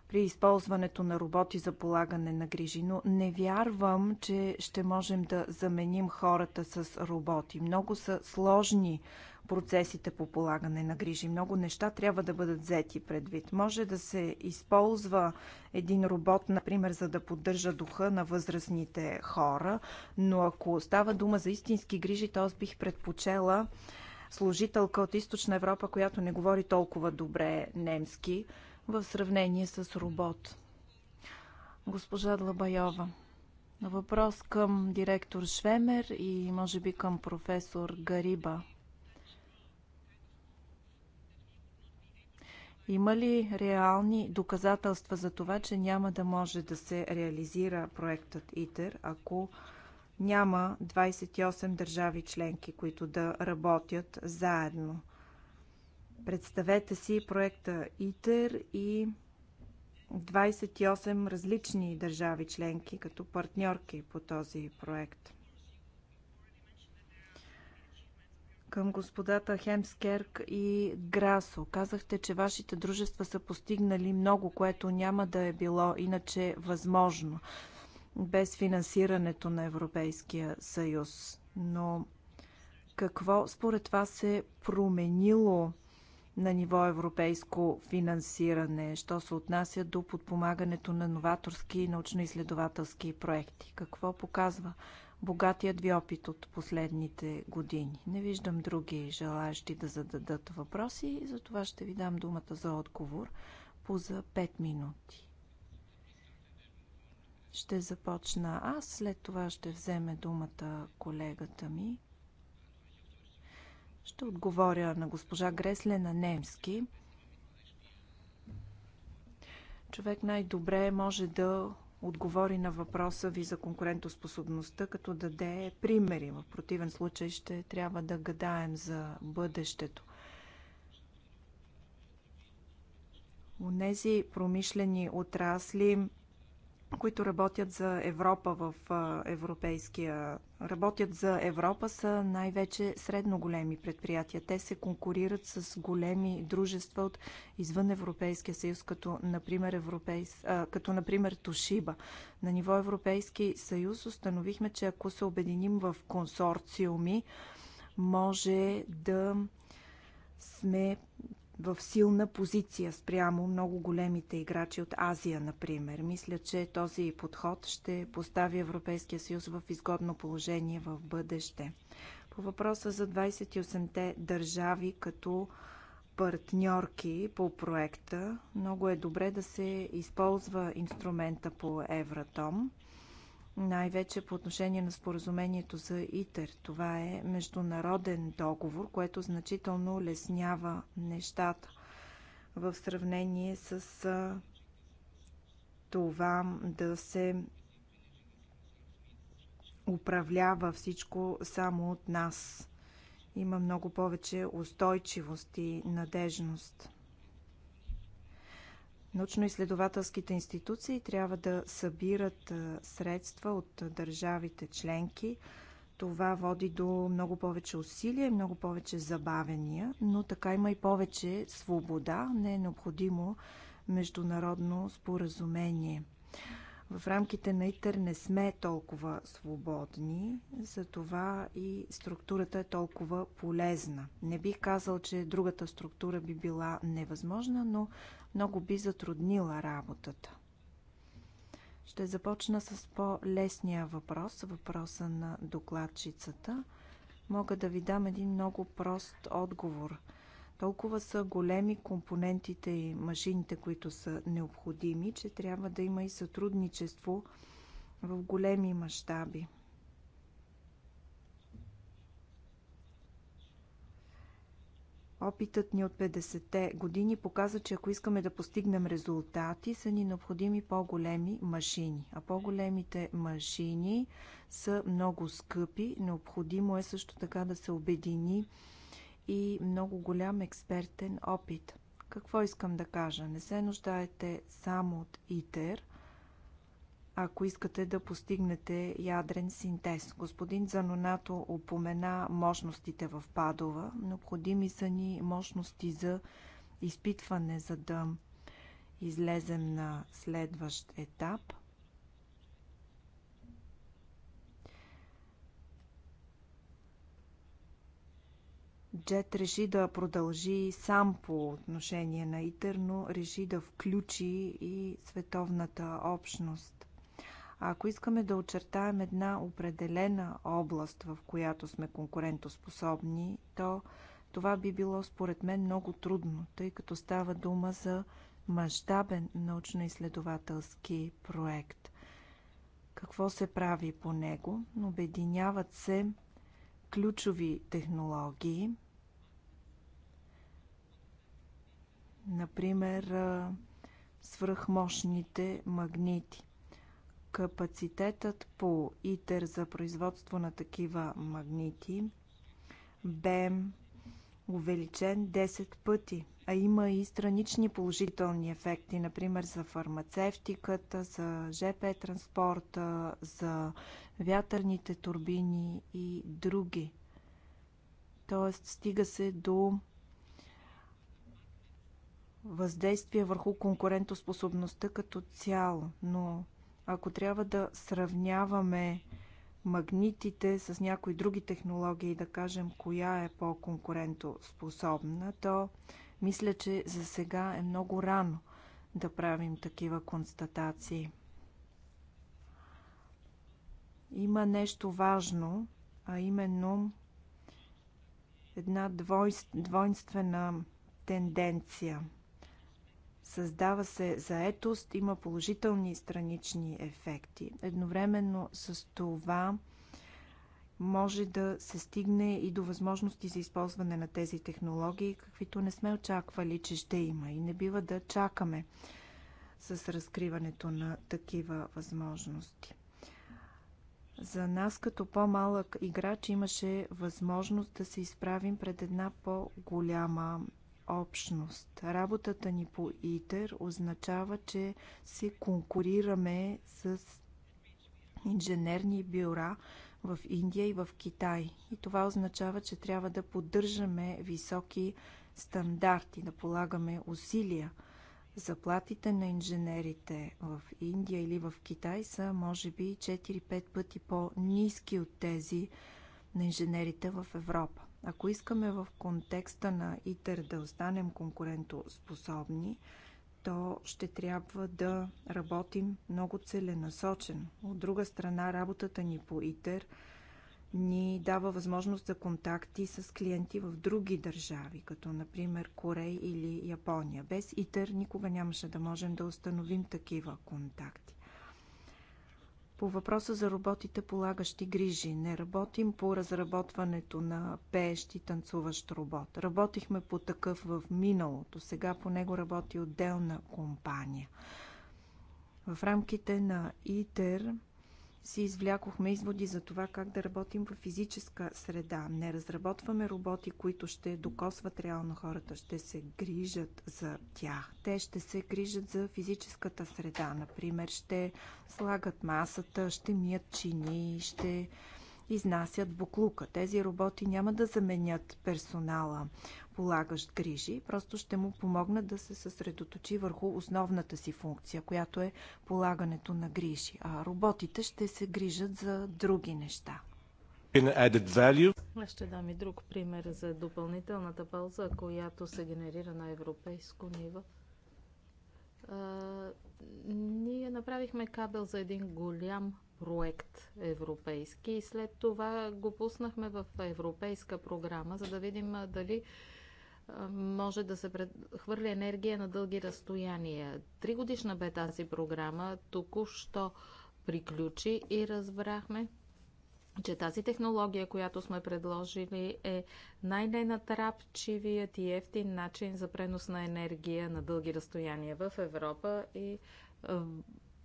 при използването на роботи за полагане на грижи, но не вярвам, че ще можем да заменим хората с роботи. Много са сложни процесите по полагане на грижи. Много неща трябва да бъдат взети предвид. Може да се използва един робот, например, за да поддържа духа на възрастните хора, но ако става дума за истински грижи, то аз бих предпочела служителка от Източна Европа, която не говори толкова добре немски в сравнение с робот. Госпожа Длабайова. Въпрос към директор Швемер и може би към професор Гариба. Има ли реални доказателства за това, че няма да може да се реализира проектът ИТЕР, ако няма 28 държави членки, които да работят заедно. Представете си проекта ИТЕР и 28 различни държави членки като партньорки по този проект. Към господата Хемскерк и Грасо. Казахте, че вашите дружества са постигнали много, което няма да е било иначе възможно без финансирането на Европейския съюз. Но какво според вас е променило на ниво европейско финансиране, що се отнася до подпомагането на новаторски и научно-изследователски проекти? Какво показва богатият ви опит от последните години? Не виждам други желаящи да зададат въпроси, за това ще ви дам думата за отговор по за 5 минути. Ще започна аз, след това ще вземе думата колегата ми. Ще отговоря на госпожа Гресле на немски. Човек най-добре може да отговори на въпроса ви за конкурентоспособността, като даде примери. В противен случай ще трябва да гадаем за бъдещето. Онези промишлени отрасли, които работят за Европа в европейския... Работят за Европа са най-вече средно големи предприятия. Те се конкурират с големи дружества от извън Европейския съюз, като например, европейс... а, като например Тошиба. На ниво Европейски съюз установихме, че ако се обединим в консорциуми, може да сме в силна позиция спрямо много големите играчи от Азия, например. Мисля, че този подход ще постави Европейския съюз в изгодно положение в бъдеще. По въпроса за 28-те държави като партньорки по проекта, много е добре да се използва инструмента по Евратом най-вече по отношение на споразумението за ИТЕР. Това е международен договор, което значително леснява нещата в сравнение с това да се управлява всичко само от нас. Има много повече устойчивост и надежност. Научно-изследователските институции трябва да събират средства от държавите членки. Това води до много повече усилия и много повече забавения, но така има и повече свобода. Не е необходимо международно споразумение. В рамките на ИТЕР не сме толкова свободни, затова и структурата е толкова полезна. Не бих казал, че другата структура би била невъзможна, но много би затруднила работата. Ще започна с по-лесния въпрос, въпроса на докладчицата. Мога да ви дам един много прост отговор. Толкова са големи компонентите и машините, които са необходими, че трябва да има и сътрудничество в големи мащаби. Опитът ни от 50-те години показа, че ако искаме да постигнем резултати, са ни необходими по-големи машини. А по-големите машини са много скъпи. Необходимо е също така да се обедини и много голям експертен опит. Какво искам да кажа? Не се нуждаете само от ИТЕР, ако искате да постигнете ядрен синтез. Господин Занонато упомена мощностите в Падова. Необходими са ни мощности за изпитване, за да излезем на следващ етап. Джет реши да продължи сам по отношение на ИТЕР, но реши да включи и световната общност. Ако искаме да очертаем една определена област, в която сме конкурентоспособни, то това би било според мен много трудно, тъй като става дума за мащабен научно-изследователски проект. Какво се прави по него? Обединяват се ключови технологии, например свръхмощните магнити. Капацитетът по ИТЕР за производство на такива магнити бе увеличен 10 пъти, а има и странични положителни ефекти, например за фармацевтиката, за ЖП транспорта, за вятърните турбини и други. Тоест стига се до въздействие върху конкурентоспособността като цяло, но ако трябва да сравняваме магнитите с някои други технологии, да кажем коя е по-конкурентоспособна, то мисля, че за сега е много рано да правим такива констатации. Има нещо важно, а именно една двойствена тенденция – Създава се заетост, има положителни странични ефекти. Едновременно с това може да се стигне и до възможности за използване на тези технологии, каквито не сме очаквали, че ще има и не бива да чакаме с разкриването на такива възможности. За нас като по-малък играч имаше възможност да се изправим пред една по-голяма общност. Работата ни по ИТЕР означава, че се конкурираме с инженерни бюра в Индия и в Китай. И това означава, че трябва да поддържаме високи стандарти, да полагаме усилия. Заплатите на инженерите в Индия или в Китай са може би 4-5 пъти по-низки от тези на инженерите в Европа. Ако искаме в контекста на ИТЕР да останем конкурентоспособни, то ще трябва да работим много целенасочено. От друга страна, работата ни по ИТЕР ни дава възможност за контакти с клиенти в други държави, като например Корей или Япония. Без ИТЕР никога нямаше да можем да установим такива контакти. По въпроса за роботите полагащи грижи. Не работим по разработването на пеещи танцуващ робот. Работихме по такъв в миналото. Сега по него работи отделна компания. В рамките на ИТЕР си извлякохме изводи за това как да работим в физическа среда. Не разработваме роботи, които ще докосват реално хората, ще се грижат за тях. Те ще се грижат за физическата среда. Например, ще слагат масата, ще мият чини, ще изнасят буклука. Тези роботи няма да заменят персонала, полагащ грижи, просто ще му помогнат да се съсредоточи върху основната си функция, която е полагането на грижи. А роботите ще се грижат за други неща. Ще дам и друг пример за допълнителната полза, която се генерира на европейско ниво. А, ние направихме кабел за един голям проект европейски и след това го пуснахме в европейска програма, за да видим дали може да се хвърли енергия на дълги разстояния. Три годишна бе тази програма, току-що приключи и разбрахме, че тази технология, която сме предложили е най-ненатрапчивият и ефтин начин за пренос на енергия на дълги разстояния в Европа и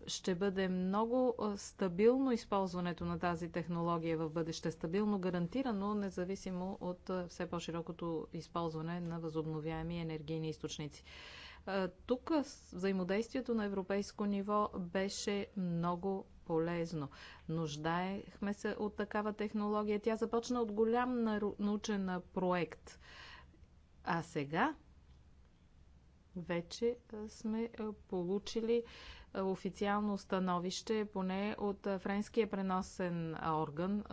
ще бъде много стабилно използването на тази технология в бъдеще. Стабилно гарантирано, независимо от все по-широкото използване на възобновяеми енергийни източници. Тук взаимодействието на европейско ниво беше много полезно. Нуждаехме се от такава технология. Тя започна от голям научен проект. А сега вече сме получили официално становище поне от френския преносен орган,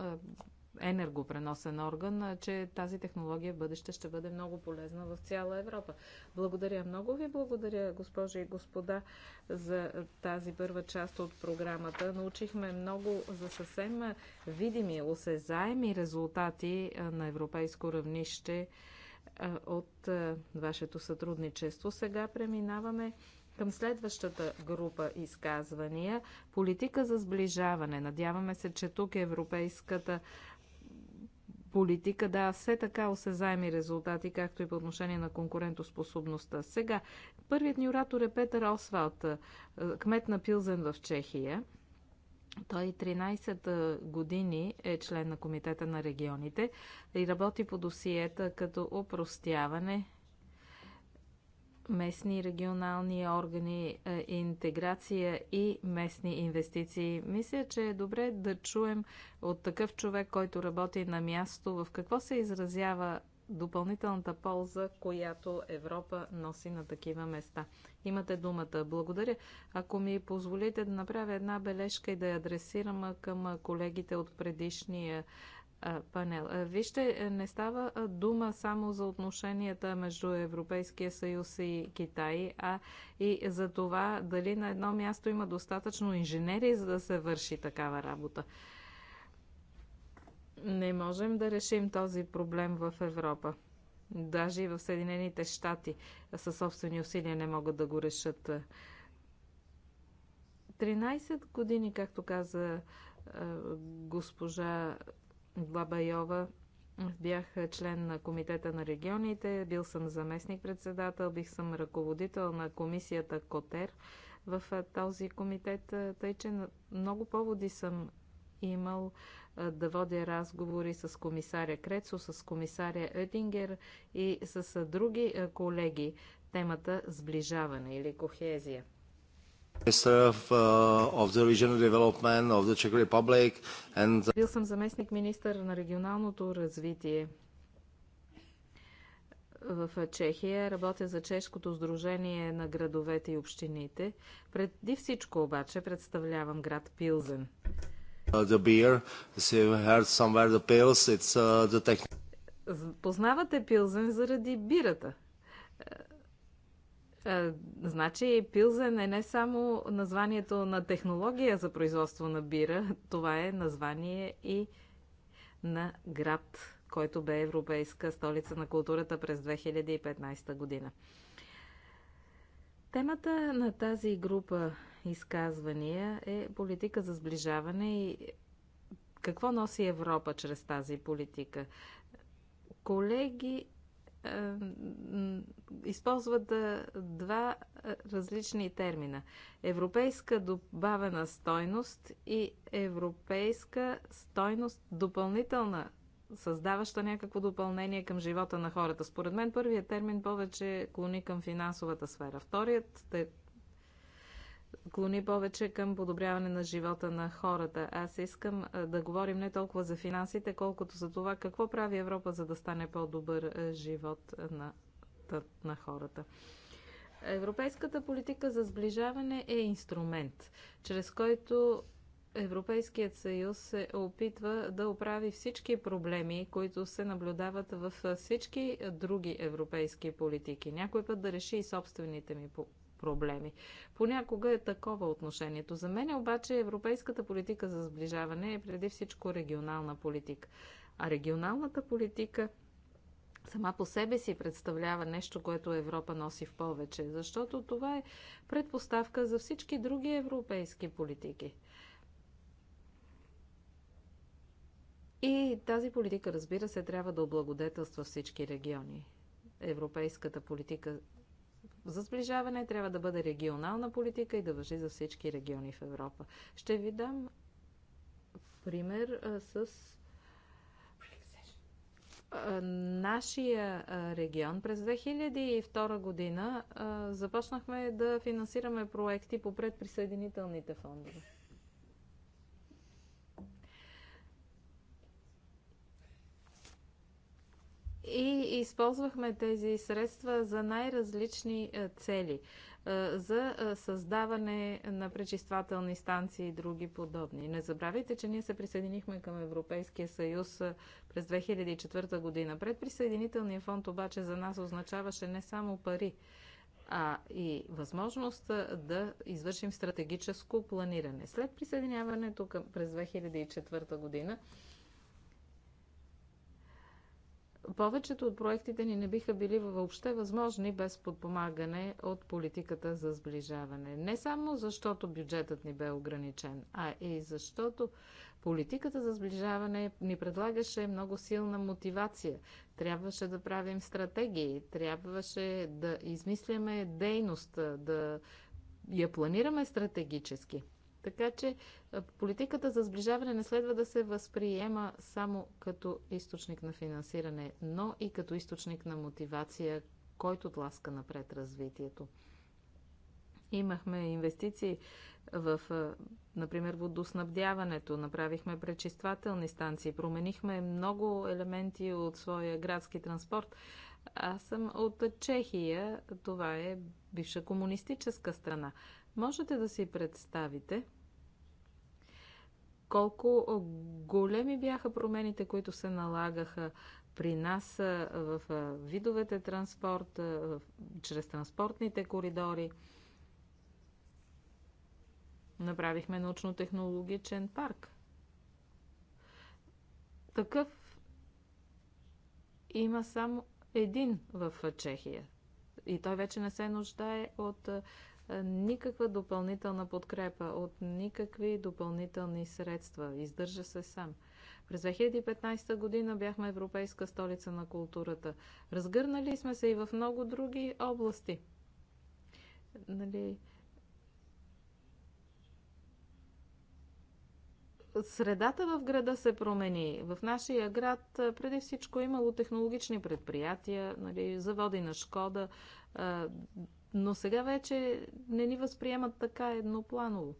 енергопреносен орган, че тази технология в бъдеще ще бъде много полезна в цяла Европа. Благодаря много ви, благодаря госпожи и господа за тази първа част от програмата. Научихме много за съвсем видими, осезаеми резултати на европейско равнище от вашето сътрудничество. Сега преминаваме към следващата група изказвания политика за сближаване. Надяваме се, че тук европейската политика да все така осезаеми резултати, както и по отношение на конкурентоспособността. Сега, първият ни оратор е Петър Освалт, е, кмет на Пилзен в Чехия. Той 13 е, години е член на Комитета на регионите и работи по досиета като упростяване местни регионални органи, е, интеграция и местни инвестиции. Мисля, че е добре да чуем от такъв човек, който работи на място, в какво се изразява допълнителната полза, която Европа носи на такива места. Имате думата. Благодаря. Ако ми позволите да направя една бележка и да я адресирам към колегите от предишния панел. Вижте, е, не става дума само за отношенията между Европейския съюз и Китай, а и за това дали на едно място има достатъчно инженери, за да се върши такава работа. Не можем да решим този проблем в Европа. Даже и в Съединените щати със собствени усилия не могат да го решат. 13 години, както каза госпожа Йова. Бях член на Комитета на регионите, бил съм заместник-председател, бих съм ръководител на комисията КОТЕР в този комитет, тъй че много поводи съм имал да водя разговори с комисаря Крецо, с комисаря Едингер и с други колеги темата сближаване или кохезия. Uh, Бил съм заместник министър на регионалното развитие в Чехия. Работя за Чешкото сдружение на градовете и общините. Преди всичко обаче представлявам град Пилзен. Познавате Пилзен заради бирата. Е, значи пилзен е не само названието на технология за производство на бира, това е название и на град, който бе Европейска столица на културата през 2015 година. Темата на тази група изказвания е политика за сближаване и какво носи Европа чрез тази политика. Колеги, използват два е, различни термина. Европейска добавена стойност и европейска стойност допълнителна, създаваща някакво допълнение към живота на хората. Според мен първият термин повече клони към финансовата сфера. Вторият клони повече към подобряване на живота на хората. Аз искам да говорим не толкова за финансите, колкото за това какво прави Европа, за да стане по-добър живот на, на хората. Европейската политика за сближаване е инструмент, чрез който Европейският съюз се опитва да оправи всички проблеми, които се наблюдават в всички други европейски политики. Някой път да реши и собствените ми проблеми. Понякога е такова отношението. За мен обаче европейската политика за сближаване е преди всичко регионална политика. А регионалната политика сама по себе си представлява нещо, което Европа носи в повече, защото това е предпоставка за всички други европейски политики. И тази политика, разбира се, трябва да облагодетелства всички региони. Европейската политика за сближаване трябва да бъде регионална политика и да въжи за всички региони в Европа. Ще ви дам пример с нашия регион през 2002 година започнахме да финансираме проекти по предприсъединителните фондове. и използвахме тези средства за най-различни е, цели е, за е, създаване на пречиствателни станции и други подобни. Не забравяйте, че ние се присъединихме към Европейския съюз през 2004 година. Предприсъединителният фонд обаче за нас означаваше не само пари, а и възможност да извършим стратегическо планиране. След присъединяването към, през 2004 година, повечето от проектите ни не биха били въобще възможни без подпомагане от политиката за сближаване. Не само защото бюджетът ни бе ограничен, а и защото политиката за сближаване ни предлагаше много силна мотивация. Трябваше да правим стратегии, трябваше да измисляме дейност, да я планираме стратегически. Така че политиката за сближаване не следва да се възприема само като източник на финансиране, но и като източник на мотивация, който тласка напред развитието. Имахме инвестиции в, например, водоснабдяването, направихме пречиствателни станции, променихме много елементи от своя градски транспорт. Аз съм от Чехия, това е бивша комунистическа страна. Можете да си представите колко големи бяха промените, които се налагаха при нас в видовете транспорт, чрез транспортните коридори. Направихме научно-технологичен парк. Такъв има само един в Чехия. И той вече не се нуждае от е, никаква допълнителна подкрепа от никакви допълнителни средства. Издържа се сам. През 2015 година бяхме Европейска столица на културата. Разгърнали сме се и в много други области. Нали, средата в града се промени. В нашия град е, преди всичко имало технологични предприятия, нали, заводи на Шкода, е, но сега вече не ни възприемат така еднопланово.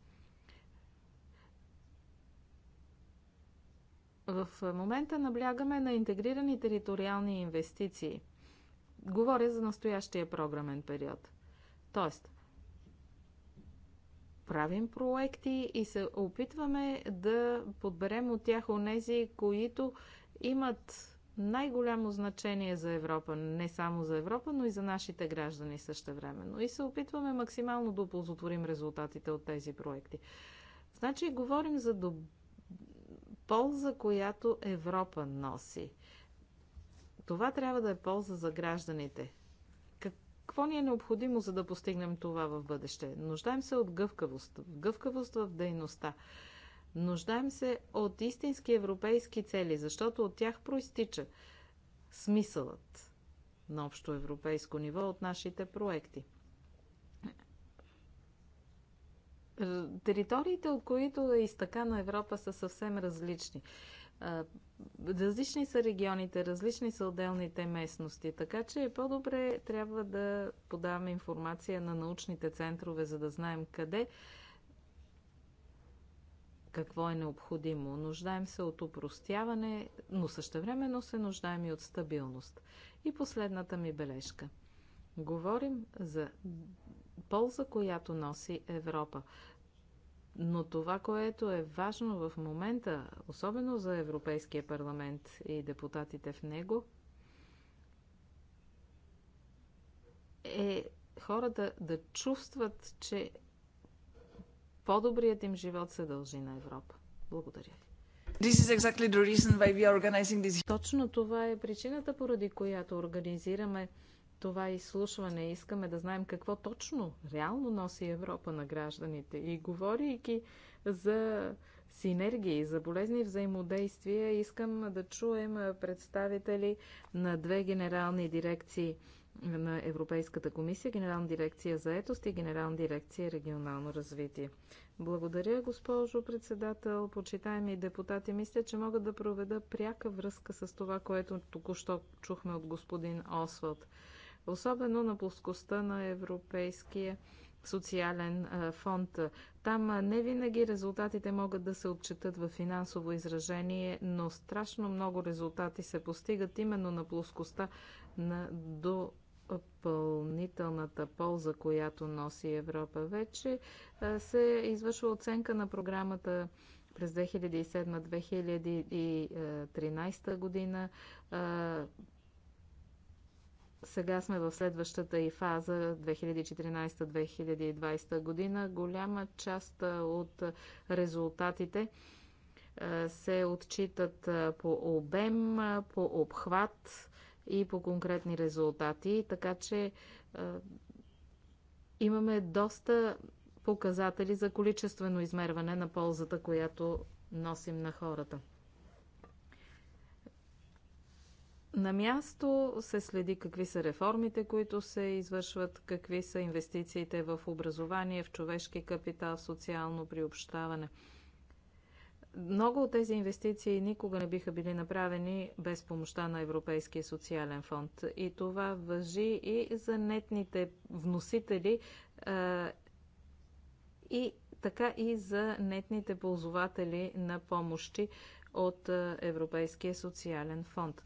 В момента наблягаме на интегрирани териториални инвестиции. Говоря за настоящия програмен период. Тоест, правим проекти и се опитваме да подберем от тях онези, които имат най-голямо значение за Европа, не само за Европа, но и за нашите граждани също времено. И се опитваме максимално да оползотворим резултатите от тези проекти. Значи, говорим за доб... полза, която Европа носи. Това трябва да е полза за гражданите. Какво ни е необходимо, за да постигнем това в бъдеще? Нуждаем се от гъвкавост. Гъвкавост в дейността. Нуждаем се от истински европейски цели, защото от тях проистича смисълът на общо европейско ниво от нашите проекти. Териториите, от които е изтъкана Европа, са съвсем различни. Различни са регионите, различни са отделните местности, така че е по-добре трябва да подаваме информация на научните центрове, за да знаем къде какво е необходимо. Нуждаем се от упростяване, но същевременно се нуждаем и от стабилност. И последната ми бележка. Говорим за полза, която носи Европа. Но това, което е важно в момента, особено за Европейския парламент и депутатите в него, е хората да чувстват, че по-добрият им живот се дължи на Европа. Благодаря ви. Exactly Точно това е причината, поради която организираме това изслушване. Искаме да знаем какво точно реално носи Европа на гражданите. И говорейки за синергии, за болезни взаимодействия, искам да чуем представители на две генерални дирекции – на Европейската комисия, Генерална дирекция за етост и Генерална дирекция регионално развитие. Благодаря, госпожо председател, почитаеми депутати. Мисля, че мога да проведа пряка връзка с това, което току-що чухме от господин Освалд. Особено на плоскостта на Европейския социален фонд. Там не винаги резултатите могат да се отчитат в финансово изражение, но страшно много резултати се постигат именно на плоскостта на до пълнителната полза, която носи Европа. Вече се извършва оценка на програмата през 2007-2013 година. Сега сме в следващата и фаза 2014-2020 година. Голяма част от резултатите се отчитат по обем, по обхват и по конкретни резултати, така че е, имаме доста показатели за количествено измерване на ползата, която носим на хората. На място се следи какви са реформите, които се извършват, какви са инвестициите в образование, в човешки капитал, в социално приобщаване – много от тези инвестиции никога не биха били направени без помощта на Европейския социален фонд. И това въжи и за нетните вносители и така и за нетните ползватели на помощи от Европейския социален фонд.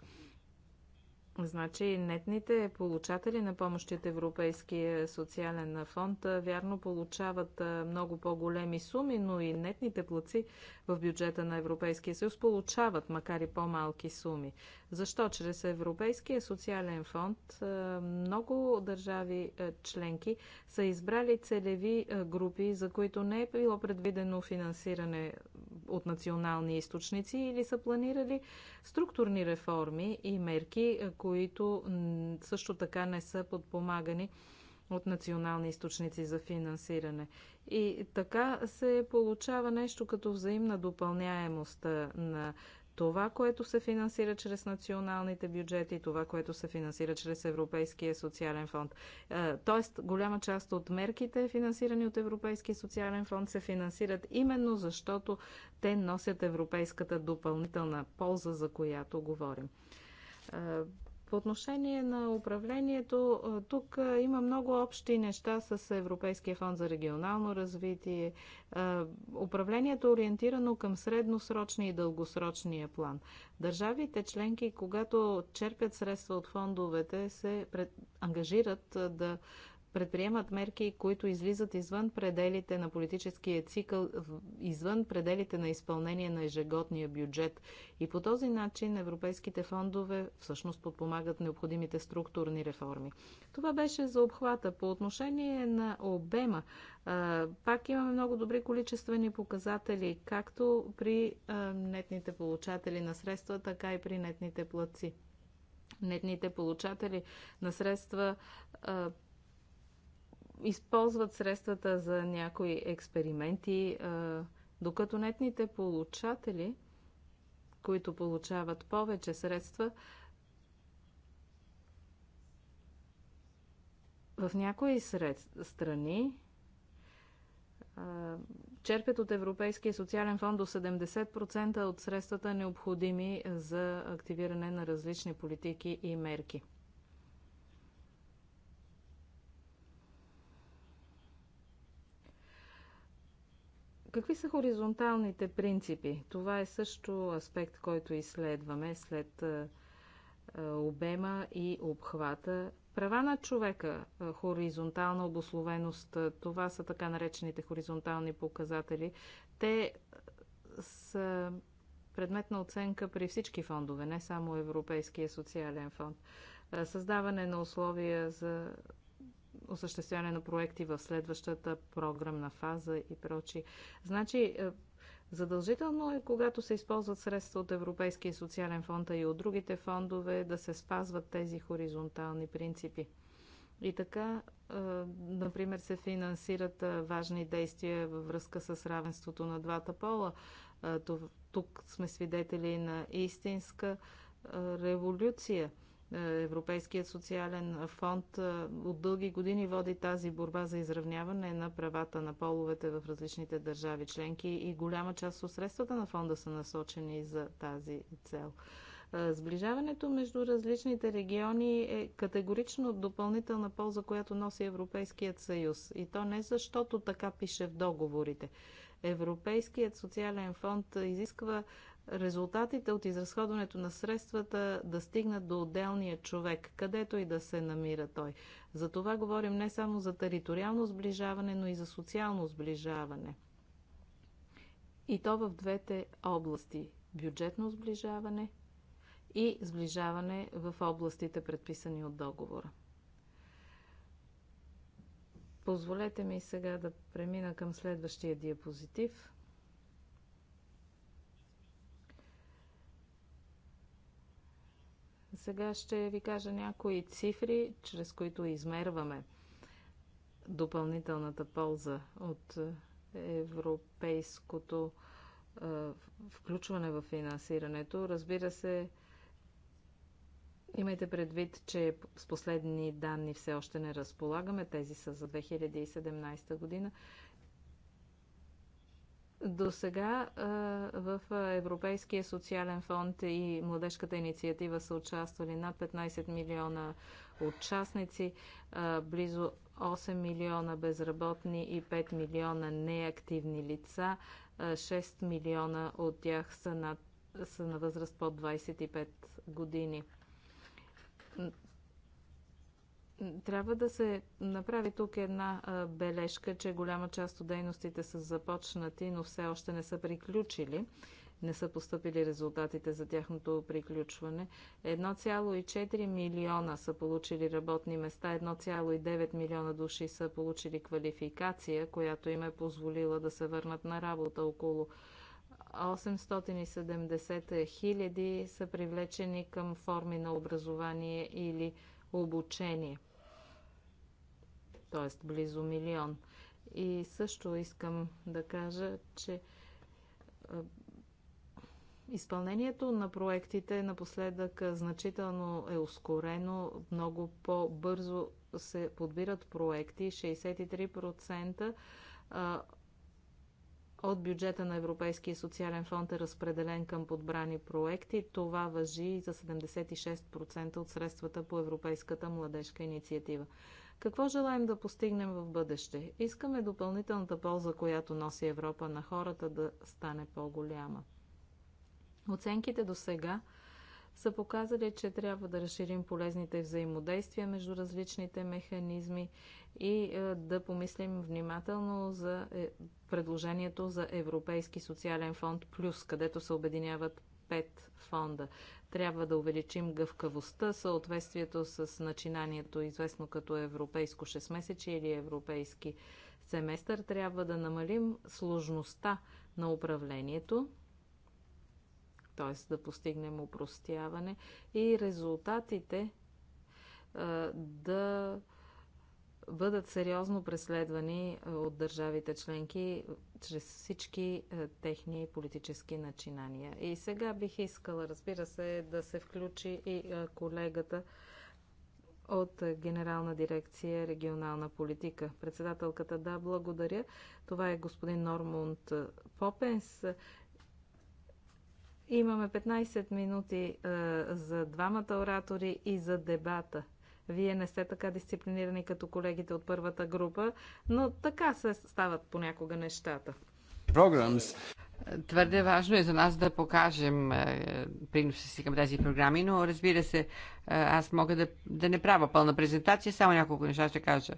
Значи нетните получатели на помощи от Европейския социален фонд вярно получават много по-големи суми, но и нетните плаци в бюджета на Европейския съюз получават макар и по-малки суми. Защо? Чрез Европейския социален фонд много държави членки са избрали целеви групи, за които не е било предвидено финансиране от национални източници или са планирали структурни реформи и мерки, които които също така не са подпомагани от национални източници за финансиране. И така се получава нещо като взаимна допълняемост на това, което се финансира чрез националните бюджети това, което се финансира чрез Европейския социален фонд. Тоест, голяма част от мерките, финансирани от Европейския социален фонд, се финансират именно защото те носят европейската допълнителна полза, за която говорим. По отношение на управлението, тук има много общи неща с Европейския фонд за регионално развитие. Управлението е ориентирано към средносрочния и дългосрочния план. Държавите членки, когато черпят средства от фондовете, се ангажират да предприемат мерки, които излизат извън пределите на политическия цикъл, извън пределите на изпълнение на ежегодния бюджет. И по този начин европейските фондове всъщност подпомагат необходимите структурни реформи. Това беше за обхвата. По отношение на обема, пак имаме много добри количествени показатели, както при нетните получатели на средства, така и при нетните платци нетните получатели на средства използват средствата за някои експерименти, докато нетните получатели, които получават повече средства, в някои сред... страни черпят от Европейския социален фонд до 70% от средствата необходими за активиране на различни политики и мерки. Какви са хоризонталните принципи? Това е също аспект, който изследваме след обема и обхвата. Права на човека, хоризонтална обословеност, това са така наречените хоризонтални показатели. Те са предмет на оценка при всички фондове, не само Европейския социален фонд. Създаване на условия за осъществяване на проекти в следващата програмна фаза и прочи. Значи, е, задължително е, когато се използват средства от Европейския социален фонд, и от другите фондове, да се спазват тези хоризонтални принципи. И така, е, например, се финансират е, важни действия във връзка с равенството на двата пола. Тук сме свидетели на истинска революция – е, Европейският социален фонд е, от дълги години води тази борба за изравняване на правата на половете в различните държави членки и голяма част от средствата на фонда са насочени за тази цел. Е, сближаването между различните региони е категорично допълнителна полза, която носи Европейският съюз. И то не защото така пише в договорите. Европейският социален фонд изисква резултатите от изразходването на средствата да стигнат до отделния човек, където и да се намира той. За това говорим не само за териториално сближаване, но и за социално сближаване. И то в двете области бюджетно сближаване и сближаване в областите, предписани от договора. Позволете ми сега да премина към следващия диапозитив. Сега ще ви кажа някои цифри, чрез които измерваме допълнителната полза от е, европейското е, включване в финансирането. Разбира се, имайте предвид, че с последни данни все още не разполагаме. Тези са за 2017 година. До сега в Европейския социален фонд и Младежката инициатива са участвали над 15 милиона участници, близо 8 милиона безработни и 5 милиона неактивни лица. 6 милиона от тях са, са на възраст под 25 години. Трябва да се направи тук една бележка, че голяма част от дейностите са започнати, но все още не са приключили. Не са поступили резултатите за тяхното приключване. 1,4 милиона са получили работни места, 1,9 милиона души са получили квалификация, която им е позволила да се върнат на работа около 870 хиляди са привлечени към форми на образование или обучение т.е. близо милион. И също искам да кажа, че Изпълнението на проектите напоследък значително е ускорено, много по-бързо се подбират проекти. 63% от бюджета на Европейския социален фонд е разпределен към подбрани проекти. Това въжи и за 76% от средствата по Европейската младежка инициатива. Какво желаем да постигнем в бъдеще? Искаме допълнителната полза, която носи Европа на хората да стане по-голяма. Оценките до сега са показали, че трябва да разширим полезните взаимодействия между различните механизми и е, да помислим внимателно за е, предложението за Европейски социален фонд Плюс, където се обединяват пет фонда. Трябва да увеличим гъвкавостта, съответствието с начинанието, известно като европейско 6-месечие или европейски семестър. Трябва да намалим сложността на управлението, т.е. да постигнем упростяване и резултатите да бъдат сериозно преследвани е, от държавите членки е, чрез всички е, техни политически начинания. И сега бих искала, разбира се, да се включи и колегата от Генерална дирекция регионална политика. Председателката, да, благодаря. Това е господин Нормунд Попенс. Имаме 15 минути за двамата оратори и за дебата. Вие не сте така дисциплинирани като колегите от първата група, но така се стават понякога нещата. Programs. Твърде важно е за нас да покажем е, приноса си към тези програми, но разбира се, е, аз мога да, да не правя пълна презентация, само няколко неща ще кажа.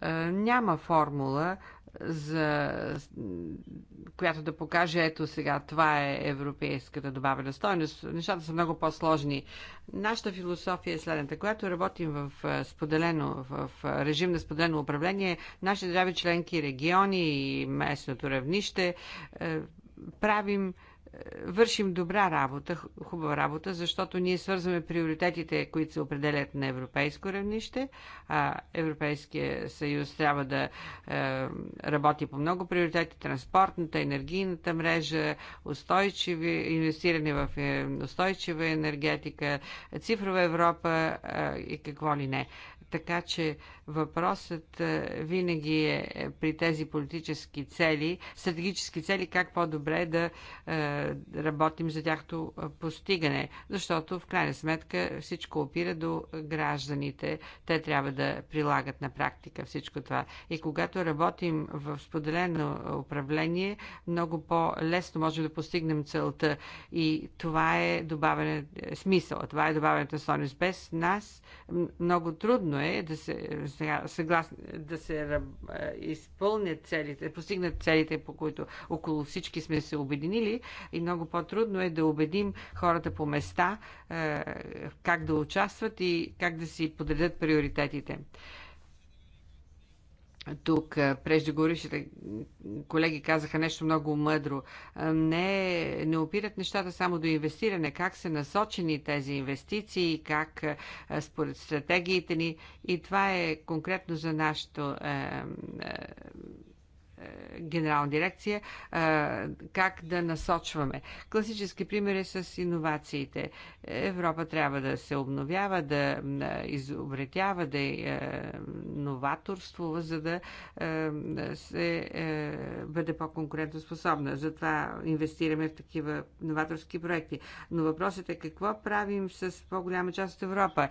Е, няма формула за, която да покаже, ето сега, това е европейската добавена стойност. Нещата са много по-сложни. Нашата философия е следната. Когато работим в споделено, в режим на споделено управление, нашите държави членки, региони и местното равнище правим вършим добра работа, хубава работа, защото ние свързваме приоритетите, които се определят на европейско равнище, а Европейския съюз трябва да е, работи по много приоритети, транспортната, енергийната мрежа, устойчиви, инвестиране в е, устойчива енергетика, цифрова Европа е, и какво ли не. Така че въпросът е, винаги е, е при тези политически цели, стратегически цели, как по-добре да е, работим за тяхто постигане. Защото в крайна сметка всичко опира до гражданите. Те трябва да прилагат на практика всичко това. И когато работим в споделено управление, много по-лесно можем да постигнем целта. И това е добавяне, смисъл, това е добавянето на стойност. Без нас много трудно Трудно е да се, съглас, да се изпълнят целите, да постигнат целите, по които около всички сме се обединили и много по-трудно е да убедим хората по места как да участват и как да си подредят приоритетите тук преждеговорившите колеги казаха нещо много мъдро. Не, не опират нещата само до инвестиране, как са насочени тези инвестиции, как според стратегиите ни. И това е конкретно за нашето е, е, е, генерална дирекция, е, как да насочваме. Класически примери с иновациите. Европа трябва да се обновява, да е, изобретява, да новаторствува, за да се бъде по-конкурентоспособна. Затова инвестираме в такива новаторски проекти. Но въпросът е какво правим с по-голяма част от Европа,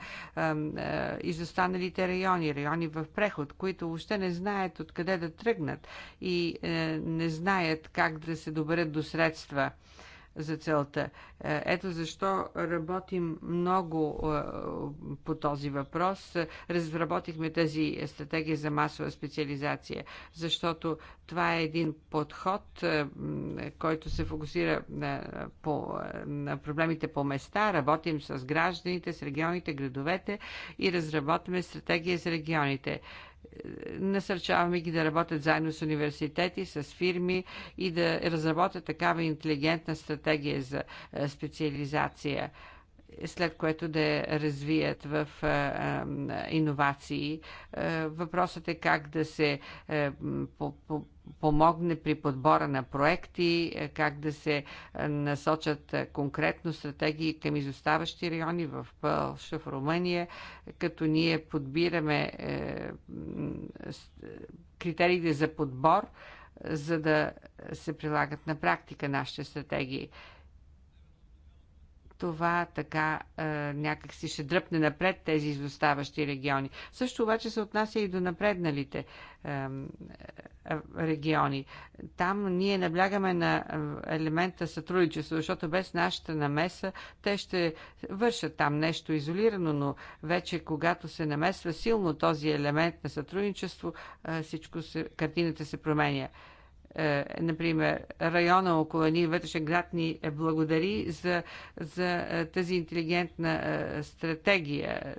изостаналите райони, райони в преход, които още не знаят откъде да тръгнат и е, не знаят как да се доберат до средства за целта. Е, ето защо работим много е, по този въпрос. Разработихме тази стратегия за масова специализация, защото това е един подход, който се фокусира на, по, на проблемите по места. Работим с гражданите, с регионите, градовете и разработваме стратегия за регионите. Насърчаваме ги да работят заедно с университети, с фирми и да разработят такава интелигентна стратегия за е, специализация след което да я развият в иновации. Въпросът е как да се по, по, помогне при подбора на проекти, как да се насочат конкретно стратегии към изоставащи райони в Пълша, в Румъния, като ние подбираме е, критериите за подбор, за да се прилагат на практика нашите стратегии това така е, някак си ще дръпне напред тези изоставащи региони. Също обаче се отнася и до напредналите е, е, региони. Там ние наблягаме на елемента сътрудничество, защото без нашата намеса те ще вършат там нещо изолирано, но вече когато се намесва силно този елемент на сътрудничество, е, всичко се, картината се променя. Е, например, района около един вътрешен град ни е благодари за, за е, тази интелигентна стратегия,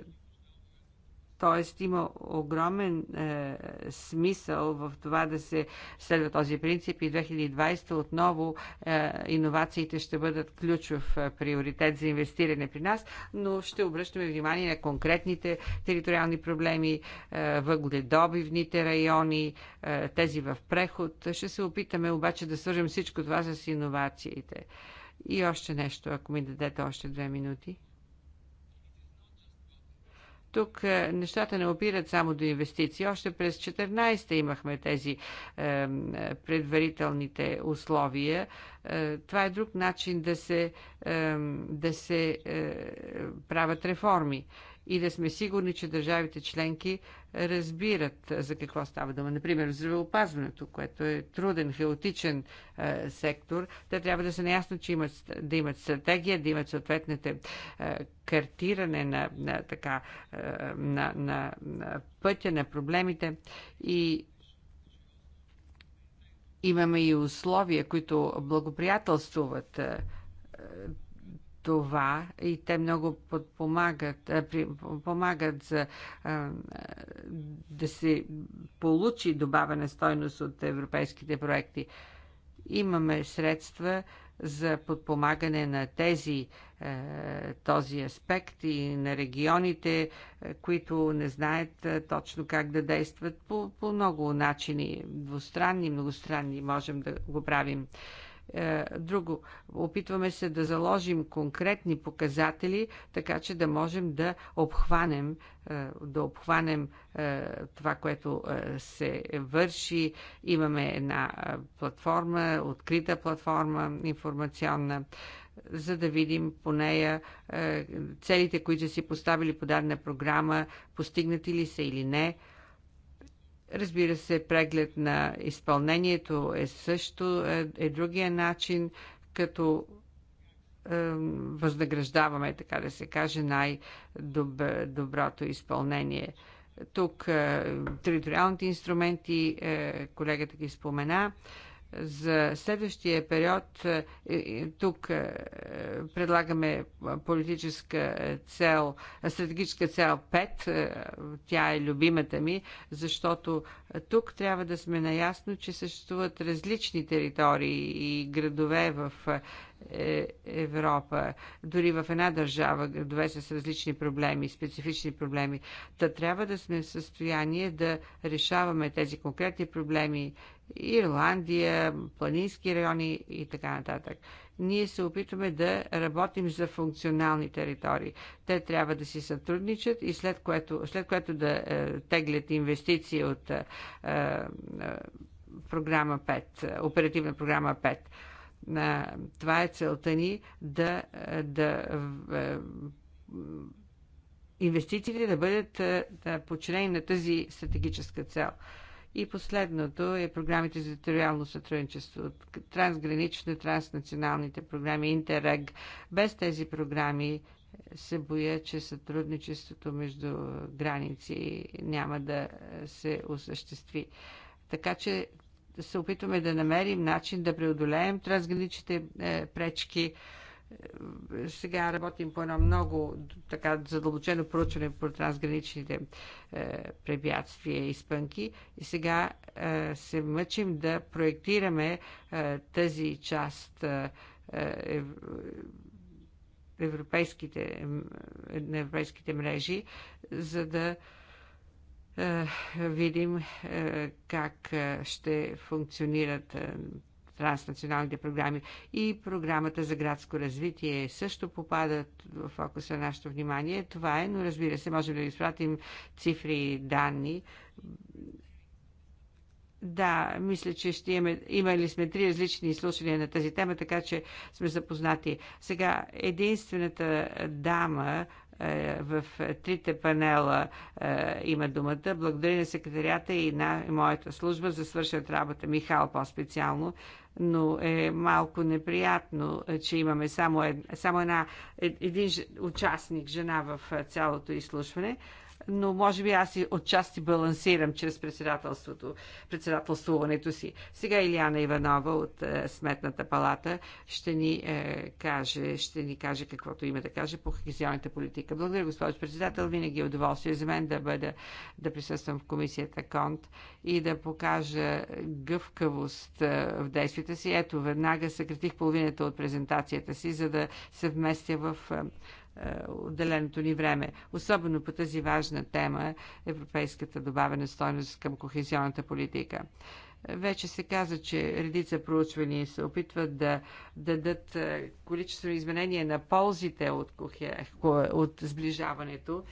Тоест има огромен е, смисъл в това да се следва този принцип и 2020 отново е, иновациите ще бъдат ключов е, приоритет за инвестиране при нас, но ще обръщаме внимание на конкретните териториални проблеми, е, въгледобивните райони, е, тези в преход. Ще се опитаме обаче да свържем всичко това с иновациите. И още нещо, ако ми дадете още две минути. Тук е, нещата не опират само до инвестиции. Още през 14-та имахме тези е, предварителните условия. Е, това е друг начин да се, да се правят реформи и да сме сигурни, че държавите членки разбират за какво става дума. Например, в здравеопазването, което е труден, хаотичен е, сектор, те трябва да са неясно, че имат, да имат стратегия, да имат съответните е, картиране на, на, така, е, на, на, на пътя на проблемите и имаме и условия, които благоприятелствуват е, това и те много подпомагат, помагат за да се получи добавена стойност от европейските проекти. Имаме средства за подпомагане на тези, е, този аспект и на регионите, е, които не знаят е, точно как да действат по, по много начини. Двустранни, многостранни можем да го правим. Е, друго, опитваме се да заложим конкретни показатели, така че да можем да обхванем, е, да обхванем е, това, което се върши. Имаме една платформа, открита платформа информационна, за да видим по нея целите, които са си поставили по дадена програма, постигнати ли са или не Разбира се, преглед на изпълнението е също е, е другия начин, като е, възнаграждаваме, така да се каже, най-доброто изпълнение. Тук е, териториалните инструменти, е, колегата ги спомена. Е, за следващия период е, е, тук е, предлагаме политическа цел, стратегическа цел 5. Тя е любимата ми, защото тук трябва да сме наясно, че съществуват различни територии и градове в Европа. Дори в една държава градове с различни проблеми, специфични проблеми. Та трябва да сме в състояние да решаваме тези конкретни проблеми Ирландия, планински райони и така нататък. Ние се опитваме да работим за функционални територии. Те трябва да си сътрудничат и след което, след което да е, теглят инвестиции от е, е, програма 5, оперативна програма 5 на, това е целта ни да, е, да е, инвестициите да бъдат е, подчинени на тази стратегическа цел. И последното е програмите за териториално сътрудничество, трансгранични, транснационалните програми, Интерег. Без тези програми се боя, че сътрудничеството между граници няма да се осъществи. Така че се опитваме да намерим начин да преодолеем трансграничните е, пречки, сега работим по едно много така задълбочено проучване по трансграничните е, препятствия и спънки. И сега е, се мъчим да проектираме е, тази част е, е, европейските, на европейските мрежи, за да е, видим е, как е, ще функционират е, транснационалните програми и програмата за градско развитие също попадат в фокуса на нашето внимание. Това е, но разбира се, можем да изпратим цифри и данни. Да, мисля, че ще имаме, имали сме три различни изслушания на тази тема, така че сме запознати. Сега, единствената дама, е, в трите панела е, има думата. Благодаря на секретарията и на моята служба за свършат работа. Михал по-специално но е малко неприятно, е, че имаме само, една, само една, един участник, жена в цялото изслушване но може би аз и отчасти балансирам чрез председателството, председателствуването си. Сега Илиана Иванова от е, Сметната палата ще ни, е, каже, ще ни каже каквото има да каже по хигиенната политика. Благодаря, госпожо председател. Винаги е удоволствие за мен да бъда, да присъствам в комисията КОНТ и да покажа гъвкавост е, в действията си. Ето, веднага съкратих половината от презентацията си, за да се вместя в е, е, отделеното ни време, особено по тази важна тема европейската добавена стойност към кохезионната политика. Вече се каза, че редица проучвания се опитват да дадат е, количествено изменение на ползите от, кухе, от сближаването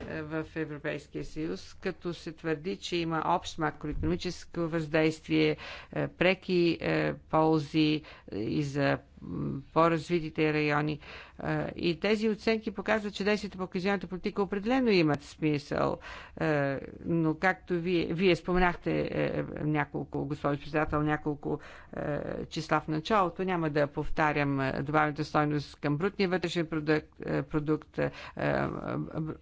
е, в Европейския съюз, като се твърди, че има общ макроекономическо въздействие, преки ползи и за по-развитите райони. Е, и тези оценки показват, че действията по казионната политика определено имат смисъл. Е, но както вие, вие споменахте е, няколко, господин председател, няколко числа в началото, няма да повтарям добавената стойност към брутния вътрешен продукт, продукт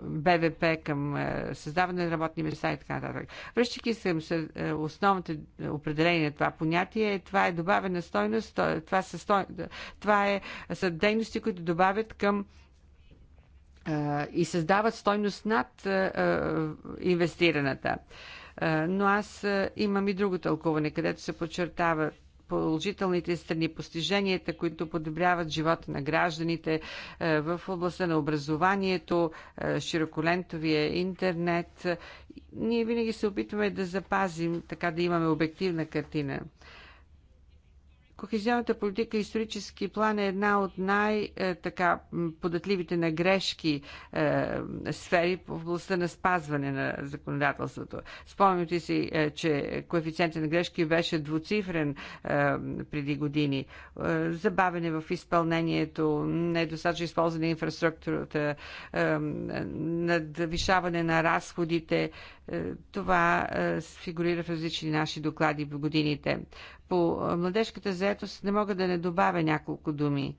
БВП към създаване на работни места и така нататък. Връщайки се основните определения на това понятие, това е добавена стойност, това са стой... Това е, са дейности, които добавят към и създават стойност над инвестираната. Но аз имам и друго тълкуване, където се подчертава положителните страни, постиженията, които подобряват живота на гражданите в областта на образованието, широколентовия интернет. Ние винаги се опитваме да запазим, така да имаме обективна картина. Кохезионната политика исторически план е една от най-така податливите на грешки е, сфери в областта на спазване на законодателството. Спомняте си, е, че коефициентът на грешки беше двуцифрен е, преди години. Е, забавене в изпълнението, недостатъчно използване на инфраструктурата, е, надвишаване на разходите. Е, това е, фигурира в различни наши доклади в годините. По младежката заетост не мога да не добавя няколко думи.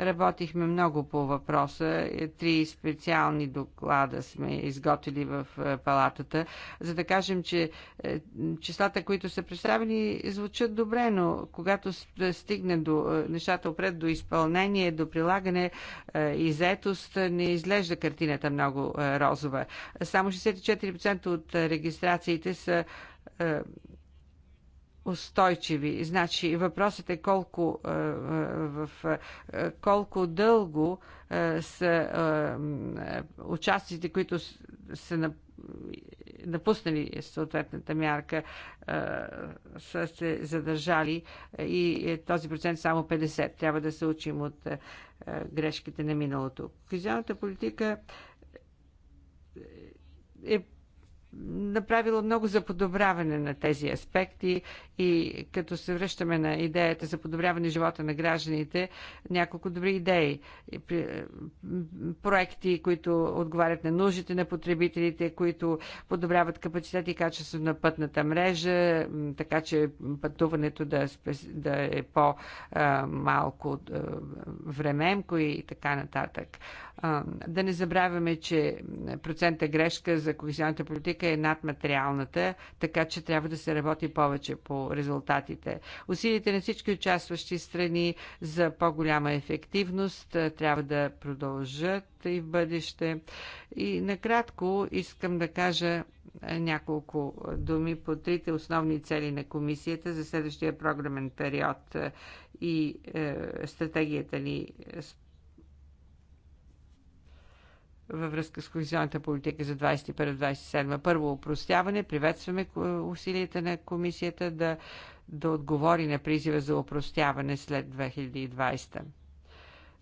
Работихме много по въпроса. Е, три специални доклада сме изготвили в е, палатата, за да кажем, че е, числата, които са представени, звучат добре, но когато стигне до нещата опред до изпълнение, до прилагане и заетост, не изглежда картината много розова. Само 64% от регистрациите са устойчиви. Значи въпросът е колко, е, е, в, е, колко дълго са участниците, които са напуснали съответната мярка, са се задържали и този процент само 50. Трябва да се учим от грешките на миналото. Кризионната политика е направила много за подобряване на тези аспекти и като се връщаме на идеята за подобряване живота на гражданите, няколко добри идеи. Е, проекти, които отговарят на нуждите на потребителите, които подобряват капацитет и качество на пътната мрежа, така че пътуването да, да е по-малко е, е, времемко и така нататък. Да не забравяме, че процента грешка за кохезионната политика е над материалната, така че трябва да се работи повече по резултатите. Усилите на всички участващи страни за по-голяма ефективност трябва да продължат и в бъдеще. И накратко искам да кажа няколко думи по трите основни цели на комисията за следващия програмен период и е, стратегията ни във връзка с кохезионната политика за 2021-2027. Първо, упростяване. Приветстваме е, усилията на комисията да, да отговори на призива за упростяване след 2020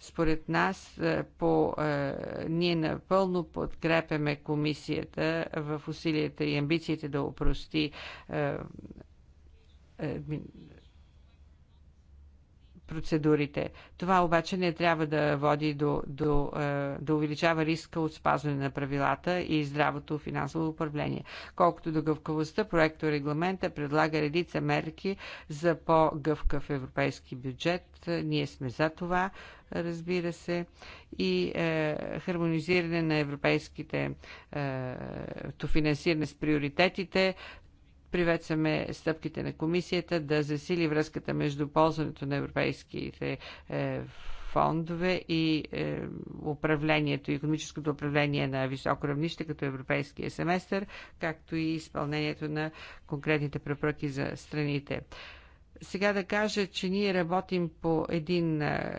според нас е, по, е, ние напълно подкрепяме комисията в усилията и амбициите да опрости е, е процедурите. Това обаче не трябва да води до, до, е, да увеличава риска от спазване на правилата и здравото финансово управление. Колкото до гъвкавостта, проекто регламента предлага редица мерки за по-гъвкав европейски бюджет. Ние сме за това, разбира се, и е, хармонизиране на европейските е, то финансиране с приоритетите, Приветстваме стъпките на комисията да засили връзката между ползването на европейските е, фондове и е, управлението, економическото управление на високо равнище, като европейския семестър, както и изпълнението на конкретните препоръки за страните. Сега да кажа, че ние работим по един е,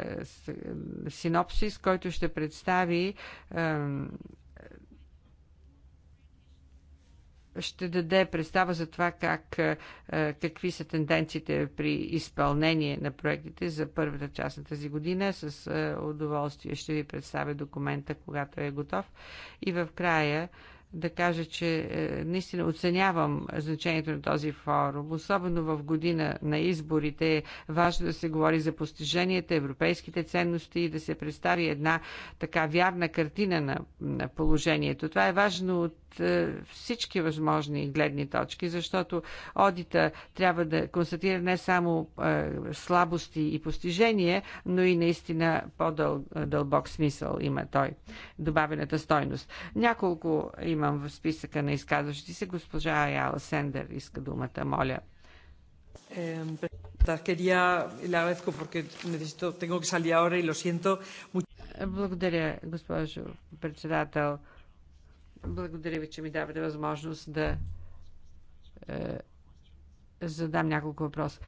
синопсис, който ще представи е, ще даде представа за това как, е, е, какви са тенденциите при изпълнение на проектите за първата част на тази година. С е, удоволствие ще ви представя документа, когато е готов. И в края да кажа, че наистина оценявам значението на този форум. Особено в година на изборите е важно да се говори за постиженията, европейските ценности и да се представи една така вярна картина на, на положението. Това е важно от от е, всички възможни гледни точки, защото одита трябва да констатира не само е, слабости и постижения, но и наистина по-дълбок смисъл има той, добавената стойност. Няколко имам в списъка на изказващи се. Госпожа Аяла Сендер иска думата, моля. Благодаря, госпожо председател. Благодаря ви, че ми давате възможност да е, задам няколко въпроса.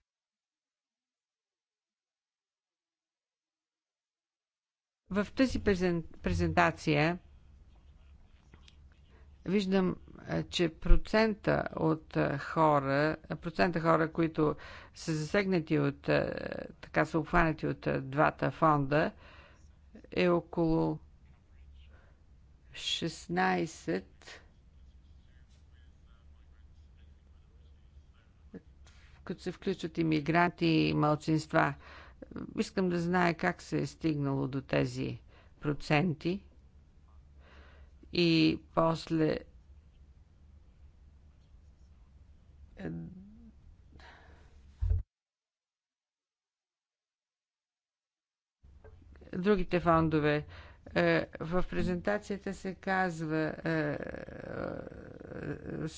В тази презентация виждам, е, че процента от е, хора, процента хора, които са засегнати от, е, така са обхванати от двата фонда, е около 16 като се включват иммигранти и мълцинства. Искам да знае как се е стигнало до тези проценти и после другите фондове. Е, в презентацията се казва, е,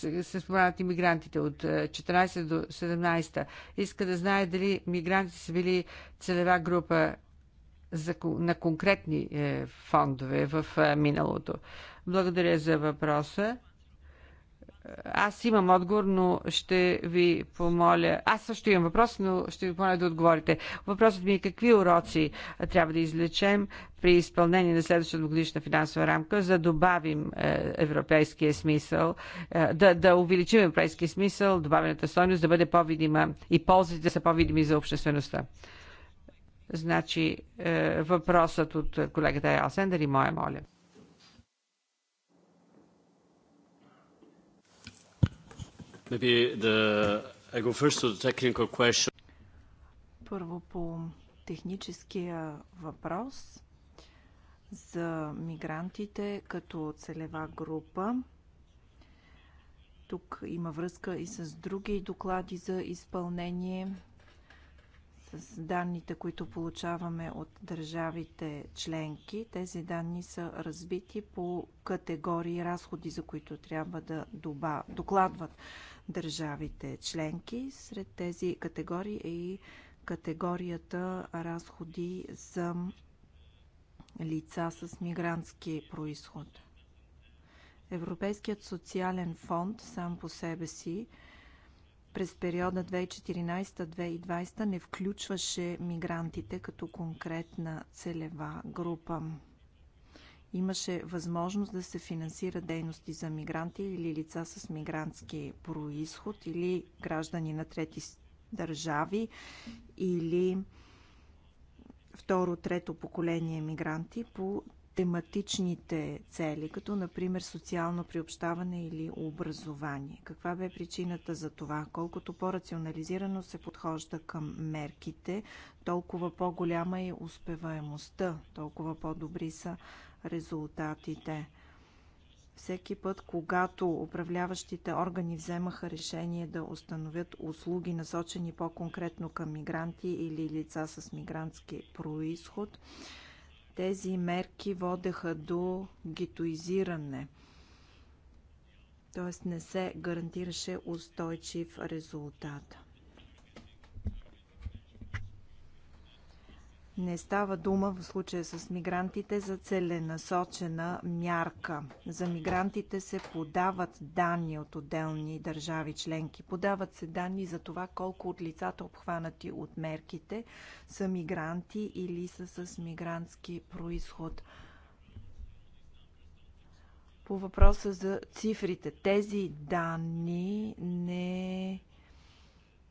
е, се споменават иммигрантите от 14 до 17. Иска да знае дали мигрантите са били целева група за, на конкретни фондове в миналото. Благодаря за въпроса. Аз имам отговор, но ще ви помоля. Аз също имам въпрос, но ще ви помоля да отговорите. Въпросът ми е какви уроци трябва да излечем при изпълнение на следващата годишна финансова рамка, за да добавим е, европейския смисъл, е, да, да увеличим европейския смисъл, добавената стойност да бъде по-видима и ползите да са по-видими за обществеността. Значи, е, въпросът от колегата Елсендър и моя моля. Maybe the, I go first to the technical question. Първо по техническия въпрос за мигрантите като целева група. Тук има връзка и с други доклади за изпълнение, с данните, които получаваме от държавите членки. Тези данни са разбити по категории разходи, за които трябва да докладват държавите членки. Сред тези категории е и категорията разходи за лица с мигрантски происход. Европейският социален фонд сам по себе си през периода 2014-2020 не включваше мигрантите като конкретна целева група имаше възможност да се финансира дейности за мигранти или лица с мигрантски происход или граждани на трети държави или второ, трето поколение мигранти по тематичните цели, като например социално приобщаване или образование. Каква бе причината за това? Колкото по-рационализирано се подхожда към мерките, толкова по-голяма е успеваемостта, толкова по-добри са резултатите. Всеки път, когато управляващите органи вземаха решение да установят услуги, насочени по-конкретно към мигранти или лица с мигрантски происход, тези мерки водеха до гетоизиране. Т.е. не се гарантираше устойчив резултат. Не става дума в случая с мигрантите за целенасочена мярка. За мигрантите се подават данни от отделни държави членки. Подават се данни за това колко от лицата обхванати от мерките са мигранти или са с мигрантски происход. По въпроса за цифрите. Тези данни не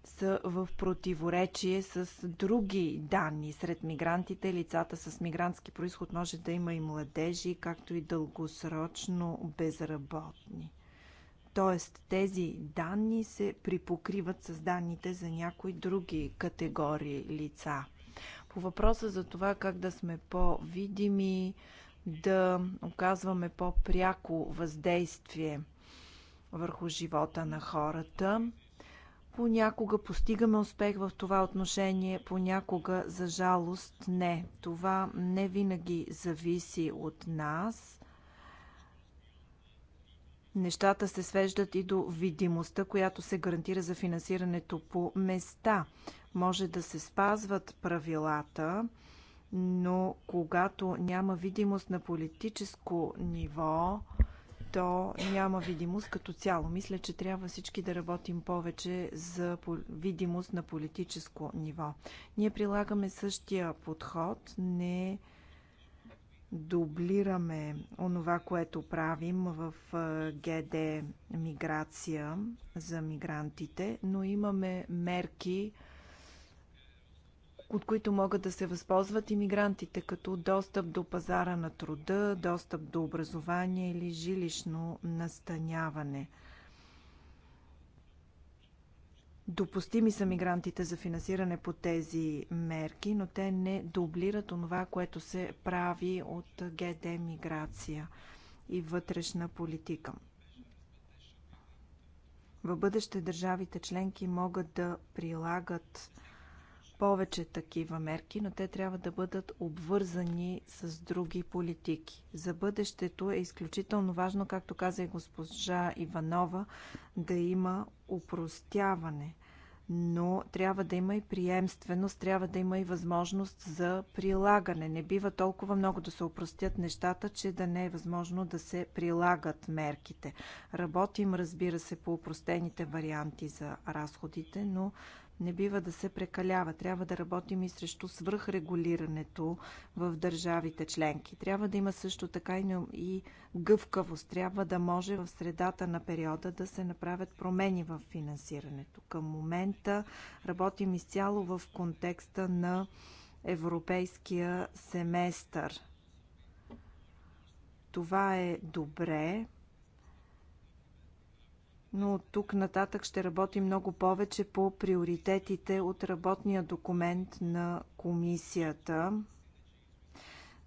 са в противоречие с други данни. Сред мигрантите, лицата с мигрантски происход може да има и младежи, както и дългосрочно безработни. Тоест тези данни се припокриват с данните за някои други категории лица. По въпроса за това как да сме по-видими, да оказваме по-пряко въздействие върху живота на хората, Понякога постигаме успех в това отношение, понякога, за жалост, не. Това не винаги зависи от нас. Нещата се свеждат и до видимостта, която се гарантира за финансирането по места. Може да се спазват правилата, но когато няма видимост на политическо ниво, то няма видимост като цяло. Мисля, че трябва всички да работим повече за видимост на политическо ниво. Ние прилагаме същия подход, не дублираме онова, което правим в ГД миграция за мигрантите, но имаме мерки, от които могат да се възползват иммигрантите, като достъп до пазара на труда, достъп до образование или жилищно настаняване. Допустими са мигрантите за финансиране по тези мерки, но те не дублират онова, което се прави от ГД миграция и вътрешна политика. В бъдеще държавите членки могат да прилагат повече такива мерки, но те трябва да бъдат обвързани с други политики. За бъдещето е изключително важно, както каза и госпожа Иванова, да има упростяване. Но трябва да има и приемственост, трябва да има и възможност за прилагане. Не бива толкова много да се упростят нещата, че да не е възможно да се прилагат мерките. Работим, разбира се, по упростените варианти за разходите, но не бива да се прекалява. Трябва да работим и срещу свръхрегулирането в държавите членки. Трябва да има също така и гъвкавост. Трябва да може в средата на периода да се направят промени в финансирането. Към момента работим изцяло в контекста на европейския семестър. Това е добре, но от тук нататък ще работи много повече по приоритетите от работния документ на комисията.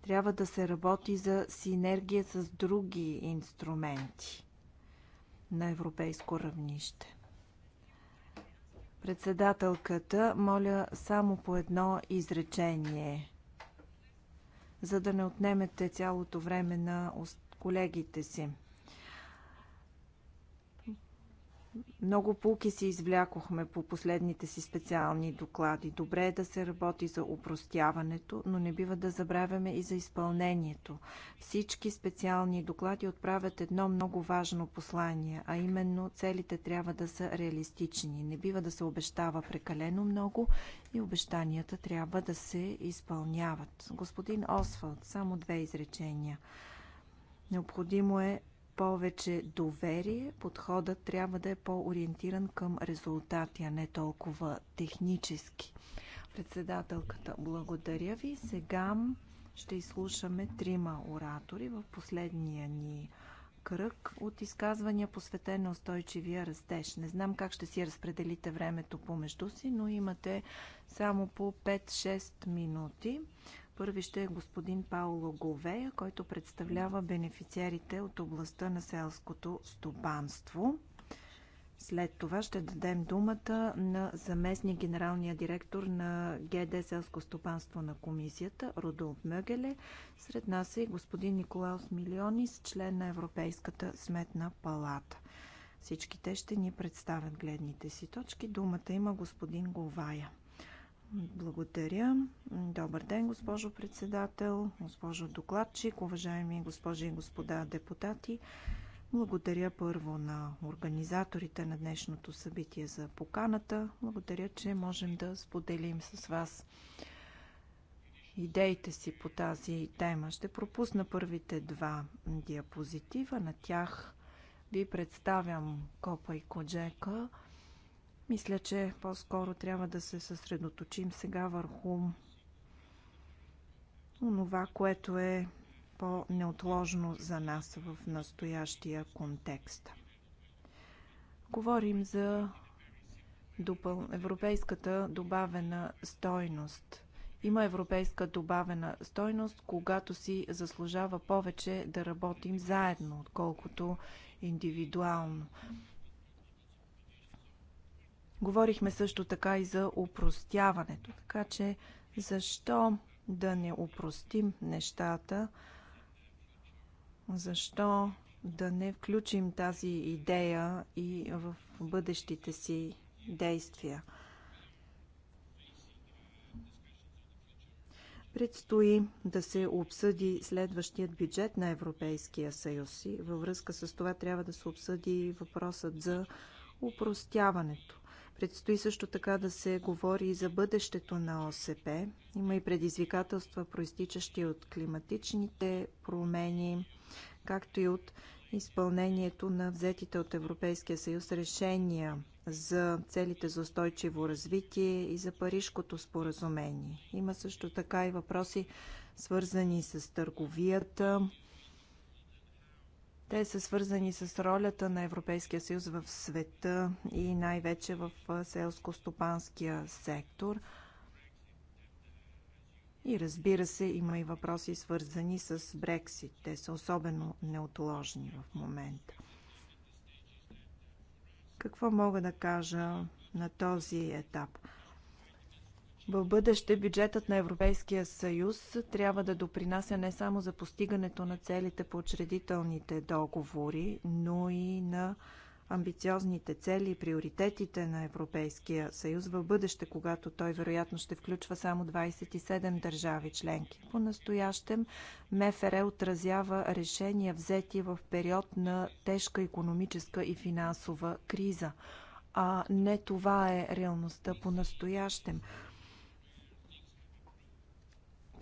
Трябва да се работи за синергия с други инструменти на европейско равнище. Председателката, моля само по едно изречение, за да не отнемете цялото време на колегите си. Много полки си извлякохме по последните си специални доклади. Добре е да се работи за упростяването, но не бива да забравяме и за изпълнението. Всички специални доклади отправят едно много важно послание, а именно целите трябва да са реалистични. Не бива да се обещава прекалено много и обещанията трябва да се изпълняват. Господин Освалд, само две изречения. Необходимо е повече доверие, подходът трябва да е по-ориентиран към резултати, а не толкова технически. Председателката, благодаря ви. Сега ще изслушаме трима оратори в последния ни кръг от изказвания, посветен на устойчивия растеж. Не знам как ще си разпределите времето помежду си, но имате само по 5-6 минути. Първи ще е господин Пауло Говея, който представлява бенефициарите от областта на селското стопанство. След това ще дадем думата на заместник генералния директор на ГД Селско стопанство на комисията Рудолф Мъгеле. Сред нас е и господин Николаус Милионис, член на Европейската сметна палата. Всички те ще ни представят гледните си точки. Думата има господин Говая. Благодаря. Добър ден, госпожо председател, госпожо докладчик, уважаеми госпожи и господа депутати. Благодаря първо на организаторите на днешното събитие за поканата. Благодаря, че можем да споделим с вас идеите си по тази тема. Ще пропусна първите два диапозитива. На тях ви представям Копа и Коджека – мисля, че по-скоро трябва да се съсредоточим сега върху онова, което е по-неотложно за нас в настоящия контекст. Говорим за допъл... европейската добавена стойност. Има европейска добавена стойност, когато си заслужава повече да работим заедно, отколкото индивидуално. Говорихме също така и за упростяването. Така че защо да не упростим нещата? Защо да не включим тази идея и в бъдещите си действия? Предстои да се обсъди следващият бюджет на Европейския съюз и във връзка с това трябва да се обсъди въпросът за упростяването. Предстои също така да се говори и за бъдещето на ОСП. Има и предизвикателства, проистичащи от климатичните промени, както и от изпълнението на взетите от Европейския съюз решения за целите за устойчиво развитие и за Парижкото споразумение. Има също така и въпроси, свързани с търговията, те са свързани с ролята на Европейския съюз в света и най-вече в селско-стопанския сектор. И разбира се, има и въпроси свързани с Брексит. Те са особено неотложни в момента. Какво мога да кажа на този етап? В бъдеще бюджетът на Европейския съюз трябва да допринася не само за постигането на целите по учредителните договори, но и на амбициозните цели и приоритетите на Европейския съюз в бъдеще, когато той вероятно ще включва само 27 държави членки. По настоящем МФР отразява решения взети в период на тежка економическа и финансова криза. А не това е реалността по настоящем.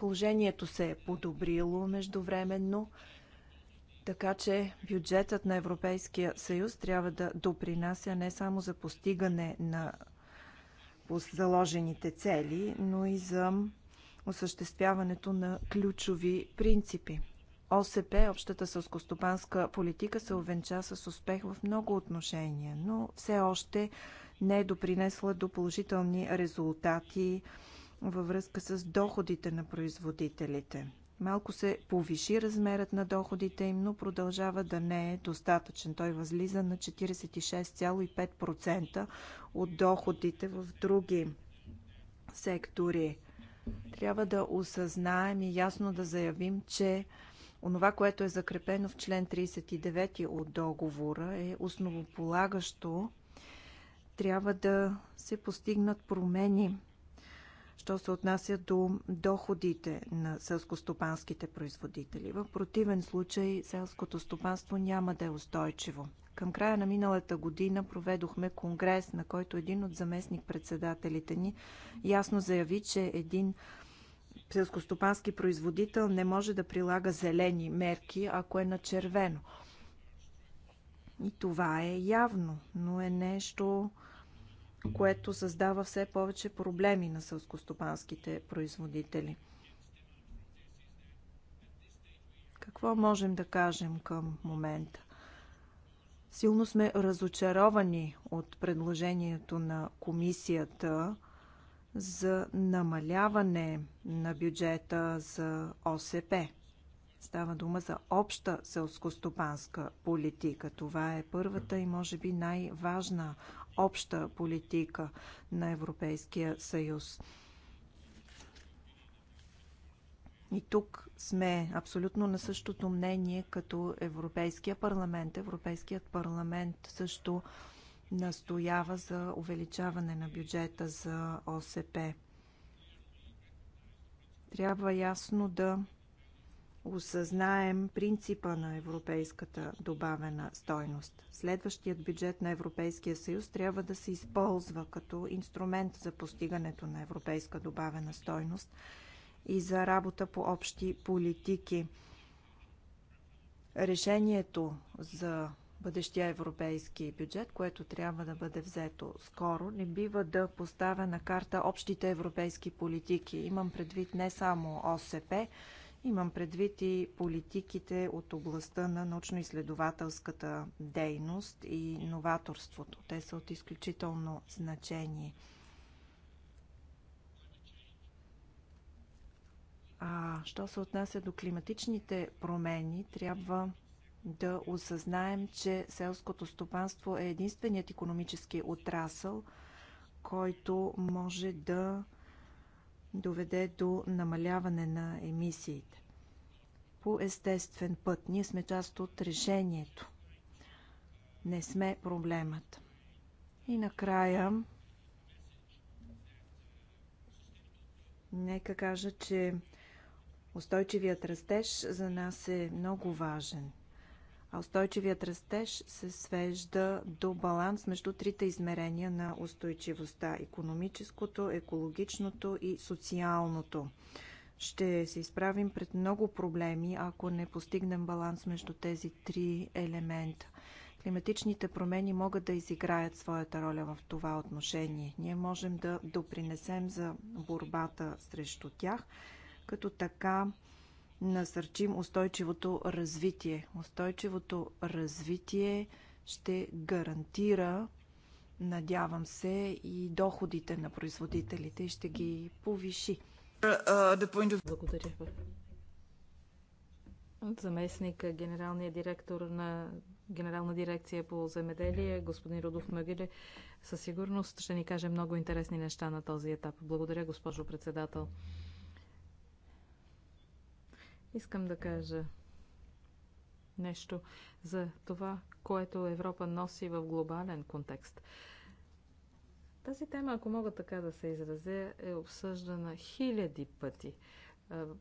Положението се е подобрило междувременно, така че бюджетът на Европейския съюз трябва да допринася не само за постигане на заложените цели, но и за осъществяването на ключови принципи. ОСП, общата сълскостопанска политика, се увенча с успех в много отношения, но все още не е допринесла до положителни резултати във връзка с доходите на производителите. Малко се повиши размерът на доходите им, но продължава да не е достатъчен. Той възлиза на 46,5% от доходите в други сектори. Трябва да осъзнаем и ясно да заявим, че онова, което е закрепено в член 39 от договора е основополагащо. Трябва да се постигнат промени що се отнася до доходите на селскостопанските производители. В противен случай селското стопанство няма да е устойчиво. Към края на миналата година проведохме конгрес, на който един от заместник-председателите ни ясно заяви, че един селскостопански производител не може да прилага зелени мерки, ако е на червено. И това е явно, но е нещо, което създава все повече проблеми на сълскостопанските производители. Какво можем да кажем към момента? Силно сме разочаровани от предложението на комисията за намаляване на бюджета за ОСП. Става дума за обща селскостопанска политика. Това е първата и може би най-важна обща политика на Европейския съюз. И тук сме абсолютно на същото мнение като Европейския парламент. Европейският парламент също настоява за увеличаване на бюджета за ОСП. Трябва ясно да осъзнаем принципа на европейската добавена стойност. Следващият бюджет на Европейския съюз трябва да се използва като инструмент за постигането на европейска добавена стойност и за работа по общи политики. Решението за бъдещия европейски бюджет, което трябва да бъде взето скоро, не бива да поставя на карта общите европейски политики. Имам предвид не само ОСП, Имам предвид и политиките от областта на научно-изследователската дейност и новаторството. Те са от изключително значение. А що се отнася до климатичните промени, трябва да осъзнаем, че селското стопанство е единственият економически отрасъл, който може да доведе до намаляване на емисиите. По естествен път ние сме част от решението. Не сме проблемът. И накрая, нека кажа, че устойчивият растеж за нас е много важен – а устойчивият растеж се свежда до баланс между трите измерения на устойчивостта економическото, екологичното и социалното. Ще се изправим пред много проблеми, ако не постигнем баланс между тези три елемента. Климатичните промени могат да изиграят своята роля в това отношение. Ние можем да допринесем за борбата срещу тях, като така насърчим устойчивото развитие. Устойчивото развитие ще гарантира, надявам се, и доходите на производителите и ще ги повиши. Благодаря. Заместник генералния директор на Генерална дирекция по земеделие, господин Рудов Мъгиле, със сигурност ще ни каже много интересни неща на този етап. Благодаря, госпожо председател. Искам да кажа нещо за това, което Европа носи в глобален контекст. Тази тема, ако мога така да се изразя, е обсъждана хиляди пъти в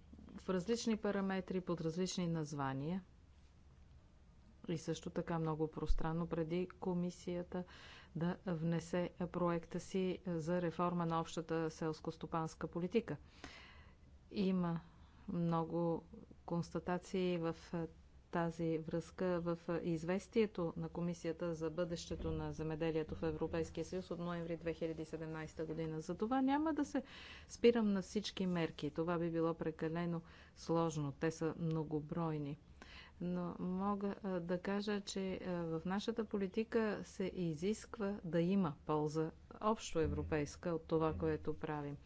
различни параметри, под различни названия и също така много пространно преди комисията да внесе проекта си за реформа на общата селско-стопанска политика. Има много констатации в тази връзка в известието на Комисията за бъдещето на земеделието в Европейския съюз от ноември 2017 година. За това няма да се спирам на всички мерки. Това би било прекалено сложно. Те са многобройни. Но мога да кажа, че в нашата политика се изисква да има полза общо европейска от това, което правим.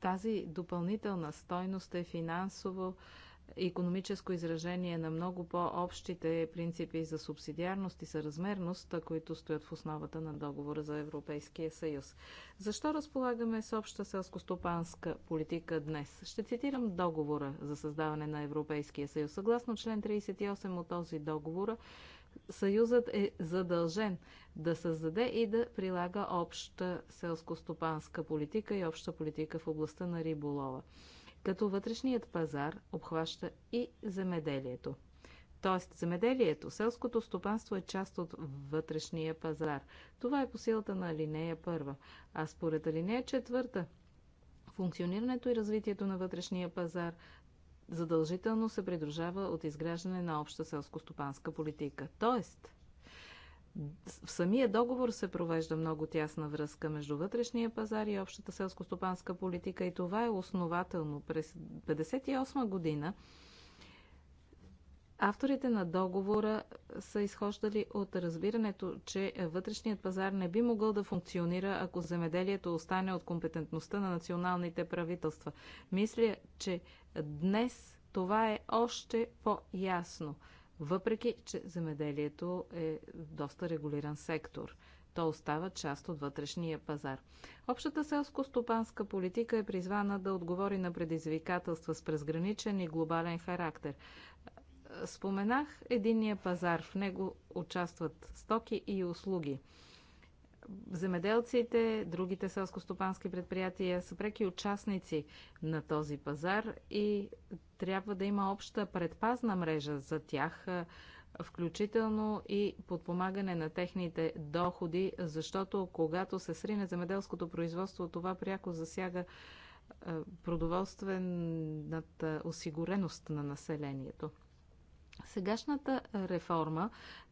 Тази допълнителна стойност е финансово економическо изражение на много по-общите принципи за субсидиарност и съразмерност, които стоят в основата на договора за Европейския съюз. Защо разполагаме с обща селскостопанска политика днес? Ще цитирам договора за създаване на Европейския съюз. Съгласно член 38 от този договор, Съюзът е задължен да създаде и да прилага обща селско-стопанска политика и обща политика в областта на риболова. Като вътрешният пазар обхваща и земеделието. Тоест, земеделието, селското стопанство е част от вътрешния пазар. Това е по силата на алинея първа. А според алинея четвърта, функционирането и развитието на вътрешния пазар задължително се придружава от изграждане на обща селско-стопанска политика. Тоест, в самия договор се провежда много тясна връзка между вътрешния пазар и общата селско-стопанска политика и това е основателно. През 1958 година Авторите на договора са изхождали от разбирането, че вътрешният пазар не би могъл да функционира, ако земеделието остане от компетентността на националните правителства. Мисля, че днес това е още по-ясно, въпреки че земеделието е доста регулиран сектор. То остава част от вътрешния пазар. Общата селско-стопанска политика е призвана да отговори на предизвикателства с презграничен и глобален характер – споменах единния пазар. В него участват стоки и услуги. Земеделците, другите селскостопански предприятия са преки участници на този пазар и трябва да има обща предпазна мрежа за тях, включително и подпомагане на техните доходи, защото когато се срине земеделското производство, това пряко засяга продоволствената осигуреност на населението. Сегашната реформа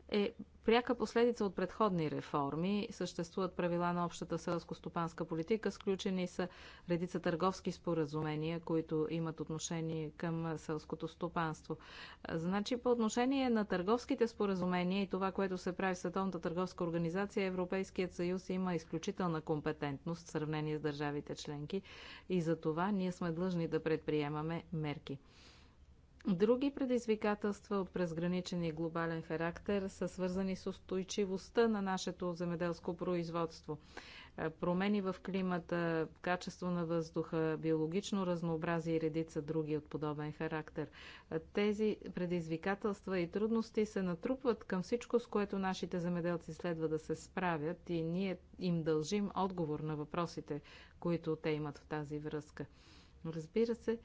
е пряка последица от предходни реформи. Съществуват правила на общата селско-стопанска политика, сключени са редица търговски споразумения, които имат отношение към селското стопанство. Значи по отношение на търговските споразумения и това, което се прави в Световната търговска организация, Европейският съюз има изключителна компетентност в сравнение с държавите членки и за това ние сме длъжни да предприемаме мерки. Други предизвикателства от презграничен и глобален характер са свързани с устойчивостта на нашето земеделско производство. Е, промени в климата, качество на въздуха, биологично разнообразие и редица други от подобен характер. Е, тези предизвикателства и трудности се натрупват към всичко, с което нашите земеделци следва да се справят и ние им дължим отговор на въпросите, които те имат в тази връзка. Но разбира се,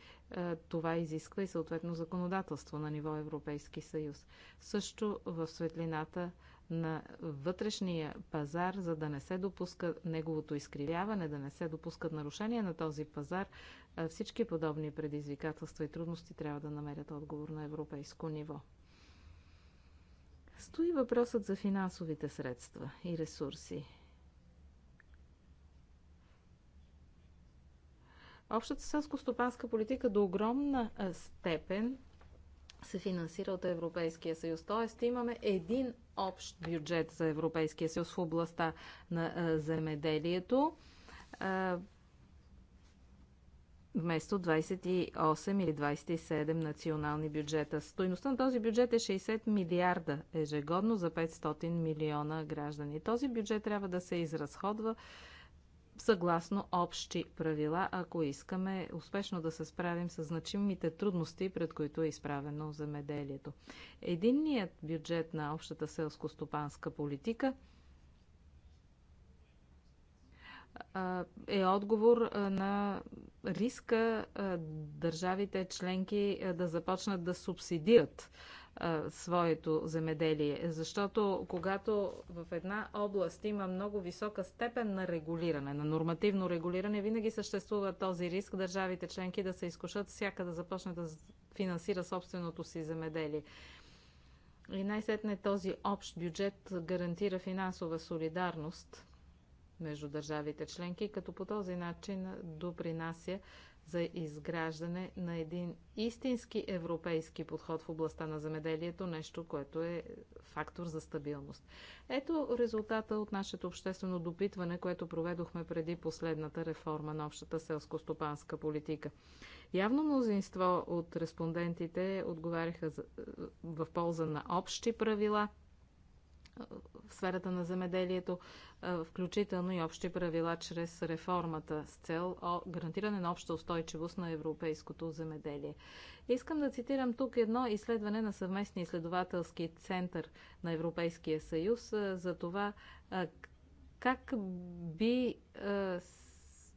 това изисква и съответно законодателство на ниво Европейски съюз. Също в светлината на вътрешния пазар, за да не се допуска неговото изкривяване, да не се допускат нарушения на този пазар, всички подобни предизвикателства и трудности трябва да намерят отговор на европейско ниво. Стои въпросът за финансовите средства и ресурси. Общата селско-стопанска политика до огромна степен се финансира от Европейския съюз. Тоест имаме един общ бюджет за Европейския съюз в областта на земеделието вместо 28 или 27 национални бюджета. Стоиността на този бюджет е 60 милиарда ежегодно за 500 милиона граждани. Този бюджет трябва да се изразходва съгласно общи правила, ако искаме успешно да се справим с значимите трудности, пред които е изправено земеделието. Единният бюджет на общата селско-стопанска политика е отговор на риска държавите членки да започнат да субсидират своето земеделие. Защото когато в една област има много висока степен на регулиране, на нормативно регулиране, винаги съществува този риск държавите членки да се изкушат всяка да започне да финансира собственото си земеделие. И най-сетне този общ бюджет гарантира финансова солидарност между държавите членки, като по този начин допринася за изграждане на един истински европейски подход в областта на земеделието, нещо, което е фактор за стабилност. Ето резултата от нашето обществено допитване, което проведохме преди последната реформа на общата селско-стопанска политика. Явно мнозинство от респондентите отговаряха в полза на общи правила – в сферата на земеделието, включително и общи правила чрез реформата с цел о гарантиране на обща устойчивост на европейското земеделие. Искам да цитирам тук едно изследване на съвместния изследователски център на Европейския съюз за това как би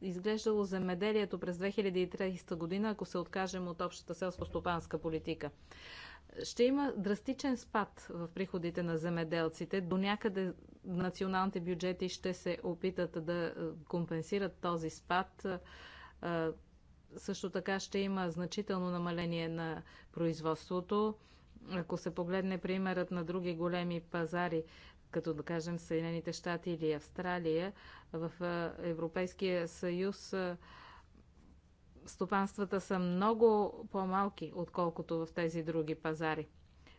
изглеждало земеделието през 2030 година, ако се откажем от общата селско-стопанска политика ще има драстичен спад в приходите на земеделците. До някъде националните бюджети ще се опитат да е, компенсират този спад. Е, също така ще има значително намаление на производството. Ако се погледне примерът на други големи пазари, като да кажем Съединените щати или Австралия, в е, Европейския съюз стопанствата са много по-малки, отколкото в тези други пазари.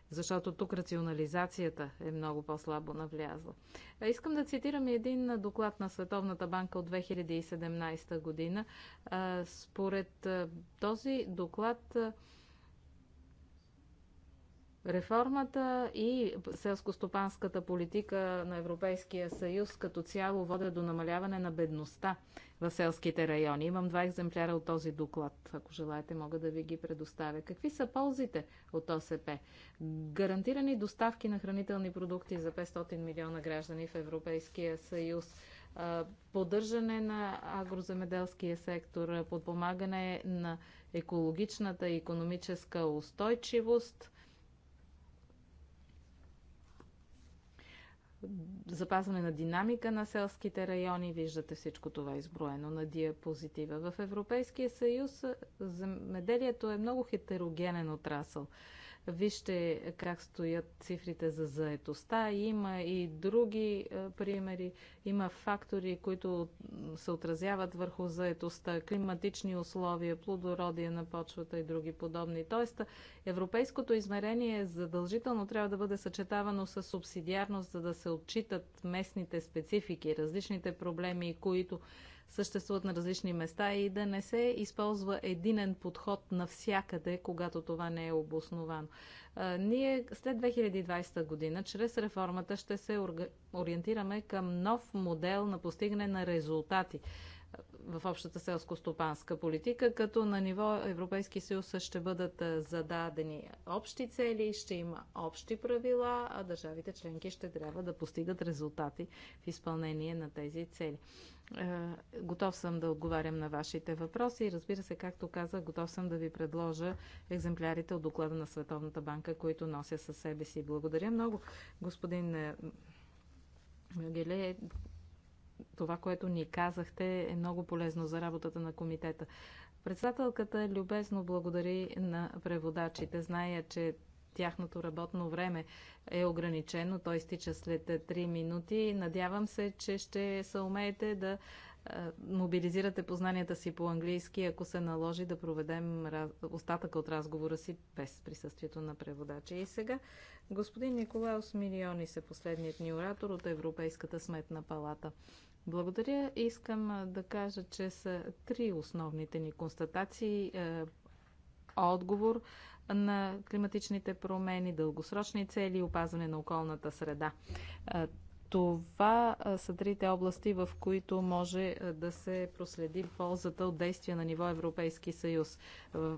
Защото тук рационализацията е много по-слабо навлязла. искам да цитирам един доклад на Световната банка от 2017 година. Според този доклад Реформата и селскостопанската политика на Европейския съюз като цяло водят до намаляване на бедността в селските райони. Имам два екземпляра от този доклад. Ако желаете, мога да ви ги предоставя. Какви са ползите от ОСП? Гарантирани доставки на хранителни продукти за 500 милиона граждани в Европейския съюз поддържане на агроземеделския сектор, подпомагане на екологичната и економическа устойчивост, запазване на динамика на селските райони. Виждате всичко това изброено на диапозитива. В Европейския съюз земеделието е много хетерогенен отрасъл. Вижте как стоят цифрите за заетостта. Има и други е, примери. Има фактори, които се отразяват върху заетостта, климатични условия, плодородие на почвата и други подобни. Тоест, европейското измерение задължително трябва да бъде съчетавано с субсидиарност, за да се отчитат местните специфики, различните проблеми, които съществуват на различни места и да не се използва единен подход навсякъде, когато това не е обосновано. Ние след 2020 година, чрез реформата, ще се ориентираме към нов модел на постигане на резултати в общата селско-стопанска политика, като на ниво Европейски съюз ще бъдат зададени общи цели, ще има общи правила, а държавите членки ще трябва да постигат резултати в изпълнение на тези цели. Е, готов съм да отговарям на вашите въпроси и разбира се, както казах, готов съм да ви предложа екземплярите от доклада на Световната банка, които нося със себе си. Благодаря много, господин е, Геле. Това, което ни казахте, е много полезно за работата на комитета. Председателката любезно благодари на преводачите. Зная, че тяхното работно време е ограничено. Той стича след 3 е, минути. Надявам се, че ще се умеете да е, мобилизирате познанията си по английски, ако се наложи да проведем остатъка от разговора си без присъствието на преводача. И сега господин Николаус Милиони се последният ни оратор от Европейската сметна палата. Благодаря. Искам е, да кажа, че са три основните ни констатации. Отговор на климатичните промени, дългосрочни цели и опазване на околната среда. Това са трите области, в които може да се проследи ползата от действия на ниво Европейски съюз.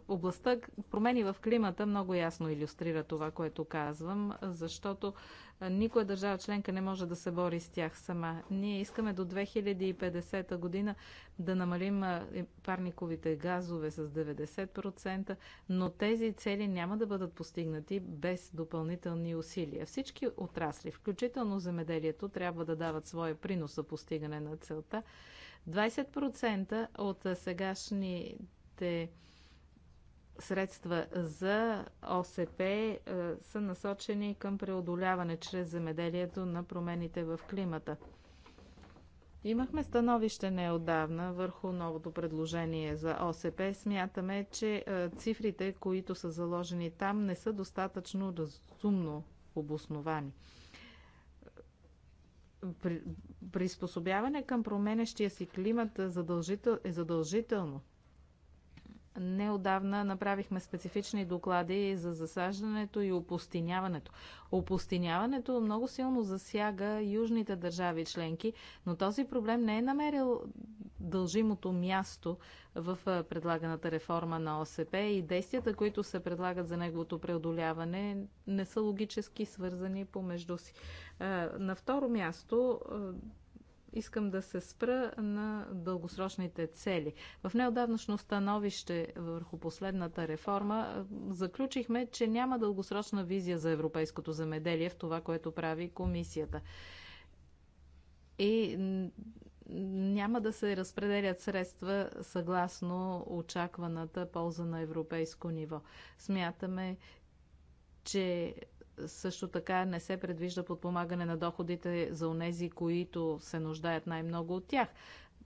Областта промени в климата много ясно иллюстрира това, което казвам, защото Никоя държава членка не може да се бори с тях сама. Ние искаме до 2050 година да намалим парниковите газове с 90%, но тези цели няма да бъдат постигнати без допълнителни усилия. Всички отрасли, включително земеделието, трябва да дават своя принос за постигане на целта. 20% от сегашните средства за ОСП е, са насочени към преодоляване чрез земеделието на промените в климата. Имахме становище неодавна върху новото предложение за ОСП. Смятаме, че е, цифрите, които са заложени там, не са достатъчно разумно обосновани. При, приспособяване към променещия си климат е, задължител, е задължително Неодавна направихме специфични доклади за засаждането и опустиняването. Опустиняването много силно засяга южните държави членки, но този проблем не е намерил дължимото място в предлаганата реформа на ОСП и действията, които се предлагат за неговото преодоляване, не са логически свързани помежду си. На второ място, искам да се спра на дългосрочните цели. В неодавнашно становище върху последната реформа заключихме, че няма дългосрочна визия за европейското земеделие в това, което прави комисията. И няма да се разпределят средства съгласно очакваната полза на европейско ниво. Смятаме, че също така не се предвижда подпомагане на доходите за онези, които се нуждаят най-много от тях.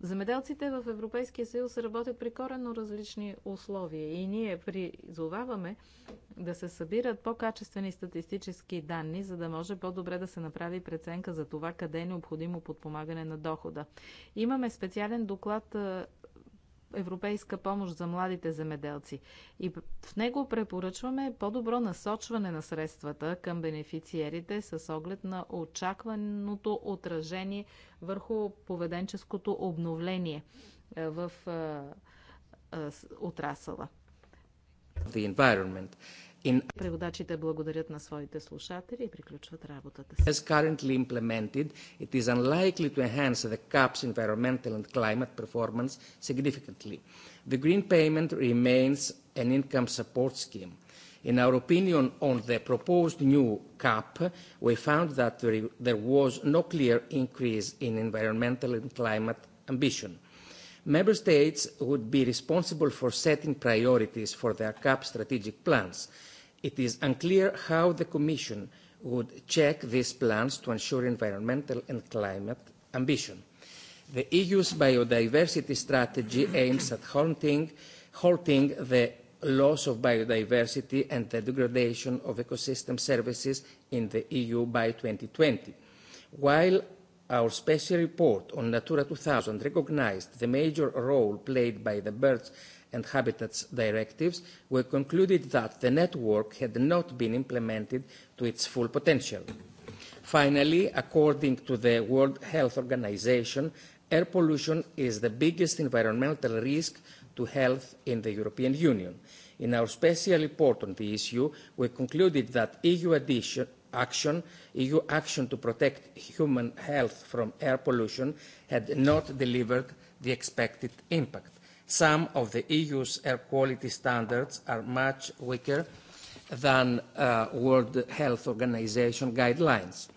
Земеделците в Европейския съюз работят при коренно различни условия и ние призоваваме да се събират по-качествени статистически данни, за да може по-добре да се направи преценка за това къде е необходимо подпомагане на дохода. Имаме специален доклад европейска помощ за младите земеделци. И в него препоръчваме по-добро насочване на средствата към бенефициерите с оглед на очакваното отражение върху поведенческото обновление е, в е, е, отрасъла. The environment. In... Преводачите благодарят на своите слушатели и приключват работата си. As currently implemented, it is unlikely to enhance the CAP's environmental and climate performance significantly. The green payment remains an income support scheme. In our opinion on the proposed new CAP, we found that there was no clear increase in environmental and climate ambition. Member States would be responsible for setting priorities for their CAP strategic plans – It is unclear how the Commission would check these plans to ensure environmental and climate ambition. The EU's biodiversity strategy aims at halting, halting the loss of biodiversity and the degradation of ecosystem services in the EU by 2020. While our special report on Natura 2000 recognized the major role played by the birds and Habitats directives we concluded that the network had not been implemented to its full potential. Finally, according to the World Health Organization, air pollution is the biggest environmental risk to health in the European Union. In our special report on the issue, we concluded that EU addition, action, EU action to protect human health from air pollution had not delivered the expected impact some of the EU's air quality standards are much weaker than uh, World Health Organization guidelines.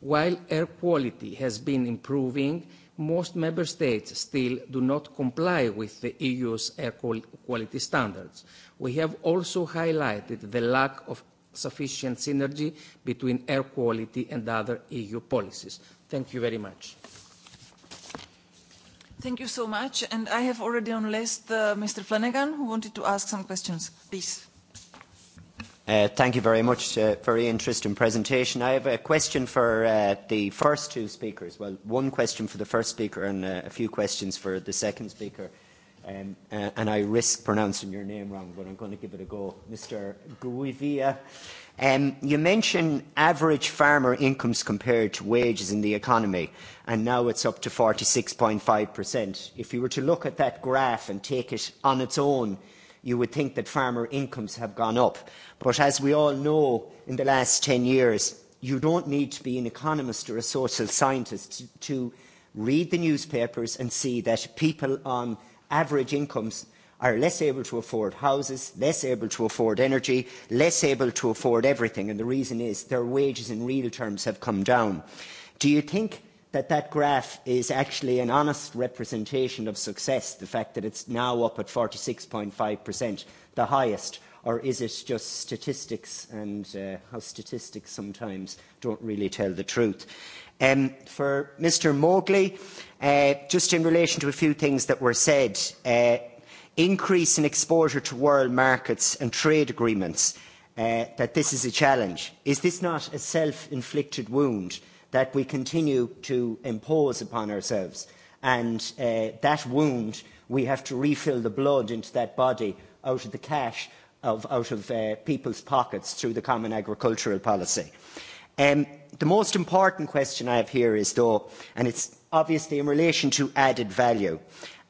While air quality has been improving, most member states still do not comply with the EU's air quality standards. We have also highlighted the lack of sufficient synergy between air quality and other EU policies. Thank you very much. Thank you so much. And I have already on list uh, Mr. Flanagan, who wanted to ask some questions. Please. Uh, thank you very much. Uh, very interesting presentation. I have a question for uh, the first two speakers. Well, one question for the first speaker and uh, a few questions for the second speaker. Um, uh, and I risk pronouncing your name wrong, but I'm going to give it a go. Mr. Guivia you mention average farmer incomes compared to wages in the economy, and now it's up to 46.5%. If you were to look at that graph and take it on its own, you would think that farmer incomes have gone up. But as we all know, in the last 10 years, you don't need to be an economist or a social scientist to read the newspapers and see that people on average incomes are less able to afford houses, less able to afford energy, less able to afford everything. And the reason is their wages in real terms have come down. Do you think that that graph is actually an honest representation of success, the fact that it's now up at 46.5%, the highest? Or is it just statistics and uh, how statistics sometimes don't really tell the truth? Um, for Mr. Mowgli, uh, just in relation to a few things that were said, uh, increase in exposure to world markets and trade agreements, that this is a challenge. Is this not a self-inflicted wound that we continue to impose upon ourselves? And that wound, we have to refill the blood into that body out of the cash of, out of people's pockets through the common agricultural policy. the most important question I have here is though, and it's obviously in relation to added value,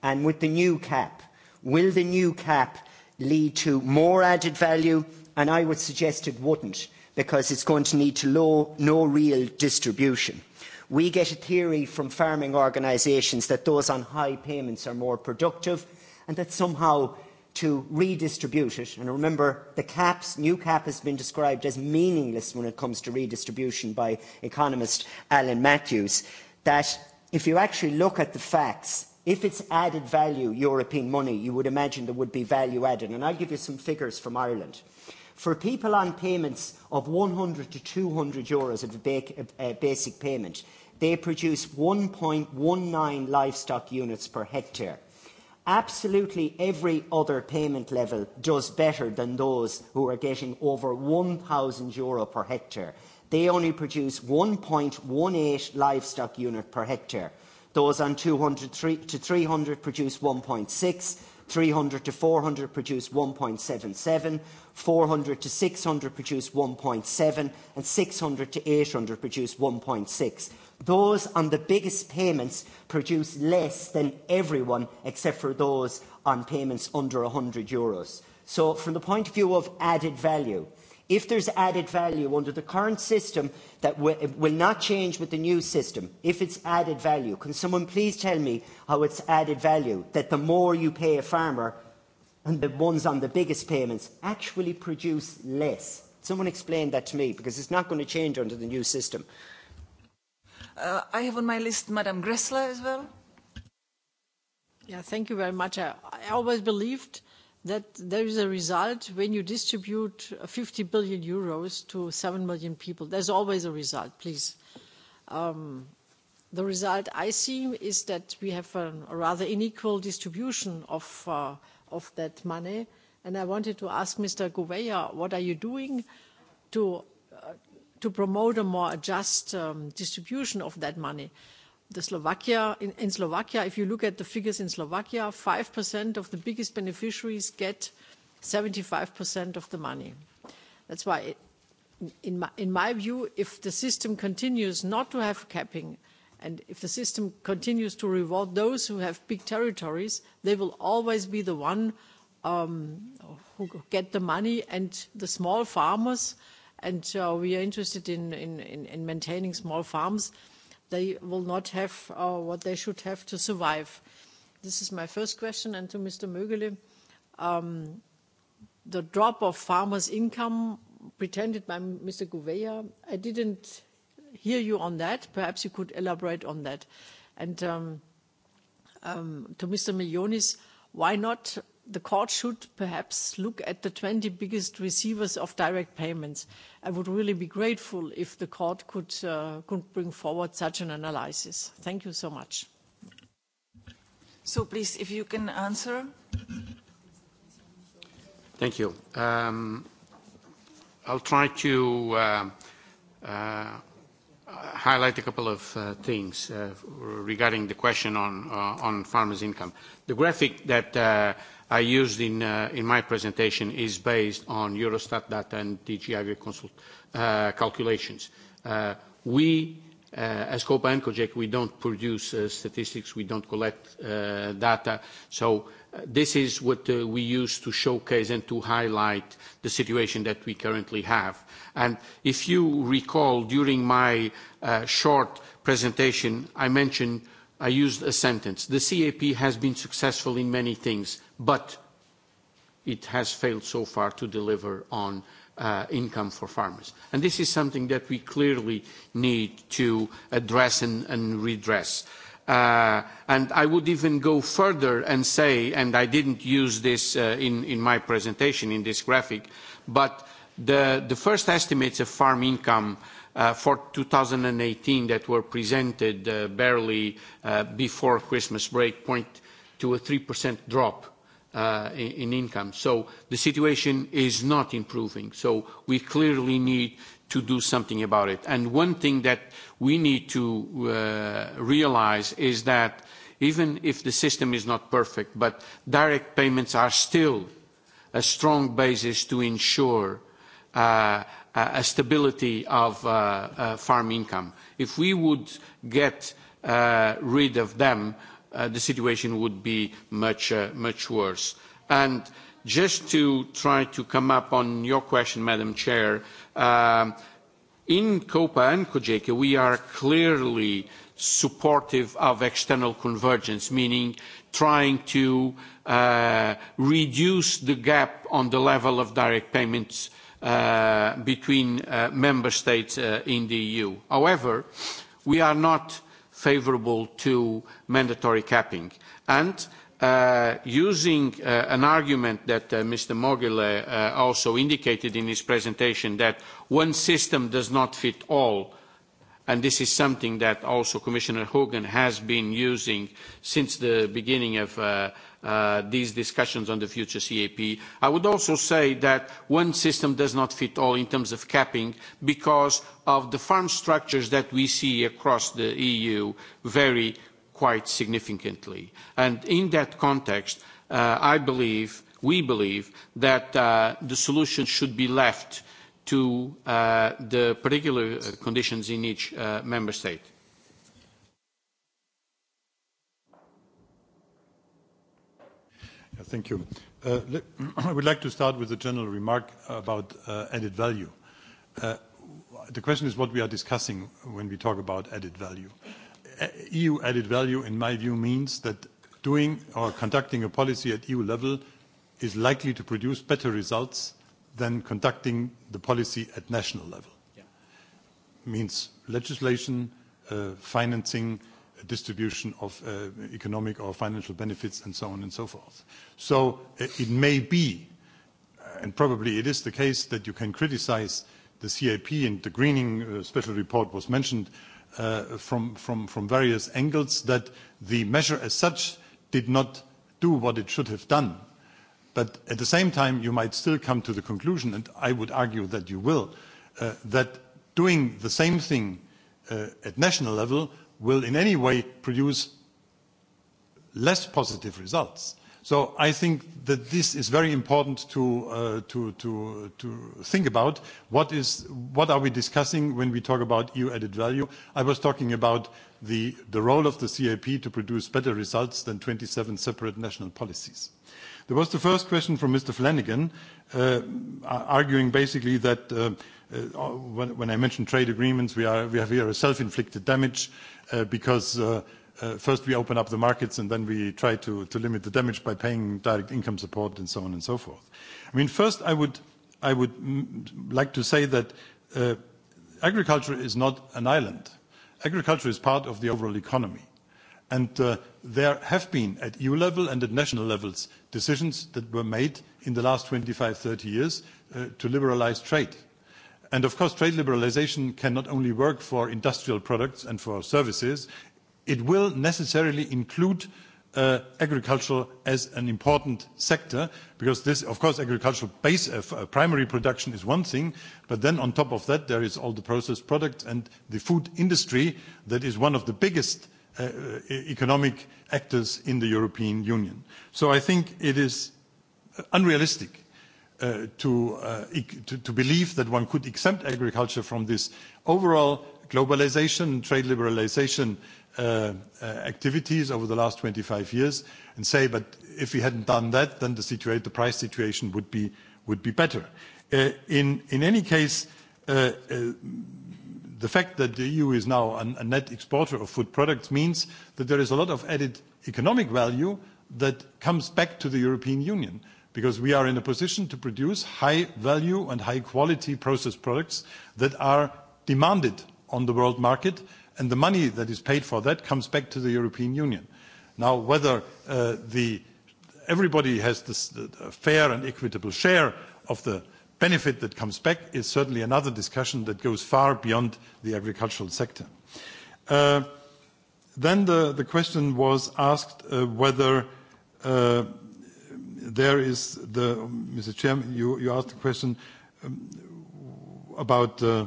and with the new cap, Will the new cap lead to more added value? And I would suggest it wouldn't, because it's going to need to low, no real distribution. We get a theory from farming organisations that those on high payments are more productive and that somehow to redistribute it. And remember, the caps, new cap has been described as meaningless when it comes to redistribution by economist Alan Matthews, that if you actually look at the facts, If it's added value, European money, you would imagine there would be value added. And I'll give you some figures from Ireland. For people on payments of 100 to 200 euros of a basic payment, they produce 1.19 livestock units per hectare. Absolutely every other payment level does better than those who are getting over 1,000 euro per hectare. They only produce 1.18 livestock unit per hectare. Those on 200 to 300 produce 1.6, 300 to 400 produce 1.77, 400 to 600 produce 1.7, and 600 to 800 produce 1.6. Those on the biggest payments produce less than everyone except for those on payments under 100 euros. So from the point of view of added value, If there's added value under the current system that will not change with the new system, if it's added value, can someone please tell me how it's added value that the more you pay a farmer and the ones on the biggest payments actually produce less? Someone explain that to me because it's not going to change under the new system. Uh, I have on my list Madame Gressler as well. Yeah, thank you very much. I, I always believed that there is a result when you distribute 50 billion euros to 7 million people. There's always a result, please. Um, the result I see is that we have a, a rather unequal distribution of, uh, of that money. And I wanted to ask Mr. Gouveia, what are you doing to, uh, to promote a more just um, distribution of that money? the Slovakia, in, in Slovakia, if you look at the figures in Slovakia, 5% of the biggest beneficiaries get 75% of the money. That's why, in, my, view, if the system continues not to have capping, and if the system continues to reward those who have big territories, they will always be the one who get the money and the small farmers. And we are interested in, in, in maintaining small farms they will not have uh, what they should have to survive. This is my first question. And to Mr. Mögele, um, the drop of farmers' income pretended by Mr. Gouveia, I didn't hear you on that. Perhaps you could elaborate on that. And um, um, to Mr. Milionis, why not the court should perhaps look at the 20 biggest receivers of direct payments. I would really be grateful if the court could, uh, could bring forward such an analysis. Thank you so much. So please, if you can answer. Thank you. Um, I'll try to uh, uh, highlight a couple of uh, things uh, regarding the question on, uh, on farmers' income. The graphic that uh, I used in, uh, in my presentation is based on Eurostat data and DG consult, uh, calculations. Uh, we, uh, as COPA and COJEC, we don't produce uh, statistics, we don't collect uh, data, so this is what uh, we use to showcase and to highlight the situation that we currently have. And if you recall, during my uh, short presentation, I mentioned, I used a sentence, the CAP has been successful in many things, but it has failed so far to deliver on uh, income for farmers. And this is something that we clearly need to address and, and redress. Uh, and I would even go further and say, and I didn't use this uh, in, in my presentation, in this graphic, but the, the first estimates of farm income uh, for 2018 that were presented uh, barely uh, before Christmas break point to a 3% drop in income. So the situation is not improving. So we clearly need to do something about it. And one thing that we need to realize is that even if the system is not perfect, but direct payments are still a strong basis to ensure a stability of farm income. If we would get rid of them, the situation would be much, much worse. And just to try to come up on your question, Madam Chair, in COPA and COGECA, we are clearly supportive of external convergence, meaning trying to reduce the gap on the level of direct payments between member states in the EU. However, we are not favourable to mandatory capping. And using an argument that Mr. Mogile also indicated in his presentation that one system does not fit all, and this is something that also Commissioner Hogan has been using since the beginning of these discussions on the future CAP. I would also say that one system does not fit all in terms of capping because of the farm structures that we see across the EU vary quite significantly. And in that context, I believe, we believe, that the solution should be left to the particular conditions in each member state. Thank you. I would like to start with a general remark about added value. The question is what we are discussing when we talk about added value. EU added value, in my view, means that doing or conducting a policy at EU level is likely to produce better results than conducting the policy at national level. Yeah. Means legislation, financing, distribution of economic or financial benefits, and so on and so forth. So it may be, and probably it is the case, that you can criticize the CAP, and the greening special report was mentioned from various angles, that the measure as such did not do what it should have done. But at the same time, you might still come to the conclusion, and I would argue that you will, that doing the same thing at national level will in any way produce less positive results. So I think that this is very important to, uh, to, to, to think about. What, is, what are we discussing when we talk about EU added value? I was talking about the, the role of the CAP to produce better results than 27 separate national policies. There was the first question from Mr. Flanagan, uh, arguing basically that uh, When I mention trade agreements, we have here a self-inflicted damage because first we open up the markets, and then we try to limit the damage by paying direct income support and so on and so forth. I mean, first, I would like to say that agriculture is not an island. Agriculture is part of the overall economy. And there have been, at EU level and at national levels, decisions that were made in the last 25, 30 years to liberalize trade of course, trade liberalization can not only work for industrial products and for services, it will necessarily include agriculture as an important sector because this, of course, agricultural base uh, primary production is one thing, but then on top of that, there is all the processed products and the food industry that is one of the biggest uh, economic actors in the European Union. So I think it is unrealistic to believe that one could exempt agriculture from this overall globalization and trade liberalization activities over the last 25 years and say, "But if we hadn't done that, then the price situation would be better." In any case, the fact that the EU is now a net exporter of food products means that there is a lot of added economic value that comes back to the European Union because we are in a position to produce high value and high quality processed products that are demanded on the world market, and the money that is paid for that comes back to the European Union. Now, whether everybody has a fair and equitable share of the benefit that comes back is certainly another discussion that goes far beyond the agricultural sector. Then the question was asked whether there is the, Mr. Chairman, you, you asked a question about uh,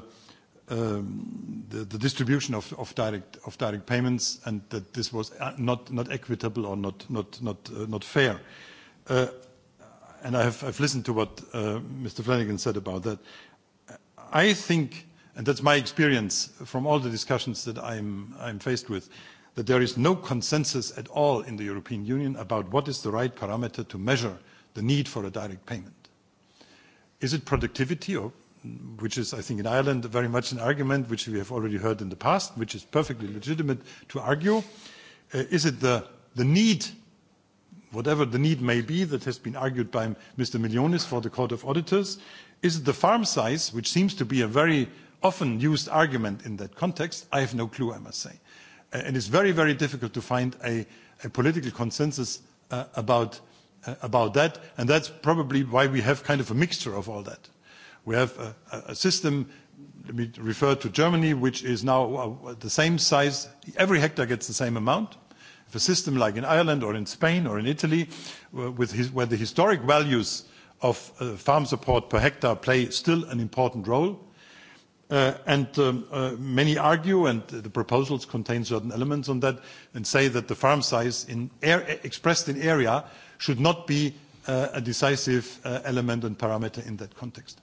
um, the, the distribution of, of, direct, of direct payments and that this was not, not equitable or not, not, not, uh, not fair. Uh, and I have, I've listened to what uh, Mr. Flanagan said about that. I think, and that's my experience from all the discussions that I'm, I'm faced with, uh, that there is no consensus at all in the European Union about what is the right parameter to measure the need for a direct payment. Is it productivity, or, which is, I think, in Ireland very much an argument which we have already heard in the past, which is perfectly legitimate to argue? Uh, is it the, the need, whatever the need may be, that has been argued by Mr. Milionis for the Court of Auditors? Is it the farm size, which seems to be a very often used argument in that context? I have no clue, I must say and it's very, very difficult to find a, a political consensus uh, about, that. And that's probably why we have kind of a mixture of all that. We have a, a system, let me refer to Germany, which is now the same size. Every hectare gets the same amount. If a system like in Ireland or in Spain or in Italy, with his, where the historic values of uh, farm support per hectare play still an important role, And many argue, and the proposals contain certain elements on that, and say that the farm size in expressed in area should not be a decisive element and parameter in that context.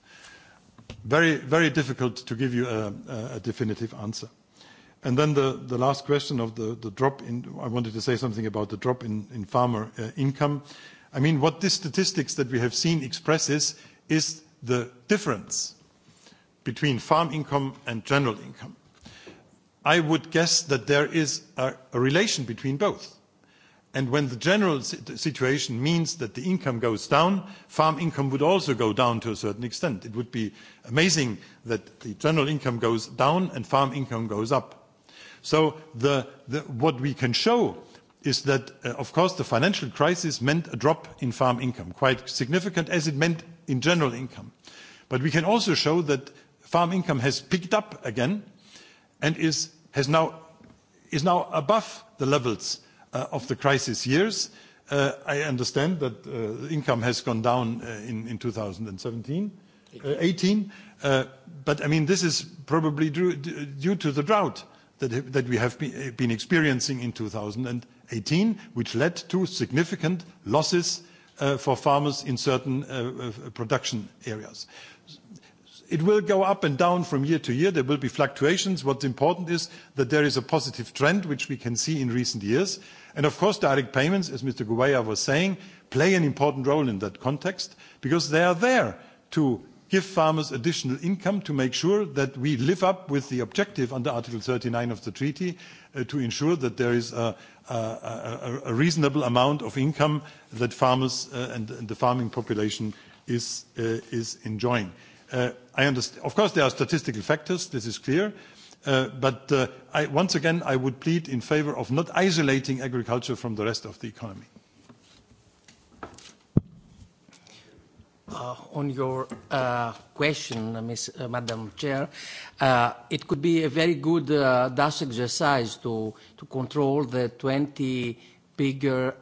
Very, very difficult to give you a definitive answer. And then the last question of the drop in... I wanted to say something about the drop in farmer income. I mean, what the statistics that we have seen expresses is the difference between farm income and general income. I would guess that there is a, a relation between both. And when the general situation means that the income goes down, farm income would also go down to a certain extent. It would be amazing that the general income goes down and farm income goes up. So the, the, what we can show is that, uh, of course, the financial crisis meant a drop in farm income, quite significant as it meant in general income. But we can also show that farm income has picked up again and is now above the levels of the crisis years. I understand that income has gone down in 2017, 2018. But I mean, this is probably due to the drought that we have been experiencing in 2018, which led to significant losses for farmers in certain production areas. It will go up and down from year to year. There will be fluctuations. What's important is that there is a positive trend, which we can see in recent years. And of course, direct payments, as Mr. Gouveia was saying, play an important role in that context because they are there to give farmers additional income to make sure that we live up with the objective under Article 39 of the treaty to ensure that there is a reasonable amount of income that farmers and the farming population is enjoying. Of course, there are statistical factors, this is clear. But once again, I would plead in favor of not isolating agriculture from the rest of the economy. On your question, Ms. Madam Chair, it could be a very good DAS exercise to control the 20 bigger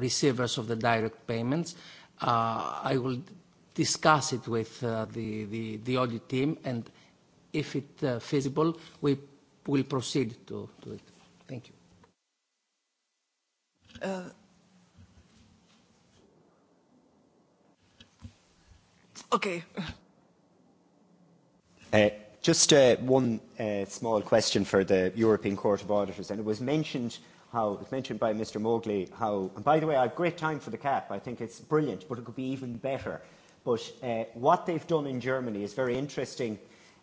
receivers of the direct payments. I will discuss it with uh, the, the, the audit team, and if it's uh, feasible, we will proceed to, to it. Thank you. Uh, okay. Uh, just uh, one uh, small question for the European Court of Auditors, and it was mentioned how it was mentioned by Mr. Mowgli how, and by the way, I have great time for the cap. I think it's brilliant, but it could be even better. But uh, what they've done in Germany is very interesting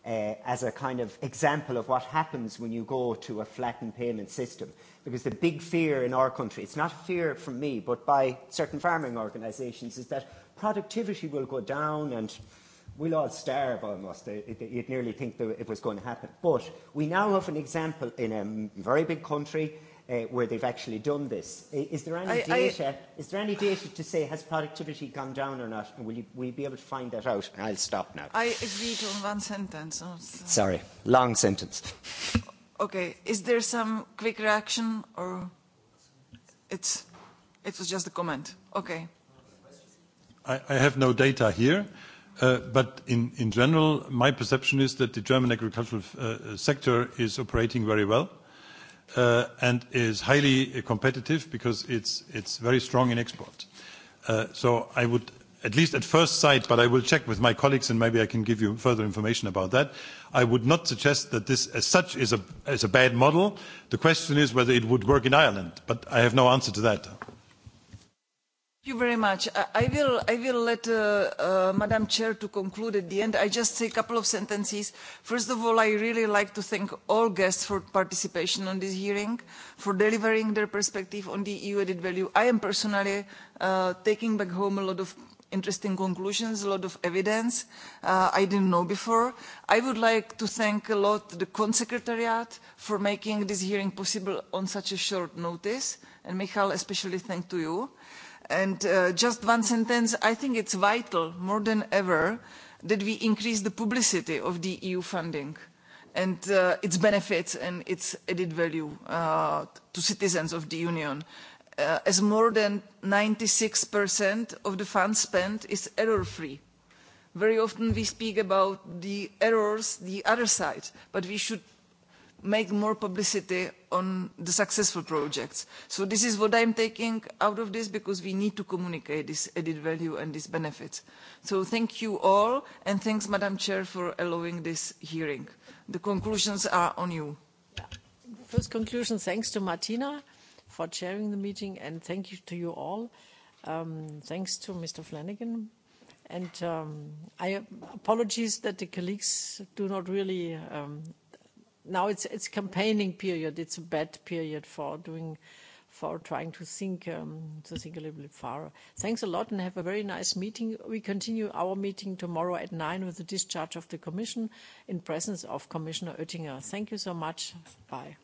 uh, as a kind of example of what happens when you go to a flattened payment system. Because the big fear in our country, it's not a fear from me, but by certain farming organisations, is that productivity will go down and we'll all starve almost. You'd nearly think that it was going to happen. But we now have an example in a very big country uh, where they've actually done this. Is there any I, data? I, is there any data to say has productivity gone down or not? And will you will you be able to find that out? I'll stop now. I agreed on one sentence. Also. Sorry, long sentence. Okay, is there some quick reaction or it's it was just a comment? Okay. I, I have no data here. Uh, but in, in general, my perception is that the German agricultural uh, sector is operating very well and is highly competitive because it's very strong in export. So I would, at least at first sight, but I will check with my colleagues, and maybe I can give you further information about that. I would not suggest that this, as such, is a bad model. The question is whether it would work in Ireland, but I have no answer to that. Thank you very much. I will, I will let uh, uh, Madam Chair to conclude at the end. I just say a couple of sentences. First of all, I really like to thank all guests for participation on this hearing, for delivering their perspective on the EU added value. I am personally uh, taking back home a lot of interesting conclusions, a lot of evidence uh, I didn't know before. I would like to thank a lot the consecretariat for making this hearing possible on such a short notice. And Michal, especially thank to you And just one sentence, I think it's vital, more than ever, that we increase the publicity of the EU funding and its benefits and its added value to citizens of the Union. as more than ninety 96% of the funds spent is error-free. Very often we speak about the errors, the other side, but we should make more publicity on the successful projects. So this is what I'm taking out of this because we need to communicate this added value and these benefits. So thank you all and thanks Madam Chair for allowing this hearing. The conclusions are on you. First conclusion, thanks to Martina for chairing the meeting and thank you to you all. Um, thanks to Mr. Flanagan. And um, I apologize that the colleagues do not really um, now it's it's campaigning period. It's a bad period for doing for trying to think um, to think a little bit far. Thanks a lot and have a very nice meeting. We continue our meeting tomorrow at nine with the discharge of the Commission in presence of Commissioner Oettinger. Thank you so much. Bye.